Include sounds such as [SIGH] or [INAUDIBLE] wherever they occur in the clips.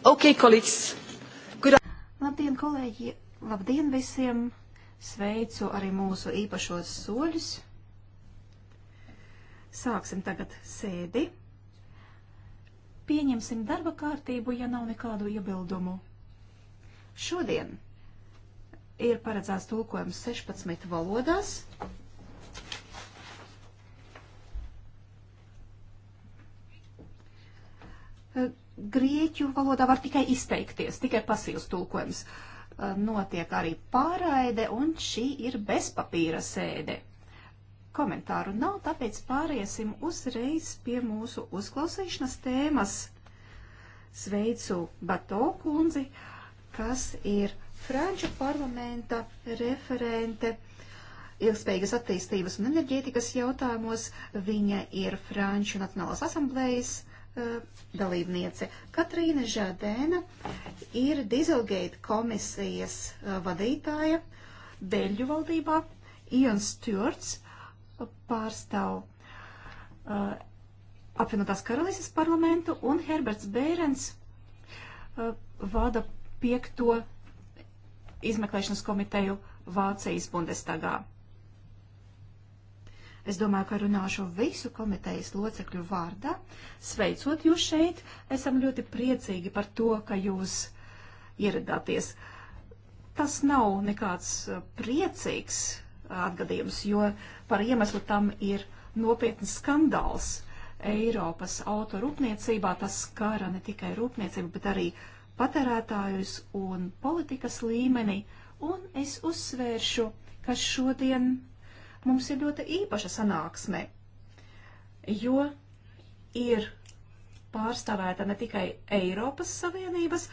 Okay, colleagues. Good... Labdien, kolēģi! Labdien visiem! Sveicu arī mūsu īpašos soļus. Sāksim tagad sēdi. Pieņemsim darba kārtību, ja nav nekādu iebildumu. Šodien ir paredzēts tulkojums 16 valodās. Uh, grieķu valodā var tikai izteikties, tikai pasīvs tulkojums. Uh, notiek arī pārraide, un šī ir bezpapīra sēde. Komentāru nav, tāpēc pāriesim uzreiz pie mūsu uzklausīšanas tēmas. Sveicu Bato kundzi, kas ir Franču parlamenta referente ilgspējīgas attīstības un enerģētikas jautājumos. Viņa ir Franču Nacionālās asamblējas dalībniece. Katrīna Žādēna ir Dieselgate komisijas vadītāja Beļģu valdībā. Ian Stewarts pārstāv uh, apvienotās karalistes parlamentu un Herberts Bērens uh, vada piekto izmeklēšanas komiteju Vācijas Bundestagā. Es domāju, ka runāšu visu komitejas locekļu vārdā. Sveicot jūs šeit, esam ļoti priecīgi par to, ka jūs ieradāties. Tas nav nekāds uh, priecīgs uh, atgadījums, jo par iemeslu tam ir nopietns skandāls Eiropas autorūpniecībā. Tas skara ne tikai rūpniecību, bet arī patērētājus un politikas līmeni. Un es uzsvēršu, ka šodien mums ir ļoti īpaša sanāksme, jo ir pārstāvēta ne tikai Eiropas Savienības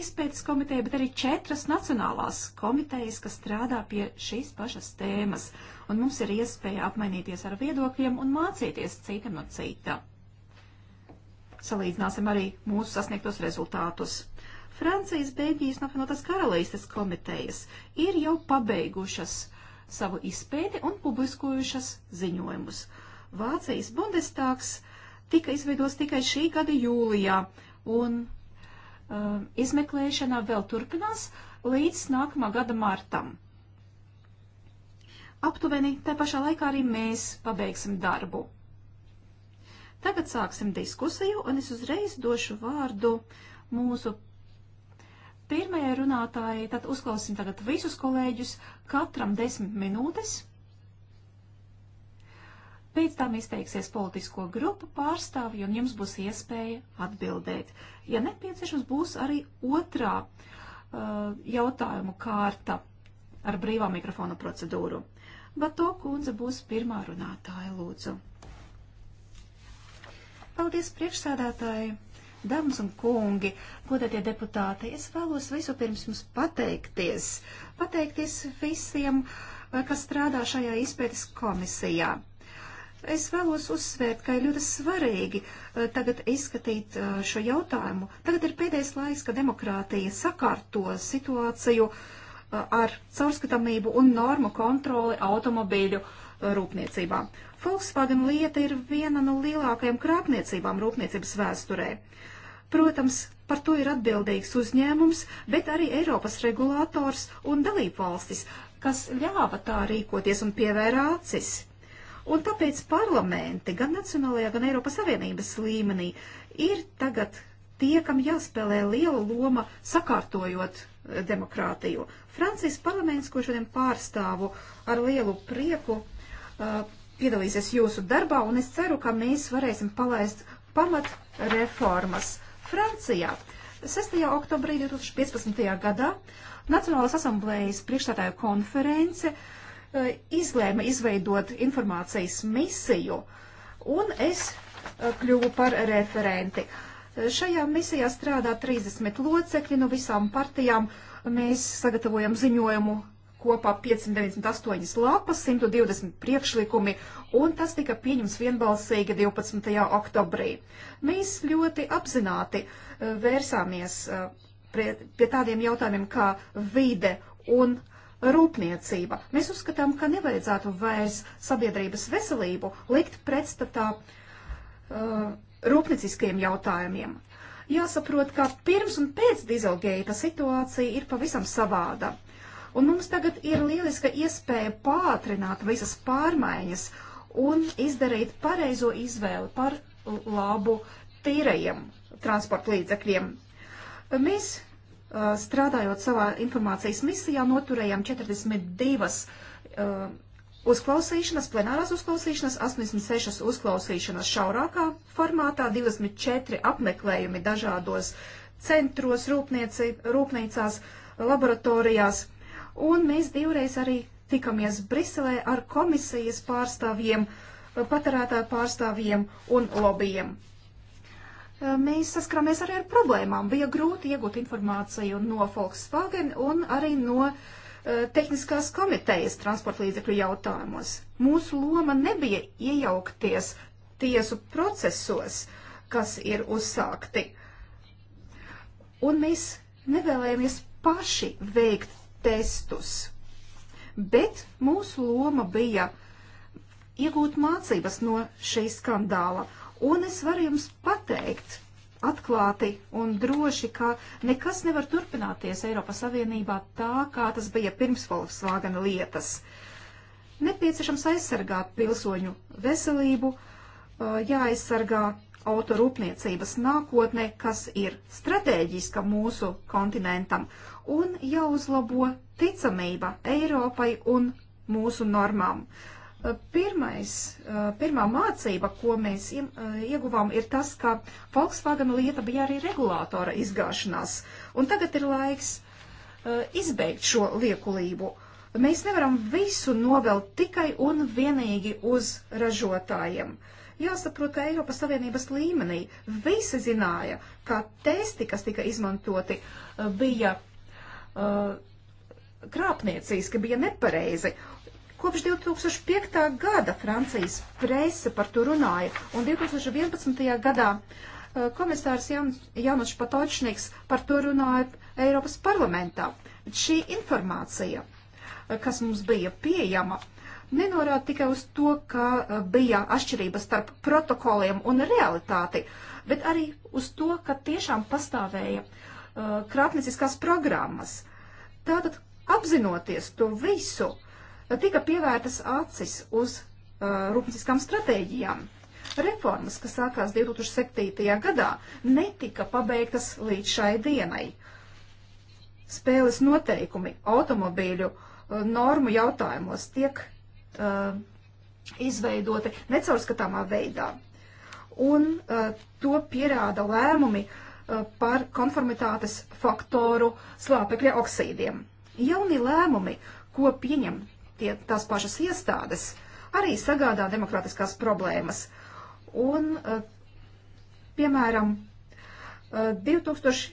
izpētes komiteja, bet arī četras nacionālās komitejas, kas strādā pie šīs pašas tēmas, un mums ir iespēja apmainīties ar viedokļiem un mācīties citam no cita. Salīdzināsim arī mūsu sasniegtos rezultātus. Francijas, Beļģijas un apvienotās karalistes komitejas ir jau pabeigušas savu izpēti un publiskojušas ziņojumus. Vācijas Bundestāgs tika izveidots tikai šī gada jūlijā, un uh, izmeklēšana vēl turpinās līdz nākamā gada martam. Aptuveni tā pašā laikā arī mēs pabeigsim darbu. Tagad sāksim diskusiju, un es uzreiz došu vārdu mūsu Pirmie runātāji, tad uzklausīsim tagad visus kolēģus, katram desmit minūtes. Pēc tam izteiksies politisko grupu pārstāvji, un jums būs iespēja atbildēt. Ja nepieciešams, būs arī otrā uh, jautājumu kārta ar brīvā mikrofona procedūru. Bet to kundze būs pirmā runātāja, lūdzu. Paldies priekšsēdētāji! Dāmas un kungi, godētie deputāti, es vēlos visu pirms jums pateikties. Pateikties visiem, eh, kas strādā šajā izpētes komisijā. Es vēlos uzsvērt, ka ir ļoti svarīgi eh, tagad izskatīt eh, šo jautājumu. Tagad ir pēdējais laiks, ka demokrātija sakārto situāciju ar caurskatāmību un normu kontroli automobīļu uh, rūpniecībā. Volkswagen lieta ir viena no lielākajām krāpniecībām rūpniecības vēsturē. Protams, par to ir atbildīgs uzņēmums, bet arī Eiropas regulators un dalību valstis, kas ļāva tā rīkoties un pievērā acis. Un tāpēc parlamenti gan nacionālajā, gan Eiropas Savienības līmenī ir tagad tie, kam jāspēlē liela loma sakārtojot eh, demokrātiju. Francijas parlaments, ko šodien pārstāvu ar lielu prieku, Uh, piedalīsies jūsu darbā, un es ceru, ka mēs varēsim palaist pamat reformas Francijā. 6. oktobrī 2015. gadā Nacionālās asamblējas priekšstādāju konference uh, izlēma izveidot informācijas misiju, un es uh, kļuvu par referenti. Šajā misijā strādā 30 locekļi no visām partijām. Mēs sagatavojam ziņojumu kopā 598 lapas, 120 priekšlikumi, un tas tika pieņems vienbalsīgi 12. oktobrī. Mēs ļoti apzināti eh, vērsāmies eh, pie tādiem jautājumiem kā vide un rūpniecība. Mēs uzskatām, ka nevajadzētu vairs sabiedrības veselību likt pretstatā uh, rūpnieciskajiem jautājumiem. Jāsaprot, ka pirms un pēc dizelgeita situācija ir pavisam savāda. Un mums tagad ir lieliska iespēja pātrināt visas pārmaiņas un izdarīt pareizo izvēli par labu tīrajiem transporta līdzekļiem. Mēs, strādājot savā informācijas misijā, noturējām 42 uh, uzklausīšanas, plenārās uzklausīšanas, 86 uzklausīšanas šaurākā formātā, 24 apmeklējumi dažādos centros, rūpniecās, laboratorijās un mēs divreiz arī tikamies Briselē ar komisijas pārstāvjiem, patērētāju pārstāvjiem un lobbyiem. Mēs saskrāmies arī ar problēmām. Bija grūti iegūt informāciju no Volkswagen un arī no tehniskās komitejas transporta līdzekļu jautājumos. Mūsu loma nebija iejaukties tiesu procesos, kas ir uzsākti. Un mēs nevēlējamies paši veikt testus. Bet mūsu loma bija iegūt mācības no šī skandāla. Un es varu jums pateikt, atklāti un droši, ka nekas nevar turpināties Eiropas Savienībā tā, kā tas bija pirms Volkswagen lietas. Nepieciešams aizsargāt pilsoņu veselību, jāaizsargā autorūpniecības nākotne, kas ir strateģiska mūsu kontinentam un jāuzlabo ticamība Eiropai un mūsu normām. Eh, pirmais, eh, pirmā mācība, ko mēs eh, ieguvām, ir tas, ka Volkswagen lieta bija arī regulātora izgāšanās, un tagad ir laiks izbeigt šo liekulību. Mēs nevaram visu novelt tikai un vienīgi uz ražotājiem. Uh, Jāsaprot, ka Eiropas Savienības līmenī visi zināja, ka testi, kas tika izmantoti, eh, bija uh, krāpniecīski, bija nepareizi. Kopš 2005. gada Francijas prese par to runāja, un 2011. gadā uh, komisārs Jan, Janoš Patočniks par to runāja Eiropas parlamentā. Šī informācija, kas mums bija pieejama, uh, nenorāda tikai uz to, ka eh, bija atšķirības starp protokoliem un realitāti, bet arī uz to, ka tiešām pastāvēja uh, krāpnieciskās programmas. Tātad apzinoties to visu, tika pievērtas acis uz uh, rūpnieciskām stratēģijām. Reformas, kas sākās 2007. gadā, netika pabeigtas līdz šai dienai. Spēles noteikumi automobīļu normu jautājumos tiek uh, izveidoti necaurskatāmā veidā. Un uh, to pierāda lēmumi uh, par konformitātes faktoru slāpekļa oksīdiem. Jaunie lēmumi, ko pieņem tie, tās pašas iestādes, arī sagādā demokrātiskās problēmas. Un, uh, piemēram, 2022.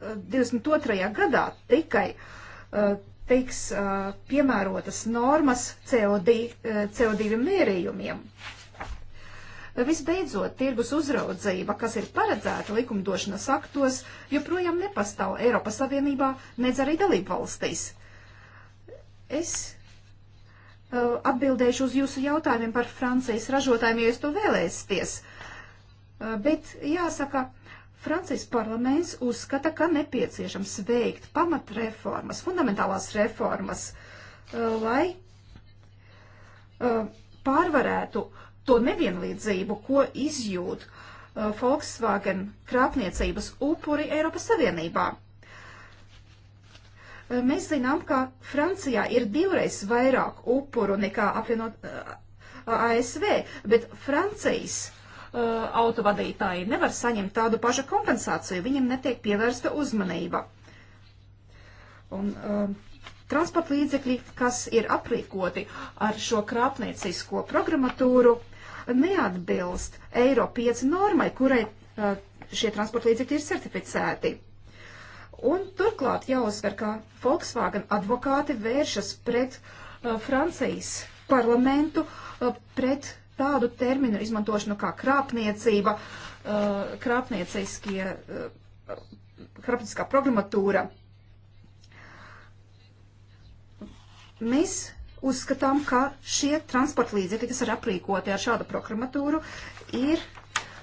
Uh, uh, gadā tikai uh, tiks uh, piemērotas normas CO2, uh, CO2 mērījumiem. Visbeidzot, tirgus uzraudzība, kas ir paredzēta likumdošanas aktos, joprojām nepastāv Eiropas Savienībā, nedz arī dalību valstīs. Es uh, atbildēšu uz jūsu jautājumiem par Francijas ražotājiem, ja jūs to vēlēsieties. Uh, bet jāsaka, uh, Francijas parlaments uzskata, ka nepieciešams veikt pamatreformas, fundamentālās reformas, uh, lai uh, pārvarētu to nevienlīdzību, ko izjūt uh, Volkswagen krāpniecības upuri Eiropas Savienībā. Mēs zinām, ka Francijā ir divreiz vairāk upuru nekā apvienot ASV, bet Francijas uh, Uh, autovadītāji nevar saņemt tādu pašu kompensāciju, viņiem netiek pievērsta uzmanība. Un, uh, transporta līdzekļi, kas ir aprīkoti ar šo krāpniecisko programmatūru, neatbilst Eiro 5 normai, kurai uh, šie transporta līdzekļi ir certificēti. Un turklāt jāuzsver, ka Volkswagen advokāti vēršas pret uh, Francijas parlamentu, uh, pret tādu terminu izmantošanu kā krāpniecība, uh, krāpnieciskie, uh, krāpnieciskā programmatūra. Mēs uzskatām, ka šie transporta līdzekļi, kas ir aprīkoti ar šādu programmatūru, ir uh,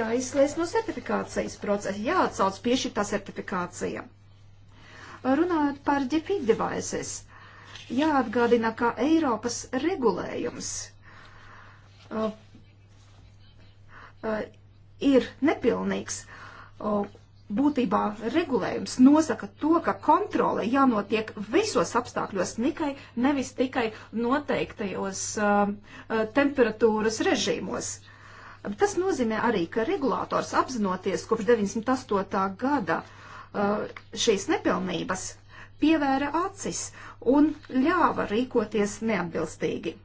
jāizslēdz no certifikācijas procesa, jāatsauc pie šī tā certifikācija. Runājot par defeat devices, jāatgādina, ka Eiropas regulējums uh, uh, ir nepilnīgs. Uh, būtībā regulējums nosaka to, ka kontrole jānotiek visos apstākļos, nikai, nevis tikai noteiktajos uh, uh temperatūras režīmos. Tas nozīmē arī, ka regulators apzinoties kopš 98. gada uh, šīs nepilnības pievēra acis un ļāva rīkoties neatbilstīgi.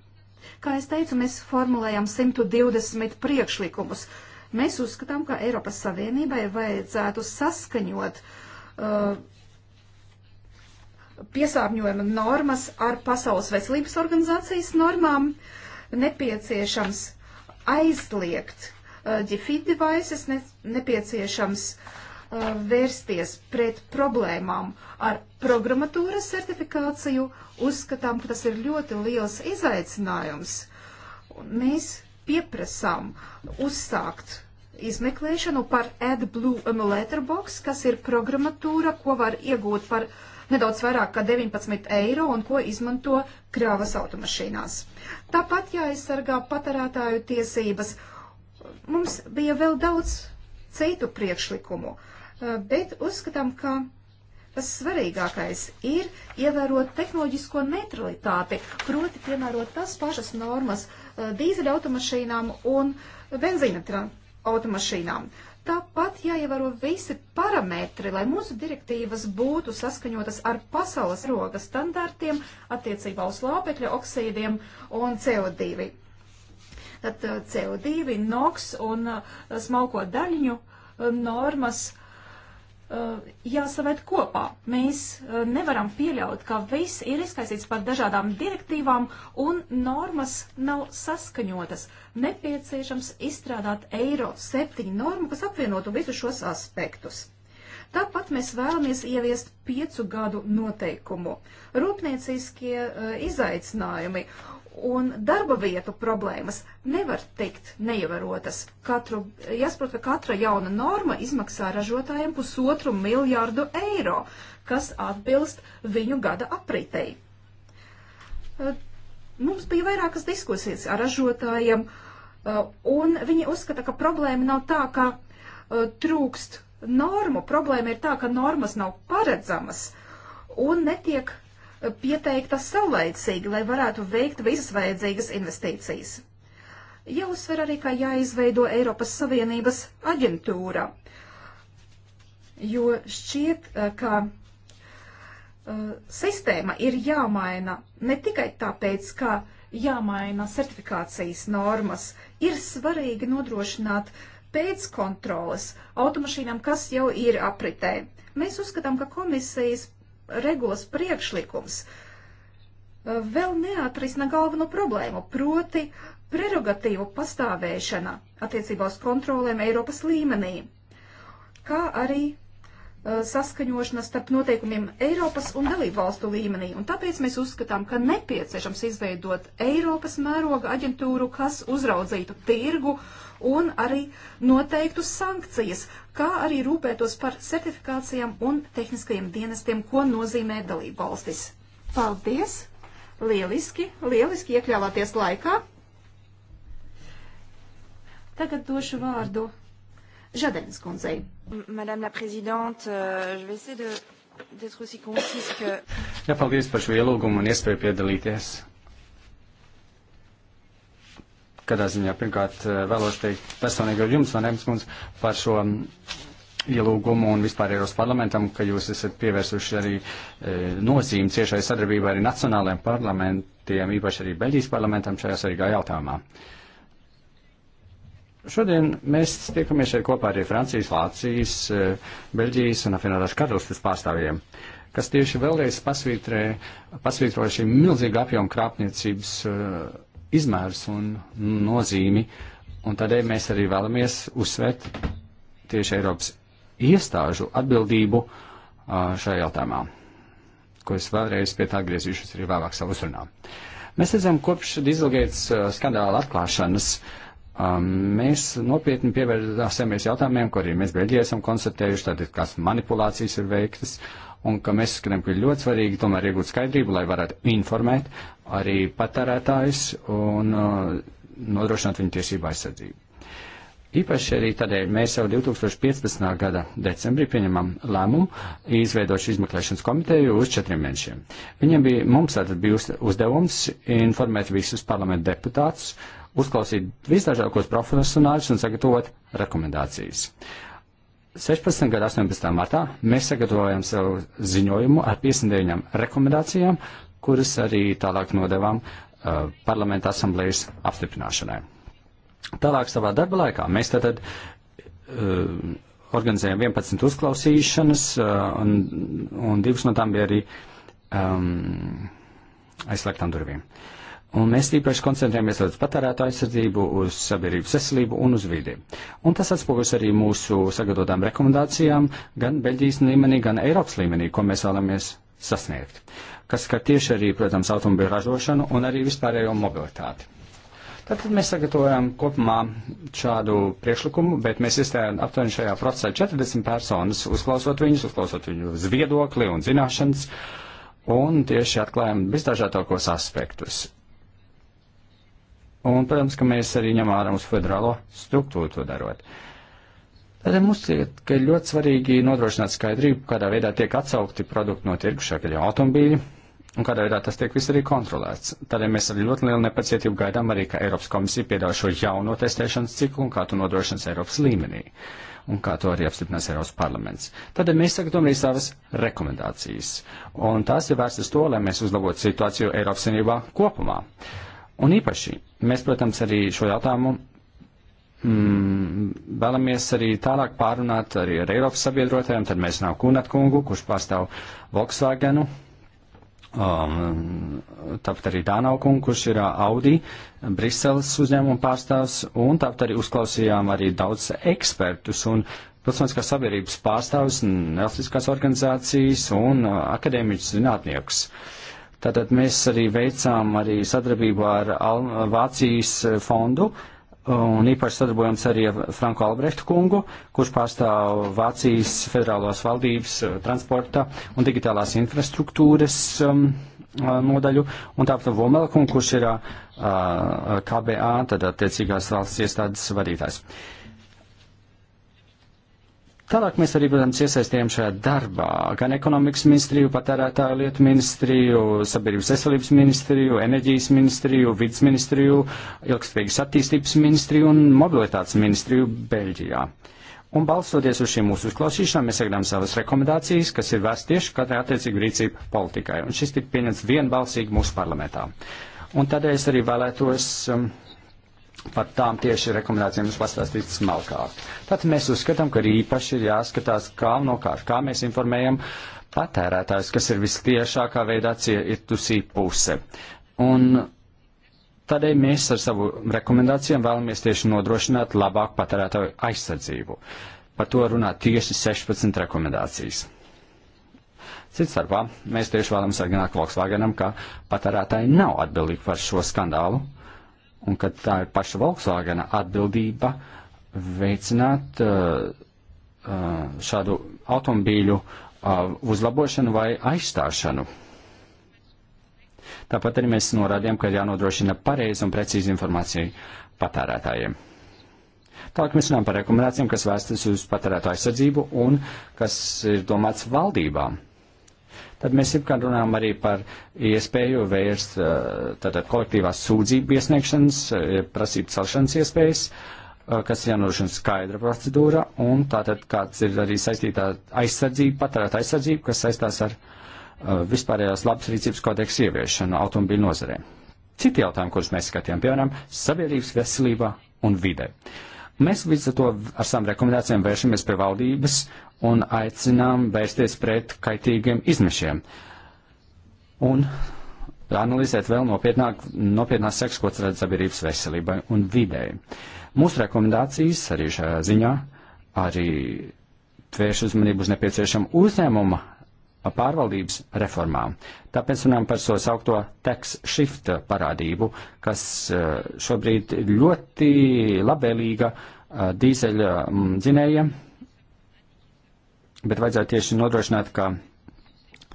Kā es teicu, mēs formulējam 120 priekšlikumus. Mēs uzskatām, ka Eiropas Savienībai vajadzētu saskaņot uh, piesārņojuma normas ar Pasaules veselības organizācijas normām. Nepieciešams aizliegt ģifid uh, devices, ne, nepieciešams uh, Uh, vērsties pret problēmām ar programmatūras certifikāciju, uzskatām, ka tas ir ļoti liels izaicinājums. Mēs pieprasām uzsākt izmeklēšanu par AdBlue emulator box, kas ir programmatūra, ko var iegūt par nedaudz vairāk kā 19 eiro un ko izmanto krāvas automašīnās. Tāpat jāaizsargā patarētāju tiesības. Mums bija vēl daudz citu priekšlikumu. Eh, bet uzskatām, ka tas svarīgākais ir ievērot tehnoloģisko neutralitāti, proti piemērot tas pašas normas eh, dīzeļa automašīnām un benzīna automašīnām. Tāpat jāievēro visi parametri, lai mūsu direktīvas būtu saskaņotas ar pasaules roga standartiem attiecībā uz lāpekļa oksīdiem un CO2. Tad eh, CO2, NOx un smalko daļiņu normas uh, Uh, jāsavērt kopā. Mēs uh, nevaram pieļaut, ka viss ir izkaisīts par dažādām direktīvām un normas nav saskaņotas. Nepieciešams izstrādāt eiro septiņu normu, kas apvienotu visus šos aspektus. Tāpat mēs vēlamies ieviest piecu gadu noteikumu. Rūpnieciskie uh, izaicinājumi un darba vietu problēmas nevar tikt neievarotas. Katru, jāsaprot, ka katra jauna norma izmaksā ražotājiem pusotru miljārdu eiro, kas atbilst viņu gada apritei. Eh, mums bija vairākas diskusijas ar ražotājiem, eh, un viņi uzskata, ka problēma nav tā, ka eh, trūkst normu, problēma ir tā, ka normas nav paredzamas un netiek pieteiktas saulaicīgi, lai varētu veikt visas vajadzīgas investīcijas. Jāuzsver arī, ka jāizveido Eiropas Savienības aģentūra, jo šķiet, eh, ka eh, sistēma ir jāmaina ne tikai tāpēc, ka jāmaina certifikācijas normas, ir svarīgi nodrošināt pēckontroles automašīnām, kas jau ir apritē. Mēs uzskatām, ka komisijas regulas priekšlikums e, vēl neatrisina galveno problēmu, proti prerogatīvu pastāvēšana attiecībā uz kontrolēm Eiropas līmenī, kā arī Uh, saskaņošana starp noteikumiem Eiropas un dalību valstu līmenī. Un tāpēc mēs uzskatām, ka nepieciešams izveidot Eiropas mēroga aģentūru, kas uzraudzītu tirgu un arī noteiktu sankcijas, kā arī rūpētos par certifikācijām un tehniskajiem dienestiem, ko nozīmē dalību valstis. Paldies! Lieliski, lieliski iekļāvāties laikā. Tagad došu vārdu Žadens kundzei. Madame la prezidente, euh, je vais essayer de, d'être aussi concise que. Jā, paldies par šo ielūgumu un iespēju piedalīties. Kādā ziņā pirmkārt eh, vēlos teikt personīgi ar jums, Vanēms kundz, par šo mm, ielūgumu un vispār Eiropas parlamentam, ka jūs esat pievērsuši arī e, nozīmi ciešai sadarbībai ar nacionālajiem parlamentiem, īpaši arī Beļģijas parlamentam šajā svarīgā jautājumā. E, Šodien mēs tiekamies šeit kopā arī Francijas, Vācijas, eh, Beļģijas un apvienotās karalistes pārstāvjiem, kas tieši vēlreiz pasvītroja šī milzīga apjoma krāpniecības eh, izmērs un nozīmi, un tādēļ mēs arī vēlamies uzsvērt tieši Eiropas iestāžu atbildību eh, šajā jautājumā, ko es vēlreiz pie tā griezīšos arī vēlāk savu uzrunā. Mēs redzam, kopš dizelgeitas skandāla atklāšanas uh, um, mēs nopietni pievērsāmies jautājumiem, ko arī mēs Beļģijā esam konstatējuši, tātad kādas manipulācijas ir veiktas, un ka mēs skatām, ka ir ļoti svarīgi tomēr iegūt skaidrību, lai varētu informēt arī patērētājus un uh, nodrošināt viņu tiesību aizsardzību. Īpaši arī tādēļ mēs jau 2015. gada decembrī pieņemam lēmumu izveidot šī izmeklēšanas komiteju uz četriem mēnešiem. Viņiem bija, mums tātad bija uzdevums informēt visus parlamentu deputātus uzklausīt visdažādākos profesionāļus un sagatavot rekomendācijas. 16. gada 18. martā mēs sagatavojam savu ziņojumu ar 59 rekomendācijām, kuras arī tālāk nodevām uh, parlamenta asamblējas apstiprināšanai. Tālāk savā darba laikā mēs tātad uh, organizējam 11 uzklausīšanas, uh, un, un divas no tām bija arī um, aizslēgtām durvīm. Uh, Un mēs īpaši koncentrējamies uz patērētāju aizsardzību, uz sabiedrības veselību un uz vidi. Un tas atspoguļas arī mūsu sagatavotām rekomendācijām gan Beļģijas līmenī, gan Eiropas līmenī, ko mēs vēlamies sasniegt. Kas skar tieši arī, protams, automobīļu ražošanu un arī vispārējo mobilitāti. Tātad mēs sagatavojam kopumā šādu priekšlikumu, bet mēs izstājām aptuveni šajā procesā 40 personas, uzklausot viņus, uzklausot viņu uz viedokli un zināšanas, un tieši atklājam visdažādākos aspektus Un, protams, ka mēs arī ņemam vērā mūsu federālo struktūru to darot. Tādēļ mums šķiet, ka ir ļoti svarīgi nodrošināt skaidrību, kādā veidā tiek atsaukti produkti no tirgus, kā jau automobīļi, un kādā veidā tas tiek viss arī kontrolēts. Tādēļ mēs ar ļoti lielu nepacietību gaidām arī, ka Eiropas komisija piedāvā šo jauno testēšanas ciklu un kā to nodrošinās Eiropas līmenī un kā to arī apstiprinās Eiropas parlaments. Tad mēs sagatavojam arī savas rekomendācijas, un tās ir vērstas to, lai mēs uzlabotu situāciju Eiropas Savienībā kopumā. Uh, Un īpaši mēs, protams, arī šo jautājumu mm, vēlamies arī tālāk pārunāt arī ar Eiropas sabiedrotājiem. Tad mēs nav Kunat kungu, kurš pārstāv Volkswagenu. Um, tāpat arī Dānau kungu, kurš ir uh, Audi, Briseles uzņēmuma pārstāvs, un tāpat arī uzklausījām arī daudz ekspertus un pilsoniskās sabiedrības pārstāvus, nelsiskās organizācijas un uh, akadēmiķus zinātniekus. Uh, Tātad mēs arī veicām arī sadarbību ar Al Vācijas e, fondu un īpaši sadarbojamies arī ar Franku Albrehtu kungu, kurš pārstāv Vācijas federālās valdības e, transporta un digitālās infrastruktūras um, nodaļu, un tāpat Vomela kungu, kurš ir uh, KBA, tad attiecīgās valsts iestādes vadītājs. Uh, Tālāk mēs arī, protams, iesaistījām šajā darbā gan ekonomikas ministriju, patērētāju lietu ministriju, sabiedrības veselības ministriju, enerģijas ministriju, vidas ministriju, ilgspējīgas attīstības ministriju un mobilitātes ministriju Beļģijā. Un balstoties uz šīm mūsu uzklausīšanām, mēs sagatavojam savas rekomendācijas, kas ir vērsts tieši katrai attiecīgu rīcību politikai. Un šis tika pieņemts vienbalsīgi mūsu parlamentā. Un tādēļ es arī vēlētos. Um, par tām tieši rekomendācijām jums pastāstīt smalkāk. Tātad mēs uzskatām, ka arī īpaši ir jāskatās, kā no kā, kā mēs informējam patērētājs, kas ir vistiešākā veidā cietusī puse. Un tādēļ mēs ar savu rekomendācijām vēlamies tieši nodrošināt labāku patērētāju aizsardzību. Par to runā tieši 16 rekomendācijas. Cits starpā mēs tieši vēlamies atgādināt Volkswagenam, ka patērētāji nav atbildīgi par šo skandālu, un ka tā ir paša Volkswagena atbildība veicināt uh, uh, šādu automobīļu uh, uzlabošanu vai aizstāšanu. Tāpat arī mēs norādījām, ka jānodrošina pareizi un precīzi informācija patērētājiem. Tālāk mēs runājam par rekomendācijām, kas vēstas uz patērētāju aizsardzību un kas ir domāts valdībām tad mēs jau kādā runājam arī par iespēju vērst eh, tātad kolektīvās sūdzību iesniegšanas, eh, prasību celšanas iespējas, eh, kas jānodrošina skaidra procedūra, un tātad kāds ir arī saistītā aizsardzība, patērēt aizsardzību, kas saistās ar vispārējās labas rīcības kodeksa ieviešanu automobīļu nozarē. Citi jautājumi, kurus mēs skatījām, piemēram, sabiedrības veselība un vide. Mēs līdz ar to ar savām rekomendācijām vēršamies pie valdības un aicinām vērsties pret kaitīgiem izmešiem. Un analizēt vēl nopietnāk, nopietnās sekas, ko redz sabiedrības veselībai un videi. Mūsu rekomendācijas arī šajā ziņā arī tvērš uzmanību uz nepieciešamu uzņēmumu pārvaldības reformām. Tāpēc runājam par to so saukto tax shift parādību, kas eh, šobrīd ļoti labēlīga eh, dīzeļa mm, dzinējiem bet vajadzētu tieši nodrošināt, ka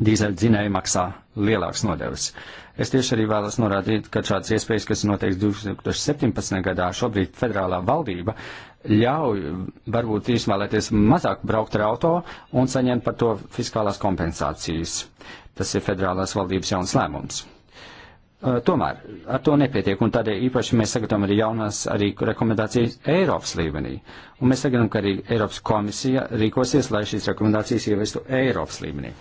dīzeļdzinēji maksā lielāks nodevis. Es tieši arī vēlos norādīt, ka šāds iespējas, kas noteikts 2017. gadā, šobrīd federālā valdība ļauj varbūt izvēlēties mazāk braukt ar auto un saņemt par to fiskālās kompensācijas. Tas ir federālās valdības jauns lēmums. Uh, tomēr ar to nepietiek, un tādēļ īpaši mēs sagatavojam arī jaunās arī rekomendācijas Eiropas līmenī. Un mēs sagaidām, ka arī Eiropas komisija rīkosies, lai šīs rekomendācijas ievestu Eiropas līmenī.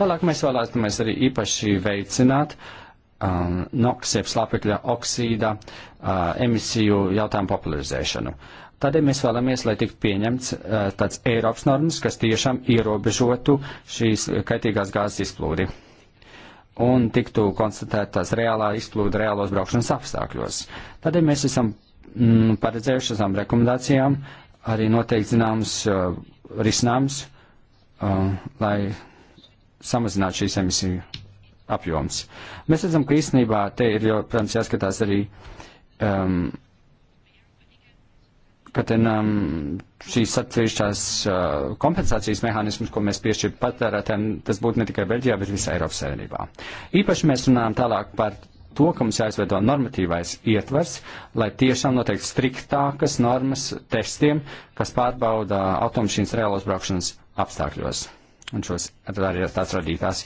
Tālāk mēs vēlētumies arī īpaši veicināt um, NOX, jeb slāpekļa oksīda uh, emisiju jautājumu popularizēšanu. Tādēļ mēs vēlamies, lai tiktu pieņemts uh, tāds Eiropas normas, kas tiešām ierobežotu šīs kaitīgās gāzes izplūdi. Uh, un tiktu konstatētas reālā izplūda reālos braukšanas apstākļos. Tādēļ mēs esam mm, paredzējuši savām rekomendācijām arī noteikti zināms uh, risinājums, uh, lai samazinātu šīs emisiju apjoms. Mēs redzam, ka īstenībā te ir, jo, protams, jāskatās arī, um, ka te um, šīs atsevišķās uh, kompensācijas mehānismus, ko mēs piešķiram patērētājiem, tas būtu ne tikai Beļģijā, bet visā Eiropas Savienībā. Īpaši mēs runājam tālāk par to, ka mums jāizveido normatīvais ietvers, lai tiešām noteikti striktākas normas testiem, kas pārbauda automašīnas reālos braukšanas apstākļos un šos arī tās radītās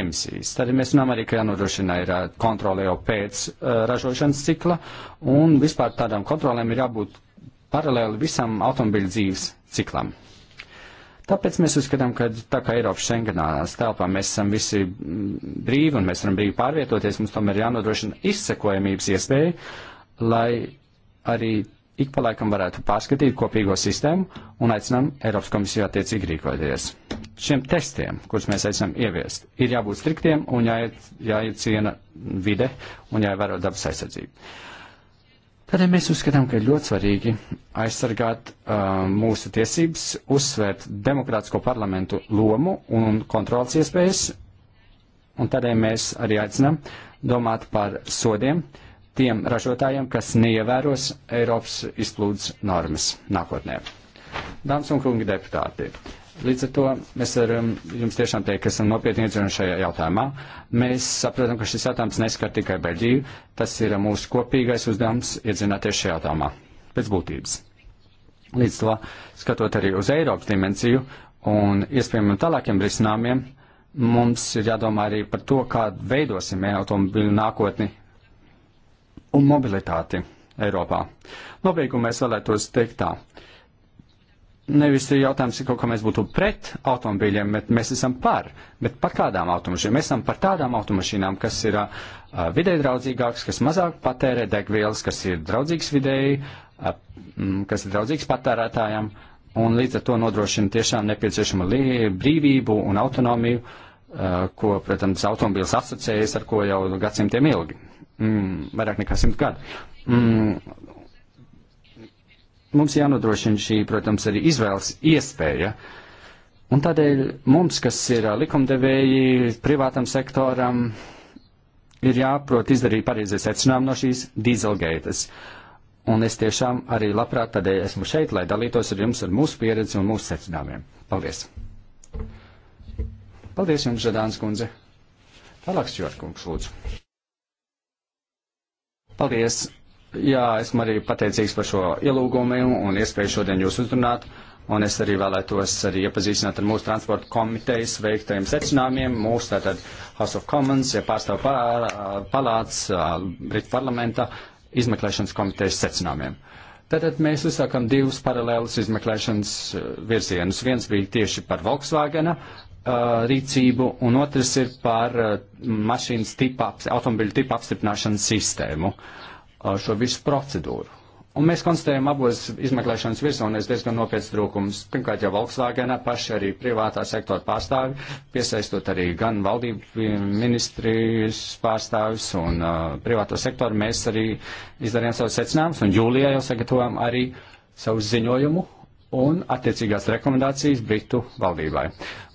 emisijas. Tad mēs runājam arī, ka jānodrošina ir uh, kontrole jau pēc uh, ražošanas cikla, un vispār tādām kontrolēm ir jābūt paralēli visam automobiļu dzīves ciklam. Tāpēc mēs uzskatām, ka tā kā Eiropas Schengenā stelpā mēs esam visi brīvi un mēs varam brīvi pārvietoties, mums tomēr jānodrošina izsekojamības iespēja, lai arī ik pa laikam varētu pārskatīt kopīgo sistēmu un aicinām Eiropas komisiju attiecīgi rīkoties. Šiem testiem, kurus mēs aicinām ieviest, ir jābūt striktiem un jāiet, jāiet ciena vide un jāievēro dabas aizsardzību. Uh, Tādēļ mēs uzskatām, ka ir ļoti svarīgi aizsargāt uh, mūsu tiesības, uzsvērt demokrātisko parlamentu lomu un kontrolas iespējas, un tādēļ mēs arī aicinām domāt par sodiem tiem ražotājiem, kas neievēros Eiropas izplūdes normas nākotnē. Dāmas un kungi deputāti, Līdz ar to mēs varam um, jums tiešām teikt, ka esam nopietni iedzinoši šajā jautājumā. Mēs saprotam, ka šis jautājums neskar tikai Beļģiju. Tas ir um, mūsu kopīgais uzdevums iedzināties šajā jautājumā pēc būtības. Līdz to skatot arī uz Eiropas dimensiju un iespējamiem tālākiem risinājumiem, mums ir jādomā arī par to, kā veidosim automobīļu nākotni un mobilitāti Eiropā. Nobeigumā es vēlētos teikt tā nevis ir jautājums, ka kaut kā mēs būtu pret automobīļiem, bet mēs esam par. Bet par kādām automašīnām? Mēs esam par tādām automašīnām, kas ir uh, vidē draudzīgākas, kas mazāk patērē degvielas, kas ir draudzīgs vidēji, uh, kas ir draudzīgs patērētājiem un līdz ar to nodrošina tiešām nepieciešamo brīvību un autonomiju, uh, ko, protams, automobīls asociējas ar ko jau gadsimtiem ilgi. Mm, vairāk nekā simt gadu. Mm, mums jānodrošina šī, protams, arī izvēles iespēja. Un tādēļ mums, kas ir likumdevēji privātam sektoram, ir jāprot izdarīt pareizie secinājumi no šīs dīzelgeitas. Un es tiešām arī labprāt tādēļ esmu šeit, lai dalītos ar jums ar mūsu pieredzi un mūsu secinājumiem. Paldies! Paldies jums, Žadāns kundze! Tālāk, Čorkungs, lūdzu! Paldies! Jā, esmu arī pateicīgs par šo ielūgumu un iespēju šodien jūs uzrunāt. Un es arī vēlētos arī iepazīstināt ar mūsu transporta komitejas veiktajiem secinājumiem. Mūsu tātad House of Commons, ja pārstāv palāts, Britu parlamenta izmeklēšanas komitejas secinājumiem. Tātad mēs uzsākam divus paralēlus izmeklēšanas virzienus. Viens bija tieši par Volkswagena rīcību, un otrs ir par mašīnas tipa, automobiļu tipa apstiprināšanas sistēmu. Uh, Uh, šo visu procedūru. Un mēs konstatējam abos izmeklēšanas virsotnēs diezgan nopietnas trūkumus. Pirmkārt, jau Volkswagenā paši arī privātā sektora pārstāvi, piesaistot arī gan valdību ministrijas pārstāvis un uh, privāto sektoru, mēs arī izdarījām savus secinājumus un jūlijā jau sagatavojam arī savu ziņojumu un attiecīgās rekomendācijas Britu valdībai.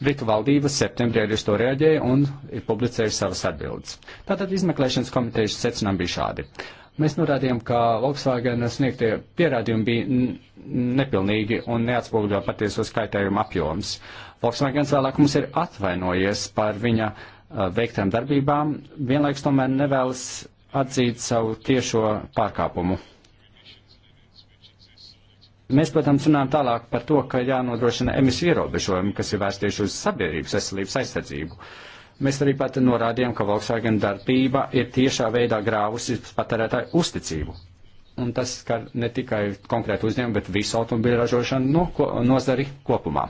Britu valdība septembrī arī uz to reaģēja un ir publicējusi savas atbildes. Tātad izmeklēšanas komitejas secinājumi bija šādi. Uh, Mēs norādījām, ka Volkswagen sniegtie pierādījumi bija nepilnīgi un neatspoguļo patieso skaitējumu apjoms. Volkswagen vēlāk mums ir atvainojies par viņa veiktām darbībām, vienlaiks tomēr nevēlas atzīt savu tiešo pārkāpumu. Mēs, protams, runājam tālāk par to, ka jānodrošina emisiju ierobežojumi, kas ir vērsti tieši uz sabiedrības veselības aizsardzību. Uh, Mēs arī pat norādījām, ka Volkswagen darbība ir tiešā veidā grāvusi patērētāju uzticību. Un tas skar ne tikai konkrētu uzņēmumu, bet visu automobīļu ražošanu no, ko, nozari kopumā.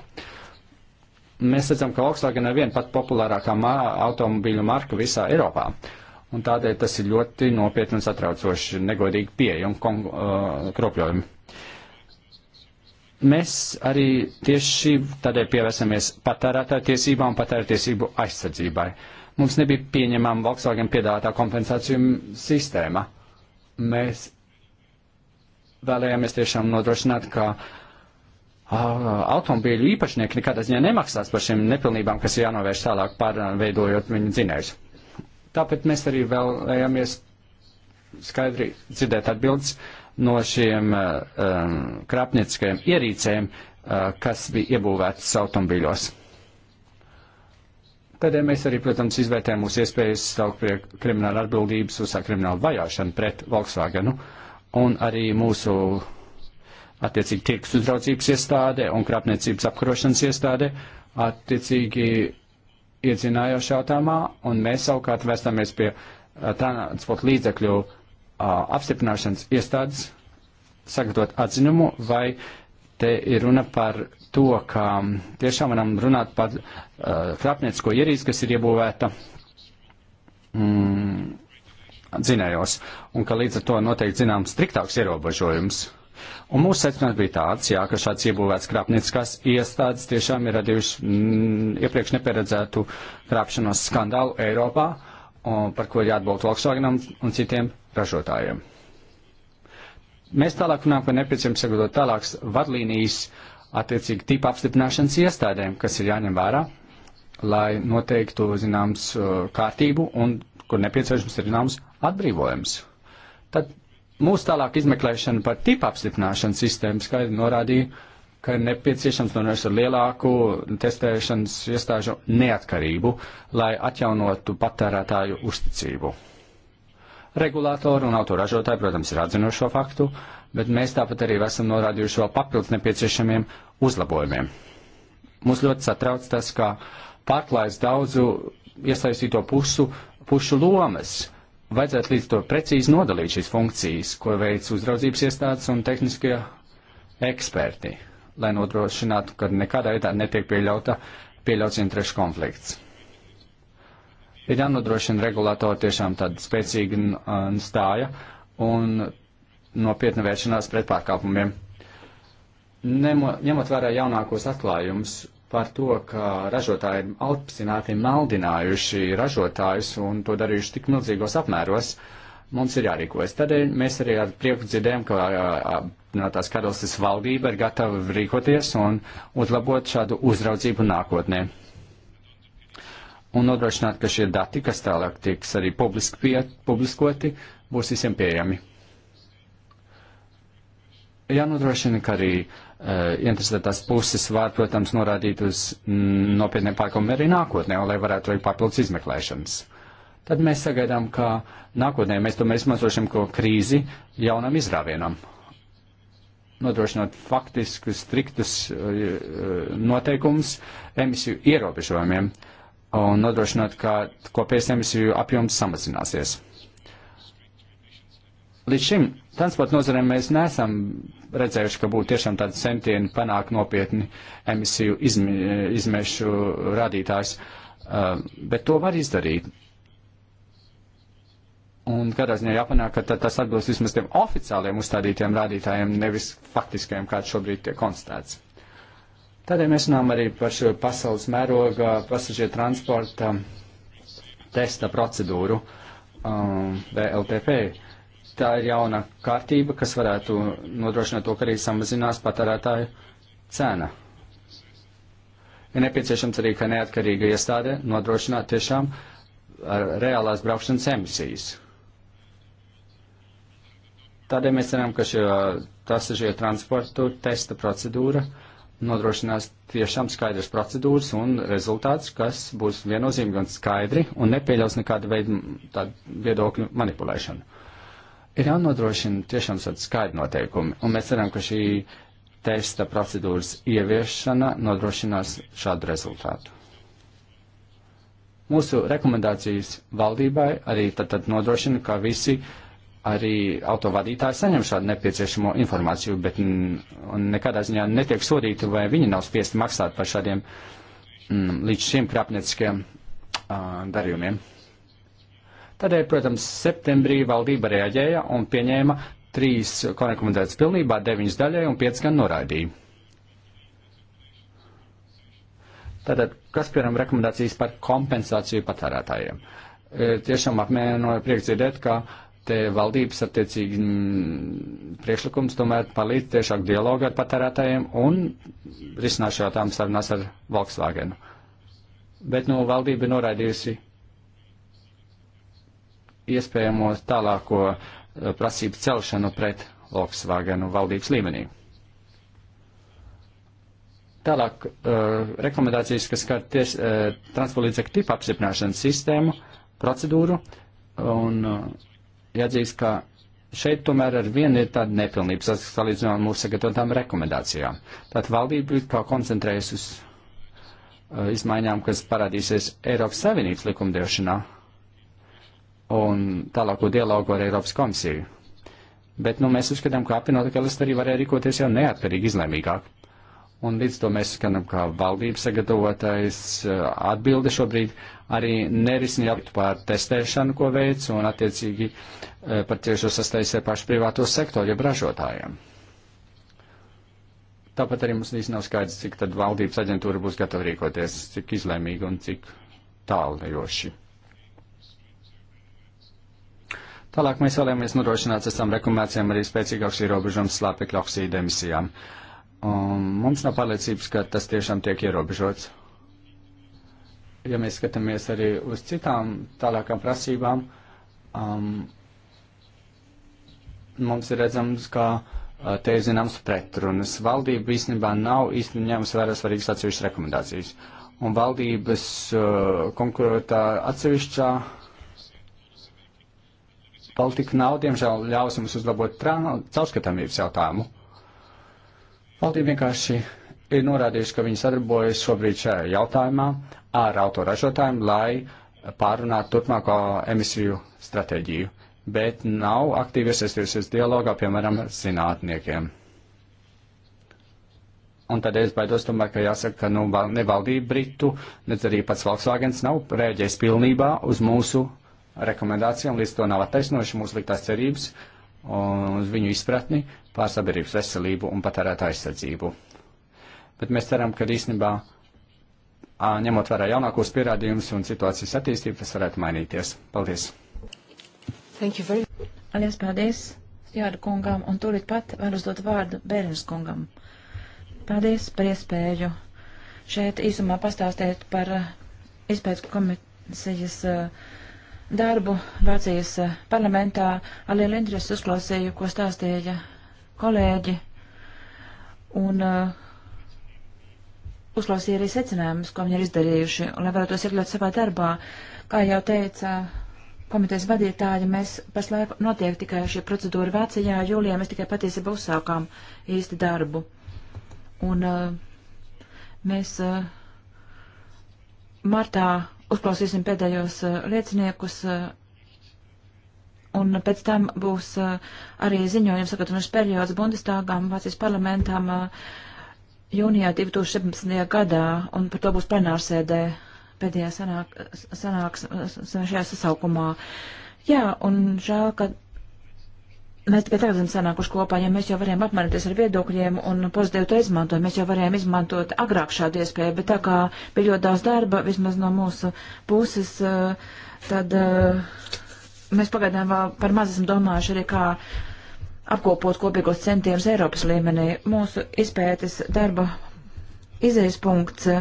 Mēs redzam, ka Volkswagen ir viena pat populārākā mā, automobīļu marka visā Eiropā. Un tādēļ tas ir ļoti nopietni un satraucoši negodīgi pieeja un kon, uh, kropļojumi. Mēs arī tieši tādēļ pievērsamies patērētāju tiesībām un patērētiesību aizsardzībai. Mums nebija pieņemama Volkswagen piedāvātā kompensāciju sistēma. Mēs vēlējāmies tiešām nodrošināt, ka automobīļu īpašnieki nekādā ziņā nemaksās par šīm nepilnībām, kas ir jānovērš tālāk pārveidojot viņu dzinējus. Tāpēc mēs arī vēlējāmies skaidri dzirdēt atbildes. Uh, no šiem um, eh, krāpnieciskajiem ierīcēm, uh, kas bija iebūvētas automobīļos. Tādēļ mēs arī, protams, izvērtējam mūsu iespējas stāvot pie krimināla atbildības, uzsākt kriminālu vajāšanu pret Volkswagenu un arī mūsu attiecīgi tirgus uzraudzības iestādē un krāpniecības apkarošanas iestādē attiecīgi iedzinājās jautājumā, un mēs savukārt vērstāmies pie eh, transporta līdzekļu uh, apstiprināšanas iestādes sagatavot atzinumu, vai te ir runa par to, ka tiešām varam runāt par uh, krāpniecisko ierīci, kas ir iebūvēta mm, dzinējos, un ka līdz ar to noteikti zināms striktāks ierobežojums. Un mūsu secinājums bija tāds, jā, ka šāds iebūvēts krāpnieciskās iestādes tiešām ir radījuši mm, iepriekš neparedzētu krāpšanos skandālu Eiropā, un, par ko ir jāatbalta Volkswagenam un citiem ražotājiem. Mēs tālāk runājam, ka nepieciešams sagatavot tālākas vadlīnijas attiecīgi tipa apstiprināšanas iestādēm, kas ir jāņem vērā, lai noteiktu zināms uh, kārtību un kur nepieciešams ir zināms atbrīvojums. Tad mūsu tālāk izmeklēšana par tipa apstiprināšanas sistēmu skaidri norādīja, ka ir nepieciešams nonākt ar lielāku testēšanas iestāžu neatkarību, lai atjaunotu patērētāju uzticību regulātori un autoražotāji, protams, ir atzinuši šo faktu, bet mēs tāpat arī esam norādījuši vēl papildus nepieciešamiem uzlabojumiem. Mums ļoti satrauc tas, ka pārklājas daudzu iesaistīto pušu, pušu lomas. Vajadzētu līdz to precīzi nodalīt šīs funkcijas, ko veic uzraudzības iestādes un tehniskie eksperti, lai nodrošinātu, ka nekādā veidā netiek pieļauta, pieļauts interešu konflikts ir jānodrošina regulātori tiešām tāda spēcīga stāja un nopietna vēršanās pret pārkāpumiem. Nemo, ņemot vērā jaunākos atklājumus par to, ka ražotāji ir apzināti maldinājuši ražotājus un to darījuši tik milzīgos apmēros, mums ir jārīkojas. Tādēļ mēs arī ar prieku dzirdējam, ka no tās karalistes valdība ir gatava rīkoties un uzlabot šādu uzraudzību nākotnē un nodrošināt, ka šie dati, kas tālāk tiks arī publiski pie, publiskoti, būs visiem pieejami. Jānodrošina, ka arī uh, interesētās puses var, protams, norādīt uz mm, nopietniem pārkumiem arī nākotnē, lai varētu veikt papildus izmeklēšanas. Tad mēs sagaidām, ka nākotnē mēs tomēr izmantošam ko krīzi jaunam izrāvienam nodrošinot faktiskus, striktus eh, eh, noteikumus emisiju ierobežojumiem. Uh, un nodrošināt, ka kopējas emisiju apjoms samazināsies. Līdz šim transporta nozarēm mēs neesam redzējuši, ka būtu tiešām tādi centieni panākt nopietni emisiju izme, izmešu rādītājs, uh, bet to var izdarīt. Un kādā ziņā jāpanāk, ka tas atbilst vismaz tiem oficiāliem uzstādītiem rādītājiem, nevis faktiskajiem, kāds šobrīd tiek konstatēts. Tādēļ mēs runājam arī par šo pasaules mēroga pasažieru transporta testa procedūru um, VLTP. Tā ir jauna kārtība, kas varētu nodrošināt to, ka arī samazinās patērētāju cena. Ir nepieciešams arī, ka neatkarīga iestāde nodrošināt tiešām uh, reālās braukšanas emisijas. Tādēļ mēs ceram, ka šī uh, pasažieru transportu testa procedūra uh, nodrošinās tiešām skaidras procedūras un rezultāts, kas būs viennozīmīgi un skaidri un nepieļaus nekādu veidu tādu viedokļu manipulēšanu. Ir jānodrošina tiešām skaidri noteikumi, un mēs ceram, ka šī testa procedūras ieviešana nodrošinās šādu rezultātu. Mūsu rekomendācijas valdībai arī tad, tad nodrošina, ka visi uh, arī autovadītāji saņem šādu nepieciešamo informāciju, bet nekādā ziņā netiek sodīti vai viņi nav spiesti maksāt par šādiem mm, līdz šiem krāpnieciskiem uh, darījumiem. Tādēļ, protams, septembrī valdība reaģēja un pieņēma trīs korekomendētas pilnībā, deviņas daļai un piecas gan noraidīja. Tātad, kas, piemēram, rekomendācijas par kompensāciju patērētājiem? E, tiešām apmierinoja prieks dzirdēt, ka uh, te valdības attiecīgi mm, priekšlikums tomēr palīdz tiešāk dialogu ar patērētājiem un risināt šo jautājumu sarunās ar Volkswagenu. Bet no nu, valdība noraidījusi iespējamo tālāko eh, prasību celšanu pret Volkswagenu valdības līmenī. Tālāk uh, rekomendācijas, kas skar ties, uh, transportlīdzekļu tipu apstiprināšanas sistēmu, procedūru un uh, jāatzīst, ka šeit tomēr ar vienu ir tāda nepilnība, salīdzinot ar mūsu sagatavotām rekomendācijām. Tātad valdība kā koncentrējas uz uh, izmaiņām, kas parādīsies Eiropas Savienības likumdošanā un tālāko dialogu ar Eiropas komisiju. Bet nu, mēs uzskatām, ka apvienotā karalistē arī varēja rīkoties jau neatkarīgi izlēmīgāk. Un līdz to mēs skanam, kā valdības sagatavotais eh, atbilde šobrīd arī nerisina jautājumu par testēšanu, ko veic, un attiecīgi eh, par tiešo sastaisē pašu privāto sektoru, jeb ražotājiem. Tāpat arī mums īsti nav skaidrs, cik tad valdības aģentūra būs gatava rīkoties, cik izlēmīgi un cik tālajoši. Tālāk mēs vēlamies nodrošināt ar savām rekomendācijām arī spēcīgāks ierobežojums slāpekļu oksīdu emisijām. Uh, Um, mums nav pārliecības, ka tas tiešām tiek ierobežots. Ja mēs skatāmies arī uz citām tālākām prasībām, um, mums ir redzams, ka uh, te ir zināms pretrunas. Valdība īstenībā nav īstenībā ņēmusi vērā svarīgas atsevišķas rekomendācijas. Un valdības uh, konkurētā atsevišķā politika nav, diemžēl, ļaus mums uzlabot caurskatāmības jautājumu Valdība vienkārši ir norādījusi, ka viņi sadarbojas šobrīd šajā jautājumā ar autoražotājiem, lai pārunātu turpmāko emisiju stratēģiju, bet nav aktīvi iesaistījusies dialogā, piemēram, ar zinātniekiem. Un tad es baidos, tomēr, ka jāsaka, ka nu, ne valdība Britu, nedz arī pats Volkswagens nav rēģējis pilnībā uz mūsu rekomendācijām, līdz to nav attaisnojuši mūsu liktās cerības, un uz viņu izpratni pār sabiedrības veselību un patērētāju aizsardzību. Bet mēs ceram, ka īstenībā, ņemot vērā jaunākos pierādījumus un situācijas attīstību, tas varētu mainīties. Paldies! Very... Alies, paldies Jāra kungam, un tūlīt pat var uzdot vārdu Bērnes kungam. Paldies par iespēju šeit īsumā pastāstīt par izpētes komisijas uh, darbu Vācijas eh, parlamentā. Ar lielu interesi uzklausīju, ko stāstīja kolēģi. Un uh, uzklausīju arī secinājumus, ko viņi ir izdarījuši, un lai varētu tos iekļaut savā darbā. Kā jau teica eh, komitejas vadītāji, mēs pašlaik notiek tikai šī procedūra Vācijā, jūlijā mēs tikai patiesībā uzsākām īsti darbu. Un uh, mēs uh, martā uzklausīsim pēdējos eh, lieciniekus. Eh, un pēc tam būs eh, arī ziņojums sagatavošanas periods Bundestāgām, Vācijas parlamentām jūnijā 2017. gadā, un par to būs plenārsēdē pēdējā sanāk, sanāks, sanāk, šajā sasaukumā. Jā, un žēl, ka Mēs tikai tagad esam sanākuši kopā, ja mēs jau varējām apmainīties ar viedokļiem un pozitīvi to izmantot. Mēs jau varējām izmantot agrāk šādu iespēju, bet tā kā bija ļoti daudz darba, vismaz no mūsu puses, eh, tad eh, mēs pagaidām vēl par maz esam domājuši arī kā apkopot kopīgos centienus Eiropas līmenī. Mūsu izpētes darba izējas punkts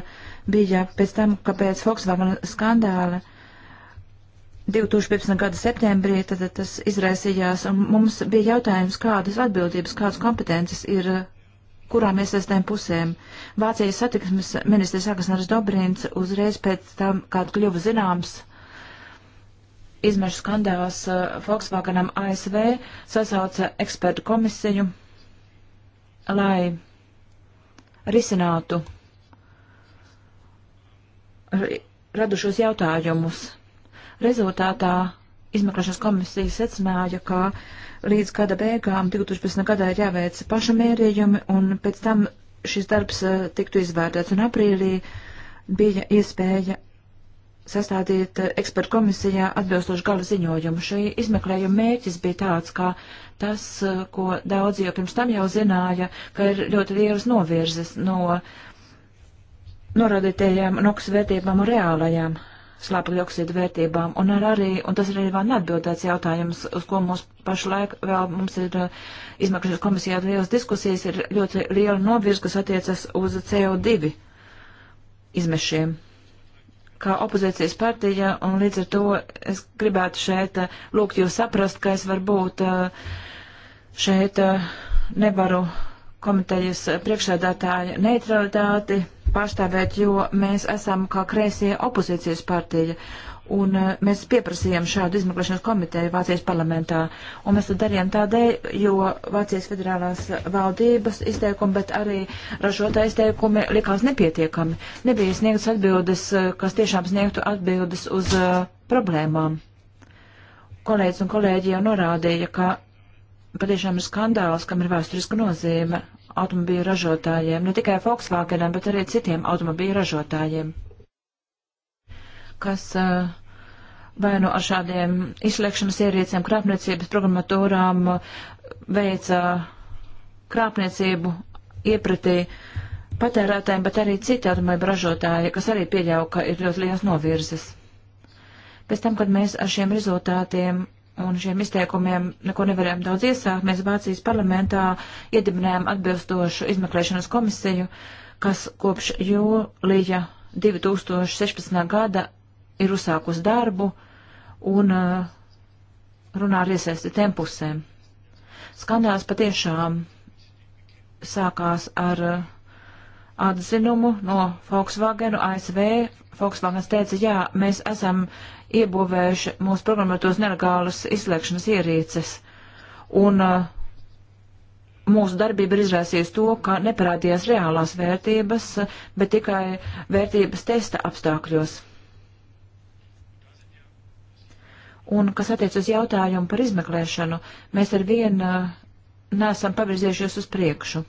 bija pēc tam, ka pēc Volkswagen skandāla. Uh, 2015. gada septembrī tad tas izraisījās, un mums bija jautājums, kādas atbildības, kādas kompetences ir kurām iesaistēm pusēm. Vācijas satiksmes ministrs Agasnars Dobrins uzreiz pēc tam, kad kļuva zināms izmešu skandāls uh, Volkswagenam ASV, sasauca ekspertu komisiju, lai risinātu radušos jautājumus Rezultātā izmeklēšanas komisija secināja, ka līdz gada beigām 2015. gadā ir jāveic pašamērījumi un pēc tam šis darbs eh, tiktu izvērtēts. Un aprīlī bija iespēja sastādīt eh, ekspertu komisijā atbilstošu gala ziņojumu. Šī izmeklējuma mērķis bija tāds, ka tas, eh, ko daudzi jau pirms tam jau zināja, ka ir ļoti lielas novirzes no norādītajām NOX vērtībām un reālajām slāpekļa oksīdu vērtībām. Un, ar arī, un tas ir arī vēl neatbildēts jautājums, uz ko mums pašlaik vēl mums ir uh, izmakšas komisijā lielas diskusijas, ir ļoti liela novirz, kas attiecas uz CO2 izmešiem. Kā opozīcijas partija, un līdz ar to es gribētu šeit uh, lūgt jūs saprast, ka es varbūt uh, šeit nevaru komitejas priekšsēdētāja neutralitāti pārstāvēt, jo mēs esam kā kreisie opozīcijas partija. Un eh, mēs pieprasījām šādu izmeklēšanas komiteju Vācijas parlamentā. Un mēs to darījām tādēļ, jo Vācijas federālās valdības izteikumi, bet arī ražotā izteikumi likās nepietiekami. Nebija sniegtas atbildes, eh, kas tiešām sniegtu atbildes uz uh, problēmām. Kolēģis un kolēģi jau norādīja, ka patiešām ir skandāls, kam ir vēsturiska nozīme automobīļu ražotājiem, ne tikai Volkswagenam, bet arī citiem automobīļu ražotājiem, kas uh, vai nu ar šādiem izslēgšanas ierīcēm, krāpniecības programmatūrām eh, veica krāpniecību iepratī patērētājiem, bet arī citi automobīļu ražotāji, kas arī pieļauj, ka ir ļoti liels novirzes. Pēc tam, kad mēs ar šiem rezultātiem un šiem izteikumiem neko nevarējām daudz iesākt. Mēs Vācijas parlamentā iedibinājām atbilstošu izmeklēšanas komisiju, kas kopš jūlija 2016. gada ir uzsākus darbu un uh, runā ar iesaistītiem pusēm. Skandāls patiešām sākās ar uh, atzinumu no Volkswagenu ASV. Volkswagens teica, jā, mēs esam uh, iebūvējuši mūsu programmētos nelegālas izslēgšanas ierīces. Un uh, mūsu darbība ir izraisījusi to, ka neparādījās reālās vērtības, bet tikai vērtības testa apstākļos. Un, kas attiec uz jautājumu par izmeklēšanu, mēs ar vienu uh, nesam pavirzījušies uz priekšu.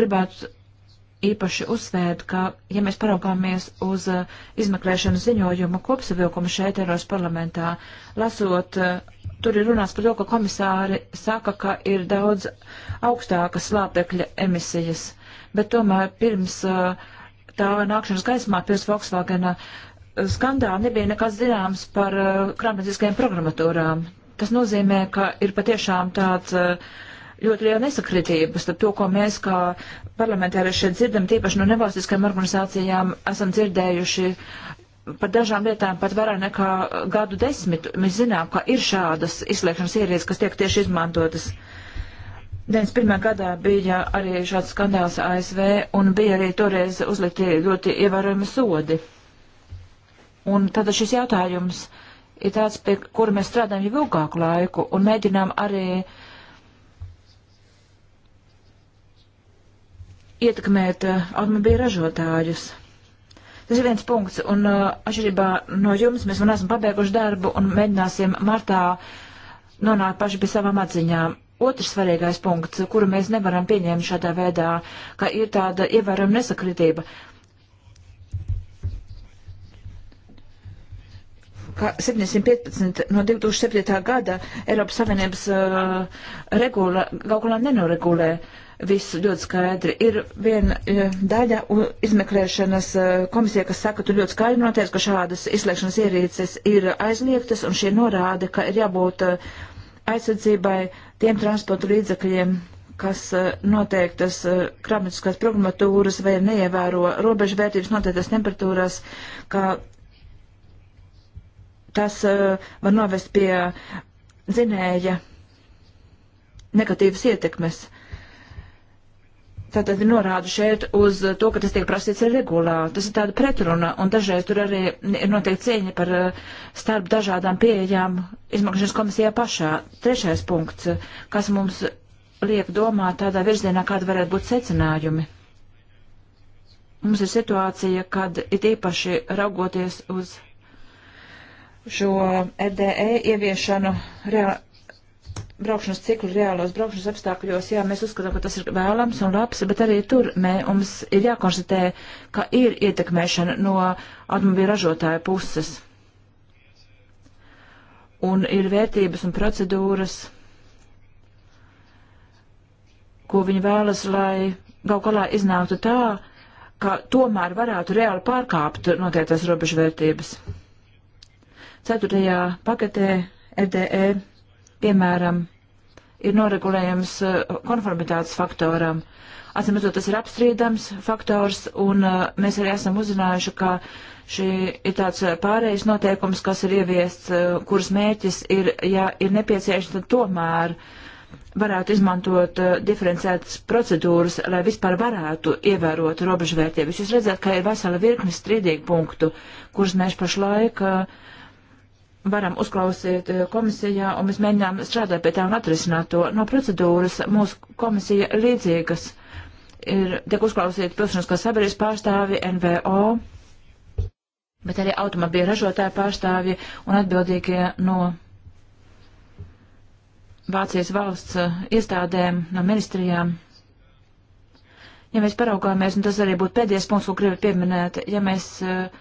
Gribētu īpaši uzsvērt, ka, ja mēs paraugāmies uz uh, izmeklēšanas ziņojumu kopsavilkumu šeit Eiros parlamentā, lasot, uh, tur ir runāts par to, ka komisāri saka, ka ir daudz augstākas slāpekļa emisijas, bet tomēr pirms uh, tā nākšanas gaismā, pirms Volkswagena uh, skandāla nebija nekas zināms par uh, krāpnieciskajām programmatūrām. Tas nozīmē, ka ir patiešām tāds uh, ļoti liela nesakritība starp to, ko mēs kā parlamentārieši šeit dzirdam, tīpaši no nevalstiskajām organizācijām esam dzirdējuši. Par dažām lietām pat vairāk nekā gadu desmitu mēs zinām, ka ir šādas izslēgšanas ierīces, kas tiek tieši izmantotas. 91. gadā bija arī šāds skandāls ASV un bija arī toreiz uzlikti ļoti ievērojami sodi. Un tad šis jautājums ir tāds, pie kura mēs strādājam jau ilgāku laiku un mēģinām arī uh, ietekmēt eh, automobīļu ražotājus. Tas ir viens punkts, un uh, atšķirībā no jums mēs vēl neesam pabeiguši darbu un mēģināsim martā nonākt paši pie savām atziņām. Otrs svarīgais punkts, kuru mēs nevaram pieņemt šādā veidā, ka ir tāda ievērojama nesakritība. Uh, ka 715 no 2007. gada Eiropas Savienības uh, regula kaut kādā nenoregulē visu ļoti skaidri. Ir viena uh, daļa uh, izmeklēšanas uh, komisija, kas saka, tur ļoti skaidri noteic, ka šādas izslēgšanas ierīces ir aizliegtas, un šie norāda, ka ir jābūt uh, aizsardzībai tiem transporta līdzakļiem, kas noteiktas kramatiskās programmatūras vai neievēro robežvērtības noteiktas temperatūras, kā tas uh, var novest pie zinēja negatīvas ietekmes. Tātad ir norāda šeit uz to, ka tas tiek prasīts regulā. Tas ir tāda pretruna, un dažreiz tur arī ir noteikti cieņa par uh, starp dažādām pieejām izmakšanas komisijā pašā. Trešais punkts, kas mums liek domāt tādā virzienā, kāda varētu būt secinājumi. Mums ir situācija, kad it īpaši raugoties uz šo RDE e ieviešanu rea, braukšanas ciklu reālos braukšanas apstākļos, jā, mēs uzskatām, ka tas ir vēlams un labs, bet arī tur mē, mums ir jākonstatē, ka ir ietekmēšana no automobīļa ražotāja puses. Un ir vērtības un procedūras, ko viņi vēlas, lai kaut kādā iznāktu tā, ka tomēr varētu reāli pārkāpt noteiktas robežvērtības. Ceturtajā paketē FDE, e, piemēram, ir noregulējams uh, konformitātes faktoram. Atsimredzot, tas ir apstrīdams faktors, un uh, mēs arī esam uzzinājuši, ka šī ir tāds uh, pārējais noteikums, kas ir ieviests, kuras mērķis ir, ja ir nepieciešams, tad tomēr varētu izmantot diferencētas procedūras, lai vispār varētu ievērot robežvērtības. Jūs redzat, ka ir vesela virkne strīdīgu punktu, kurus mēs pašlaik uh, varam uzklausīt eh, komisijā, un mēs mēģinām strādāt pie tā un atrisināt to. No procedūras mūsu komisija līdzīgas ir, tiek uzklausīti pilsoniskās sabiedrības pārstāvi, NVO, bet arī automobīļa ražotāja pārstāvi un atbildīgie no Vācijas valsts eh, iestādēm, no ministrijām. Ja mēs paraugāmies, un tas arī būtu pēdējais punkts, ko gribu pieminēt, ja mēs eh,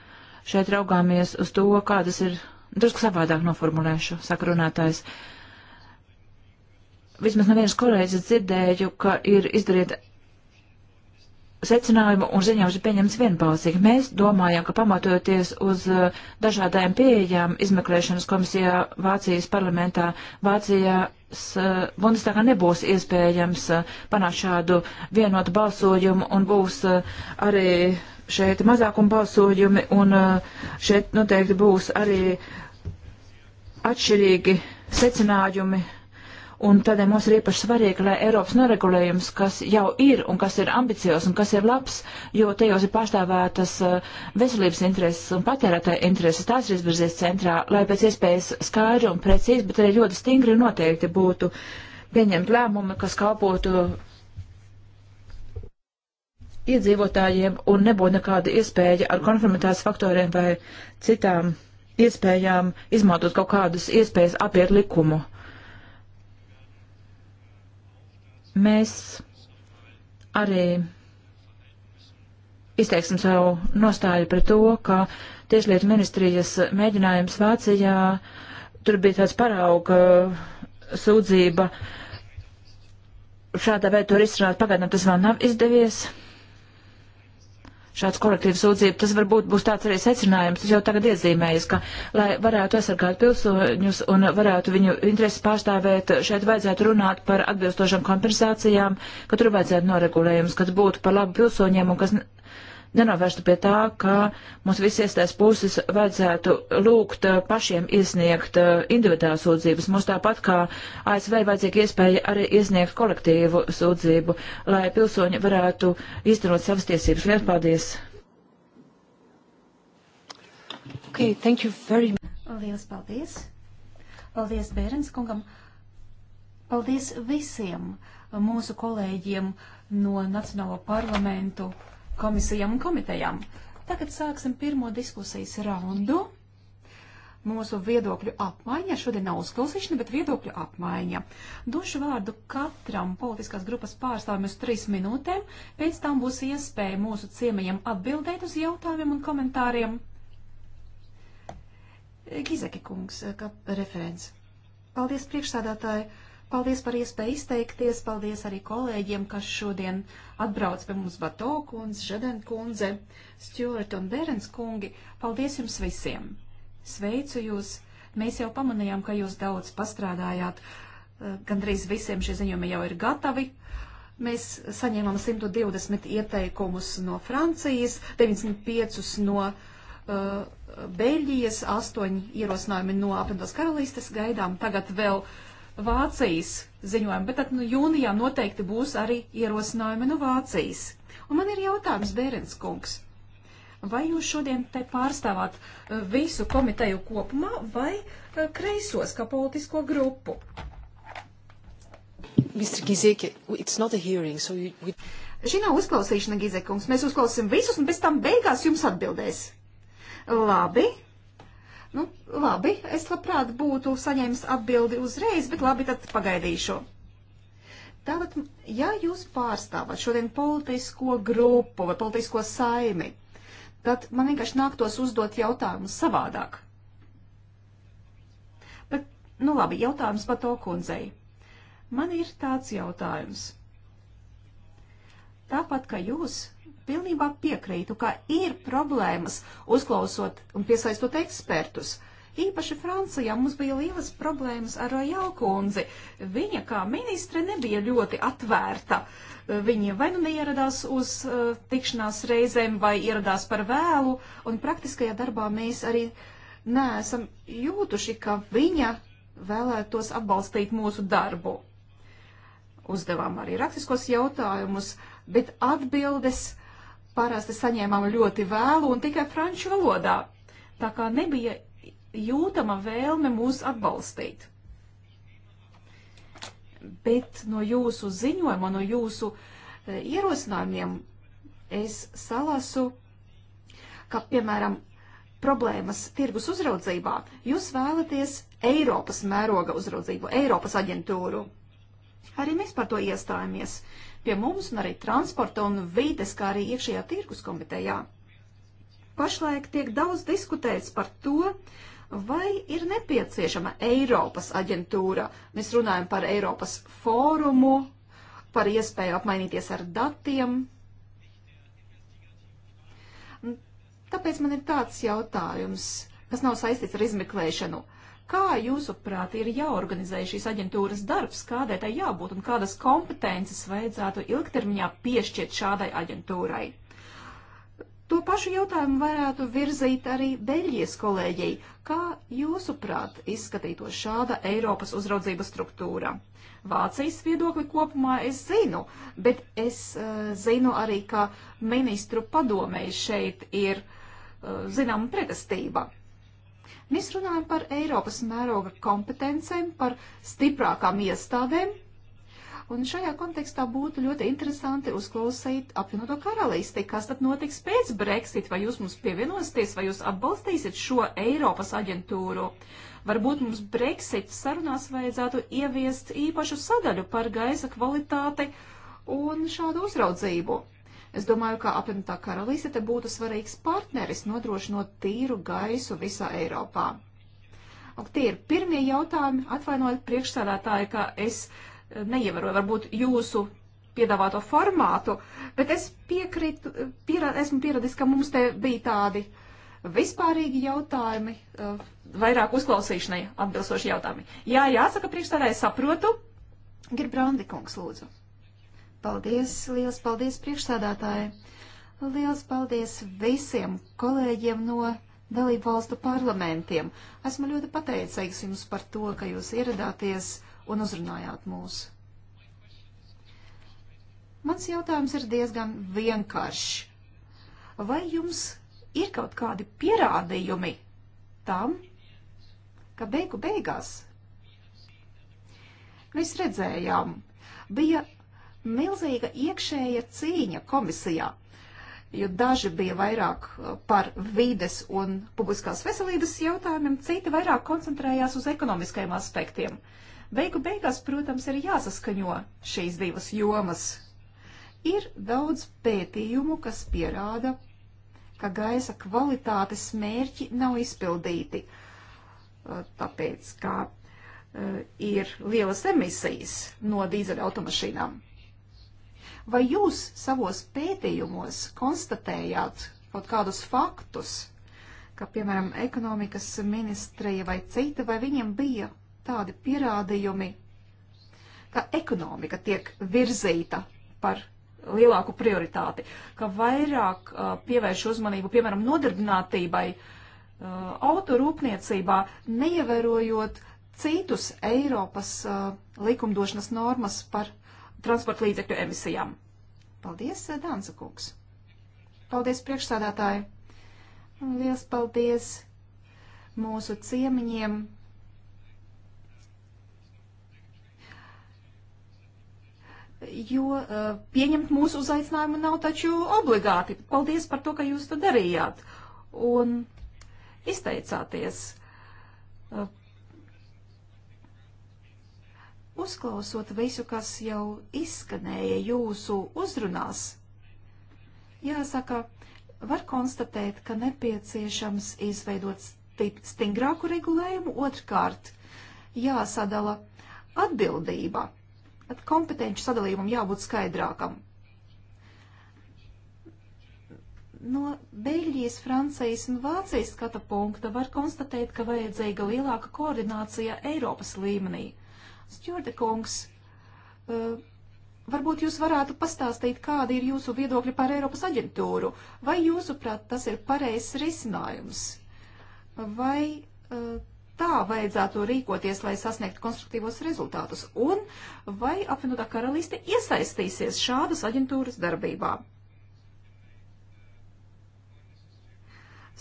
šeit raugāmies uz to, kādas ir Drusku savādāk noformulēšu, saka runātājs. Vismaz nevienas kolēģis dzirdēju, ka ir izdarīta secinājumu un ziņojums ir pieņemts vienbalsīgi. Mēs domājam, ka pamatojoties uz uh, dažādajām pieejām izmeklēšanas komisijā Vācijas parlamentā, Vācijas uh, Bundestagā nebūs iespējams uh, panākt šādu vienotu balsojumu un būs arī šeit mazākuma balsojumi un šeit noteikti būs arī atšķirīgi secinājumi, un tādēļ mums ir īpaši svarīgi, lai Eiropas noregulējums, kas jau ir un kas ir ambiciozs un kas ir labs, jo tajos ir pārstāvētas eh, veselības intereses un patērētāja intereses, tās ir izvirzies centrā, lai pēc iespējas skaidri un precīzi, bet arī ļoti stingri un noteikti būtu pieņemt lēmumi, kas kalpotu iedzīvotājiem un nebūtu nekāda iespēja ar konformitātes faktoriem vai citām iespējām izmantot kaut kādas iespējas apiet likumu. Mēs arī izteiksim savu nostāju par to, ka Tieslietu ministrijas mēģinājums Vācijā, tur bija tāds parauga sūdzība, šādā veidā tur izstrādāt, pagaidām tas vēl nav izdevies šāds kolektīvs sūdzība. Tas varbūt būs tāds arī secinājums, tas jau tagad iezīmējas, ka, lai varētu aizsargāt pilsoņus un varētu viņu intereses pārstāvēt, šeit vajadzētu runāt par atbilstošām kompensācijām, ka tur vajadzētu noregulējums, kas būtu par labu pilsoņiem un kas nenovērstu pie tā, ka mums visi iestās puses vajadzētu lūgt pašiem iesniegt individuālu sūdzības. Mums tāpat kā ASV vajadzīga iespēja arī iesniegt kolektīvu sūdzību, lai pilsoņi varētu izdarot savas tiesības. Liels paldies! Okay, thank you very much. Liels paldies! Paldies Bērens kungam! Paldies visiem mūsu kolēģiem no Nacionālo parlamentu komisijām un komitejām. Tagad sāksim pirmo diskusijas raundu. Mūsu viedokļu apmaiņa šodien nav uzklausīšana, bet viedokļu apmaiņa. Došu vārdu katram politiskās grupas pārstāvim uz trīs minūtēm, pēc tam būs iespēja mūsu ciemējiem atbildēt uz jautājumiem un komentāriem. Gizeki kungs, kā referents. Paldies priekšsādātāji. Paldies par iespēju izteikties, paldies arī kolēģiem, kas šodien atbrauc pie mums Bato kundze, Žeden kundze, Stjūrt un Bērens kungi. Paldies jums visiem! Sveicu jūs! Mēs jau pamanījām, ka jūs daudz pastrādājāt. Eh, gandrīz visiem šie ziņojumi jau ir gatavi. Mēs saņēmām 120 ieteikumus no Francijas, 95 no uh, Beļģijas, 8 ierosinājumi no apvienotās karalistes. Gaidām tagad vēl uh, Vācijas ziņojumu, bet tad nu, jūnijā noteikti būs arī ierosinājumi no nu, Vācijas. Un man ir jautājums, Bērens kungs, vai jūs šodien te pārstāvāt e, visu komiteju kopumā vai e, kreisos kā politisko grupu? Mr. Gizeke, it's not a hearing, so you... We... Šī nav uzklausīšana, Gizekungs. Mēs uzklausīsim visus, un pēc tam beigās jums atbildēs. Labi, Nu, labi, es labprāt būtu saņēmis atbildi uzreiz, bet labi, tad pagaidīšu. Tātad, ja jūs pārstāvat šodien politisko grupu vai politisko saimi, tad man vienkārši nāktos uzdot jautājumus savādāk. Bet, nu labi, jautājums par to kundzei. Man ir tāds jautājums. Tāpat kā jūs, pilnībā piekrītu, ka ir problēmas uzklausot un piesaistot ekspertus. Īpaši Francijā mums bija lielas problēmas ar Royal kundzi. Viņa kā ministre nebija ļoti atvērta. Viņa vai nu neieradās uz uh, tikšanās reizēm, vai ieradās par vēlu, un praktiskajā darbā mēs arī neesam jūtuši, ka viņa vēlētos atbalstīt mūsu darbu uzdevām arī rakstiskos jautājumus, bet atbildes parasti saņēmām ļoti vēlu un tikai franču valodā. Tā kā nebija jūtama vēlme mūs atbalstīt. Bet no jūsu ziņojuma, no jūsu e, ierosinājumiem es salasu, ka, piemēram, problēmas tirgus uzraudzībā jūs vēlaties Eiropas mēroga uzraudzību, Eiropas aģentūru. Arī mēs par to iestājāmies. Uh, pie mums un arī transporta un vides, kā arī iekšējā tirgus komitejā. Pašlaik tiek daudz diskutēts par to, vai ir nepieciešama Eiropas aģentūra. Mēs runājam par Eiropas fórumu, par iespēju apmainīties ar datiem. Tāpēc man ir tāds jautājums, kas nav saistīts ar izmeklēšanu. Kā jūsuprāt ir jāorganizē šīs aģentūras darbs, kādai tai jābūt un kādas kompetences vajadzētu ilgtermiņā piešķirt šādai aģentūrai? To pašu jautājumu varētu virzīt arī Beļģijas kolēģei. Kā jūsuprāt izskatītos šāda Eiropas uzraudzības struktūra? Vācijas viedokli kopumā es zinu, bet es uh, zinu arī, ka ministru padomēji šeit ir uh, zināma pretestība. Mēs runājam par Eiropas mēroga kompetencēm, par stiprākām iestādēm. Un šajā kontekstā būtu ļoti interesanti uzklausīt apvienoto karalisti, kas tad notiks pēc Brexit, vai jūs mums pievienosities, vai jūs atbalstīsiet šo Eiropas aģentūru. Varbūt mums Brexit sarunās vajadzētu ieviest īpašu sadaļu par gaisa kvalitāti un šādu uzraudzību. Es domāju, ka apvienotā karalīte te būtu svarīgs partneris nodrošinot tīru gaisu visā Eiropā. Un tie ir pirmie jautājumi. Atvainojiet, priekšsēdētāji, ka es eh, neievēroju varbūt jūsu piedāvāto formātu, bet es piekrītu, eh, pierā, esmu pieradis, ka mums te bija tādi vispārīgi jautājumi, eh, vairāk uzklausīšanai atbilstoši jautājumi. Jā, jāsaka, priekšstādāji saprotu. Girbrandi kungs, lūdzu. Paldies, liels paldies priekšsādātāji! Liels paldies visiem kolēģiem no dalību valstu parlamentiem. Esmu ļoti pateicīgs jums par to, ka jūs ieradāties un uzrunājāt mūs. Mans jautājums ir diezgan vienkāršs. Vai jums ir kaut kādi pierādījumi tam, ka beigu beigās mēs redzējām, bija milzīga iekšēja cīņa komisijā, jo daži bija vairāk uh, par vides un publiskās veselības jautājumiem, citi vairāk koncentrējās uz ekonomiskajiem aspektiem. Beigu beigās, protams, ir jāsaskaņo šīs divas jomas. Ir daudz pētījumu, kas pierāda, ka gaisa kvalitātes mērķi nav izpildīti, uh, tāpēc, ka uh, ir lielas emisijas no dīzeļa automašīnām. Vai jūs savos pētījumos konstatējāt kaut kādus faktus, ka, piemēram, ekonomikas ministrija vai cita, vai viņiem bija tādi pierādījumi, ka ekonomika tiek virzīta par lielāku prioritāti, ka vairāk uh, pievērš uzmanību, piemēram, nodarbinātībai, uh, autorūpniecībā, neievērojot citus Eiropas uh, likumdošanas normas par transporta līdzekļu emisijām. Paldies, eh, Dānsa kungs. Paldies, priekšsādātāji. Liels paldies mūsu ciemiņiem. Jo eh, pieņemt mūsu uzaicinājumu nav taču obligāti. Paldies par to, ka jūs to darījāt un izteicāties eh, Uzklausot visu, kas jau izskanēja jūsu uzrunās, jāsaka, var konstatēt, ka nepieciešams izveidot stingrāku regulējumu, otrkārt jāsadala atbildība, at kompetenci sadalījumam jābūt skaidrākam. No Beļģijas, Francijas un Vācijas skata punkta var konstatēt, ka vajadzīga lielāka koordinācija Eiropas līmenī. Stjorda kungs, uh, varbūt jūs varētu pastāstīt, kāda ir jūsu viedokļa par Eiropas aģentūru. Vai jūsuprāt tas ir pareizs risinājums? Vai uh, tā vajadzētu rīkoties, lai sasniegtu konstruktīvos rezultātus? Un vai apvienotā karaliste iesaistīsies šādas aģentūras darbībā?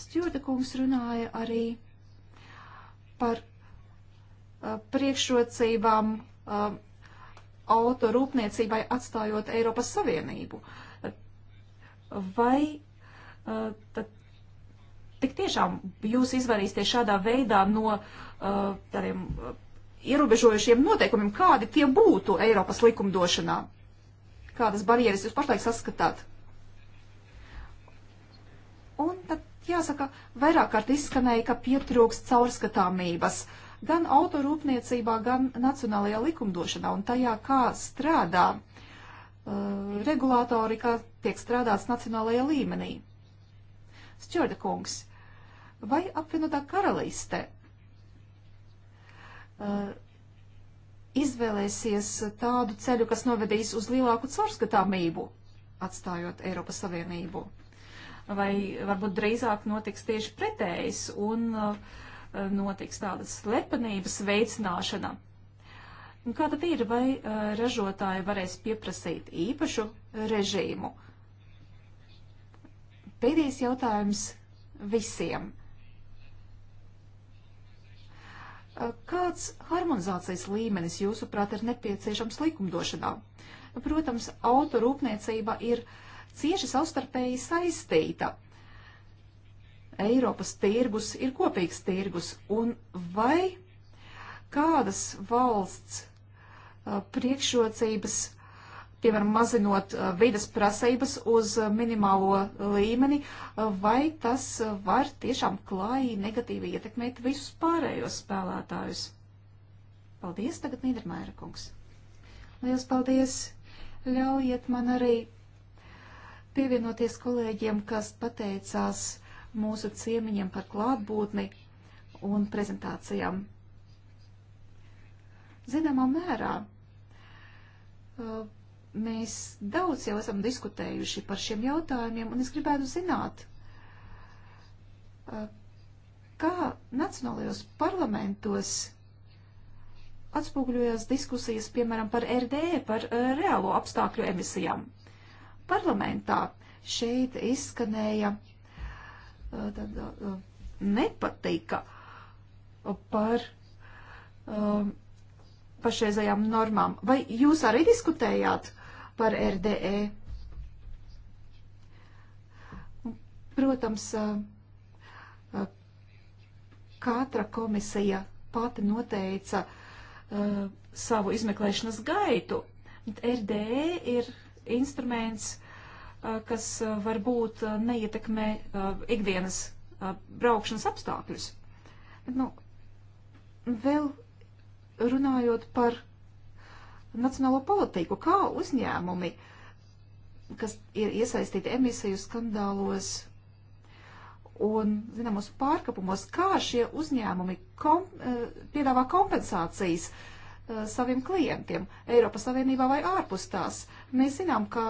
Stjorda kungs runāja arī par Uh, priekšrocībām uh, autorūpniecībai atstājot Eiropas Savienību. Vai uh, tad tik tiešām jūs izvairīsieties šādā veidā no tādiem ierobežojušiem noteikumiem, kādi tie būtu Eiropas likumdošanā? Kādas barjeras jūs pašlaik saskatāt? Un tad jāsaka, vairāk kārt izskanēja, ka pietrūks caurskatāmības. Uh, gan autorūpniecībā, gan nacionālajā likumdošanā un tajā, kā strādā uh, regulātori, kā tiek strādāts nacionālajā līmenī. Stjorda kungs, vai apvienotā karaliste uh, izvēlēsies tādu ceļu, kas novedīs uz lielāku caurskatāmību, atstājot Eiropas Savienību? Vai varbūt drīzāk notiks tieši pretējs un uh, Eh, notiks tādas slepenības veicināšana. Un kā tad ir, vai eh, ražotāji varēs pieprasīt īpašu režīmu? Pēdējais jautājums visiem. Eh, kāds harmonizācijas līmenis, jūsuprāt, ir nepieciešams likumdošanā? Protams, autorūpniecība ir cieši savstarpēji saistīta. Eiropas tirgus ir kopīgs tirgus, un vai kādas valsts uh, priekšrocības, piemēram, mazinot uh, vidas prasības uz uh, minimālo līmeni, vai tas var tiešām klāji negatīvi ietekmēt visus pārējos spēlētājus? Paldies, tagad Nīdermēra kungs. Lielas paldies! Ļaujiet man arī pievienoties kolēģiem, kas pateicās mūsu ciemiņiem par klātbūtni un prezentācijām. Zināmā mērā mēs daudz jau esam diskutējuši par šiem jautājumiem, un es gribētu zināt, kā nacionālajos parlamentos atspoguļojās diskusijas, piemēram, par RDE, par reālo apstākļu emisijām. Parlamentā šeit izskanēja Uh, tāda uh, nepatika par um, pašreizējām normām. Vai jūs arī diskutējāt par RDE? Protams, uh, katra komisija pati noteica uh, savu izmeklēšanas gaitu, bet RDE ir instruments, Eh, kas eh, varbūt eh, neietekmē ikdienas braukšanas apstākļus. Nu, vēl runājot par nacionālo politiku, kā uzņēmumi, kas ir iesaistīti emisiju skandālos un, zināmos, pārkapumos, kā šie uzņēmumi kom, piedāvā kompensācijas saviem klientiem Eiropas Savienībā vai ārpus tās. Mēs zinām, ka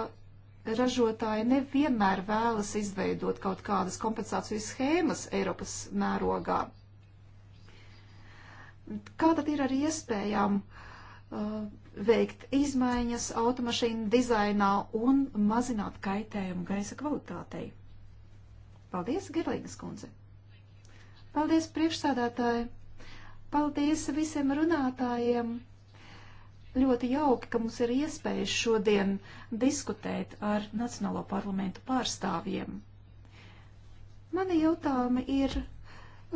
ražotāji nevienmēr vēlas izveidot kaut kādas kompensācijas schēmas Eiropas mērogā. Kā tad ir ar iespējām uh, veikt izmaiņas automašīnu dizainā un mazināt kaitējumu gaisa kvalitātei? Paldies, Gerlīgas kundze! Paldies, priekšsādātāji! Paldies visiem runātājiem! ļoti jauki, ka mums ir iespēja šodien diskutēt ar Nacionālo parlamentu pārstāvjiem. Mani jautājumi ir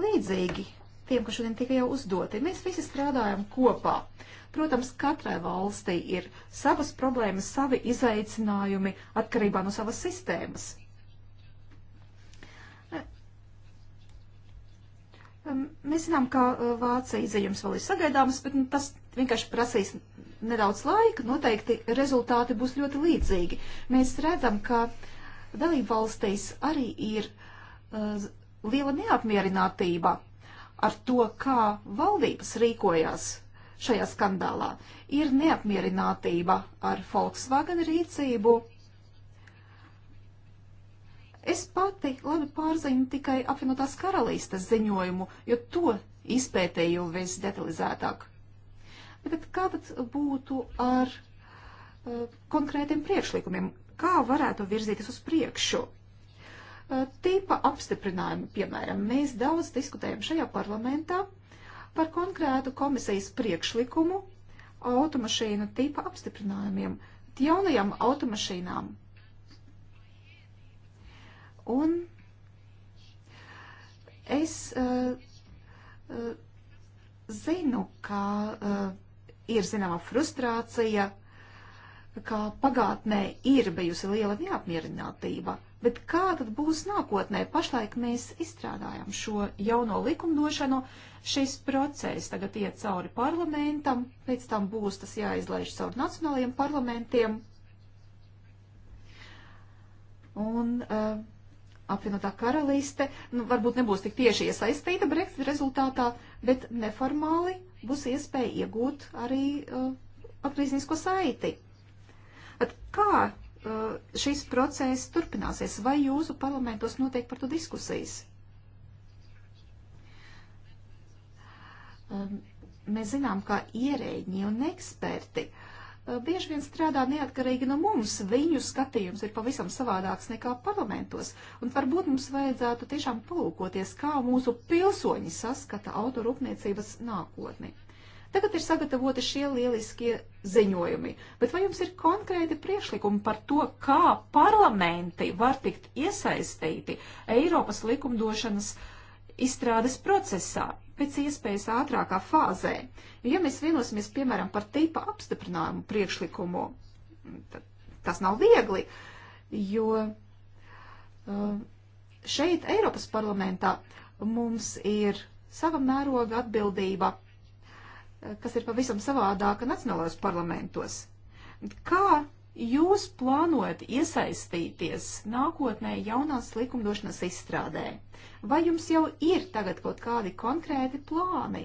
līdzīgi tiem, kas šodien tika jau uzdoti. Mēs visi strādājam kopā. Protams, katrai valstī ir savas problēmas, savi izaicinājumi atkarībā no savas sistēmas. Mēs zinām, ka Vācija izējums vēl ir sagaidāmas, bet nu, tas vienkārši prasīs nedaudz laika, noteikti rezultāti būs ļoti līdzīgi. Mēs redzam, ka dalību valstīs arī ir uh, liela neapmierinātība ar to, kā valdības rīkojās šajā skandālā. Ir neapmierinātība ar Volkswagen rīcību. Es pati labi pārzinu tikai apvienotās karalistas ziņojumu, jo to izpētēju visdetalizētāk. Bet kā tad būtu ar uh, konkrētiem priekšlikumiem? Kā varētu virzīties uz priekšu? Uh, tīpa apstiprinājumi, piemēram, mēs daudz diskutējam šajā parlamentā par konkrētu komisijas priekšlikumu automašīnu tīpa apstiprinājumiem, jaunajām automašīnām. Un es uh, uh, zinu, ka uh, ir zināma frustrācija, ka pagātnē ir bijusi liela neapmierinātība, bet kā tad būs nākotnē? Pašlaik mēs izstrādājam šo jauno likumdošanu, šis process tagad iet cauri parlamentam, pēc tam būs tas jāizlaiž cauri nacionālajiem parlamentiem. Un, uh, apvienotā karaliste, nu, varbūt nebūs tik tieši iesaistīta Brexit rezultātā, bet neformāli būs iespēja iegūt arī uh, atgrieznisko saiti. At kā uh, šis process turpināsies? Vai jūsu parlamentos notiek par to diskusijas? Um, mēs zinām, ka ierēģi un eksperti uh, Eh, bieži vien strādā neatkarīgi no mums. Viņu skatījums ir pavisam savādāks nekā parlamentos. Un varbūt mums vajadzētu tiešām palūkoties, kā mūsu pilsoņi saskata autorūpniecības nākotni. Tagad ir sagatavoti šie lieliskie ziņojumi, bet vai jums ir konkrēti priekšlikumi par to, kā parlamenti var tikt iesaistīti Eiropas likumdošanas izstrādes procesā? pēc iespējas ātrākā fāzē. Ja mēs vienosimies, piemēram, par tipa apstiprinājumu priekšlikumu, tad tas nav viegli, jo um, šeit Eiropas parlamentā mums ir sava mēroga atbildība, kas ir pavisam savādāka nacionālajos parlamentos. Kā jūs plānojat iesaistīties nākotnē jaunās likumdošanas izstrādē? Vai jums jau ir tagad kaut kādi konkrēti plāni,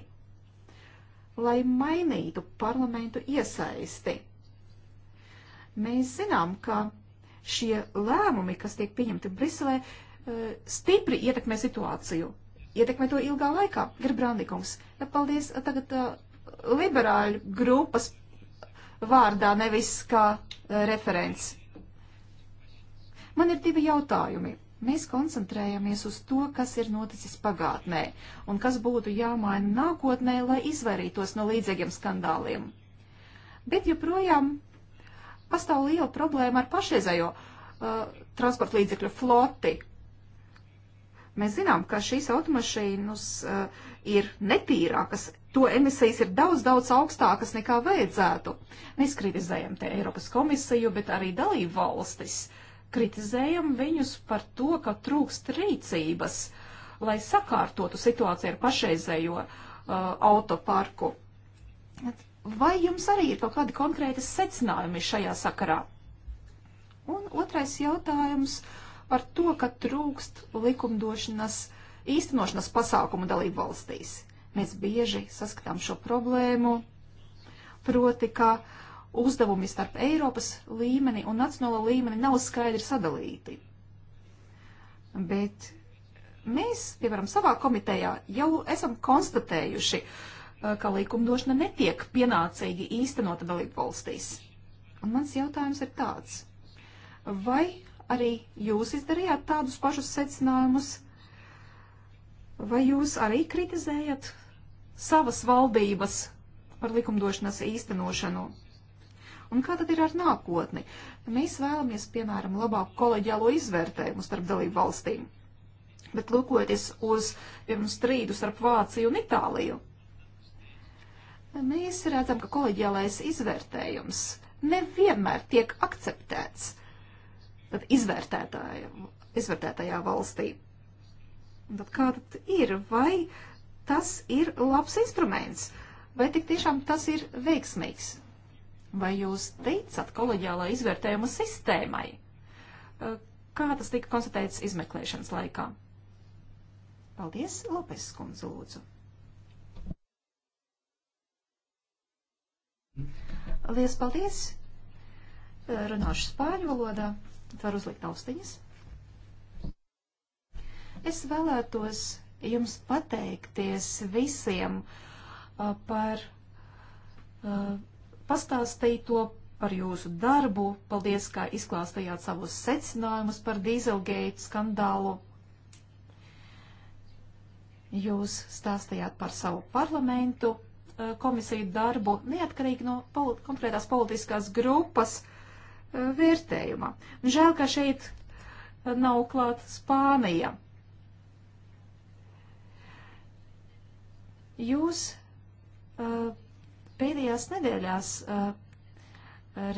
lai mainītu parlamentu iesaisti? Mēs zinām, ka šie lēmumi, kas tiek pieņemti Briselē, eh, stipri ietekmē situāciju. Ietekmē to ilgā laikā. Gerbrandikums. Paldies. Tagad eh, liberāļu grupas vārdā, nevis kā eh, referents. Man ir divi jautājumi. Mēs koncentrējamies uz to, kas ir noticis pagātnē un kas būtu jāmaina nākotnē, lai izvairītos no līdzīgiem skandāliem. Bet joprojām pastāv liela problēma ar pašreizējo uh, eh, transporta līdzekļu floti Mēs zinām, ka šīs automašīnas uh, ir netīrākas, to emisijas ir daudz, daudz augstākas nekā vajadzētu. Mēs kritizējam te Eiropas komisiju, bet arī dalību valstis. Kritizējam viņus par to, ka trūkst rīcības, lai sakārtotu situāciju ar pašreizējo uh, autoparku. Vai jums arī ir kaut kādi konkrēti secinājumi šajā sakarā? Un otrais jautājums. Uh, par to, ka trūkst likumdošanas īstenošanas pasākumu dalību valstīs. Mēs bieži saskatām šo problēmu, proti, ka uzdevumi starp Eiropas līmeni un nacionālo līmeni nav skaidri sadalīti. Bet mēs, piemēram, savā komitejā jau esam konstatējuši, eh, ka likumdošana netiek pienācīgi īstenota dalību valstīs. Un mans jautājums ir tāds. Vai arī jūs izdarījāt tādus pašus secinājumus? Vai jūs arī kritizējat savas valdības par likumdošanas īstenošanu? Un kā tad ir ar nākotni? Mēs vēlamies, piemēram, labāku koleģiālo izvērtējumu starp dalību valstīm. Bet lūkoties uz, piemēram, strīdu starp Vāciju un Itāliju, mēs redzam, ka koleģiālais izvērtējums nevienmēr tiek akceptēts tad izvērtētajā valstī. Tad kā tad ir? Vai tas ir labs instruments? Vai tik tiešām tas ir veiksmīgs? Vai jūs teicat kolēģiālā izvērtējuma sistēmai? Eh, kā tas tika konstatēts izmeklēšanas laikā? Paldies, Lopes skundze, lūdzu. Lies paldies! Eh, runāšu spāņu valodā. Var uzlikt austiņas. Es vēlētos jums pateikties visiem uh, par uh, pastāstīto par jūsu darbu. Paldies, ka izklāstījāt savus secinājumus par Dieselgate skandālu. Jūs stāstījāt par savu parlamentu uh, komisiju darbu neatkarīgi no poli konkrētās politiskās grupas. Uh, vērtējumā. Un žēl, ka šeit nav klāt Spānija. Jūs pēdējās nedēļās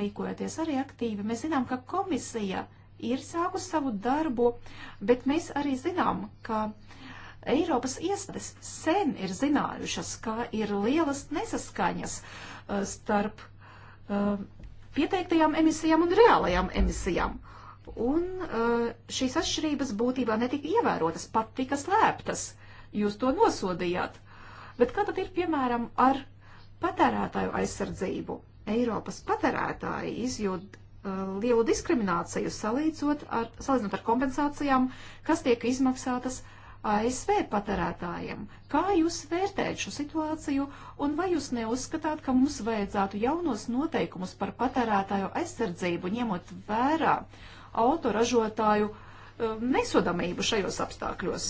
rīkojaties arī aktīvi. Mēs zinām, ka komisija ir sākus savu darbu, bet mēs arī zinām, ka Eiropas iestādes sen ir zinājušas, ka ir lielas nesaskaņas starp pieteiktajām emisijām un reālajām emisijām. Un eh, šīs atšķirības būtībā netika ievērotas, pat tika slēptas. Jūs to nosodījāt. Bet kā tad ir, piemēram, ar patērētāju aizsardzību? Eiropas patērētāji izjūt eh, lielu diskrimināciju salīdzot ar, salīdzinot ar kompensācijām, kas tiek izmaksātas ASV patērētājiem. Kā jūs vērtējat šo situāciju un vai jūs neuzskatāt, ka mums vajadzētu jaunos noteikumus par patērētāju aizsardzību ņemot vērā autoražotāju um, nesodamību šajos apstākļos?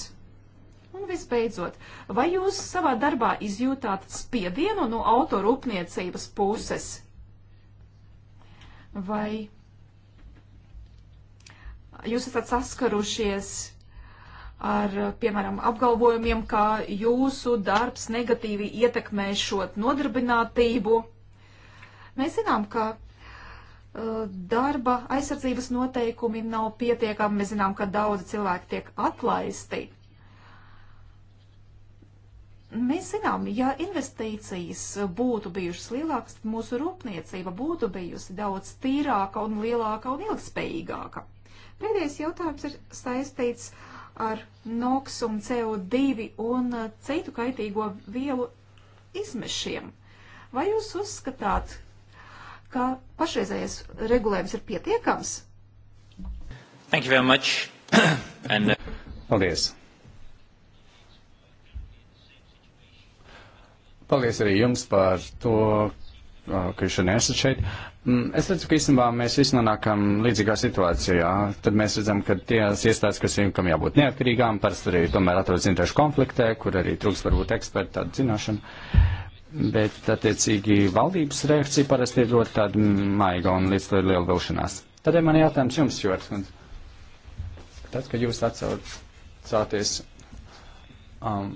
Un visbeidzot, vai jūs savā darbā izjūtāt spiedienu no autorūpniecības puses? Vai jūs esat saskarušies ar, eh, piemēram, apgalvojumiem, ka jūsu darbs negatīvi ietekmē šo nodarbinātību. Mēs zinām, ka eh, darba aizsardzības noteikumi nav pietiekami. Mēs zinām, ka daudzi cilvēki tiek atlaisti. Mēs zinām, ja investīcijas būtu bijušas lielākas, tad mūsu rūpniecība būtu bijusi daudz tīrāka un lielāka un ilgspējīgāka. Pēdējais jautājums ir saistīts ar ar NOX un CO2 un uh, citu kaitīgo vielu izmešiem. Vai jūs uzskatāt, ka pašreizējais regulējums ir pietiekams? Thank you very much. [COUGHS] And, uh... Paldies. Paldies arī jums par to, ka jūs šodien esat šeit. Mm, es redzu, ka īstenībā mēs visi nonākam līdzīgā situācijā. Tad mēs redzam, ka tās iestādes, kas ir, kam jābūt neatkarīgām, parasti arī tomēr atrodas interešu konfliktē, kur arī trūks varbūt eksperta tāda zināšana. Bet, attiecīgi, valdības reakcija parasti ir ļoti tāda maiga un līdz to ir liela vilšanās. Tad man jautājums jums, Jorgs, un tad, kad jūs atsaucāties um,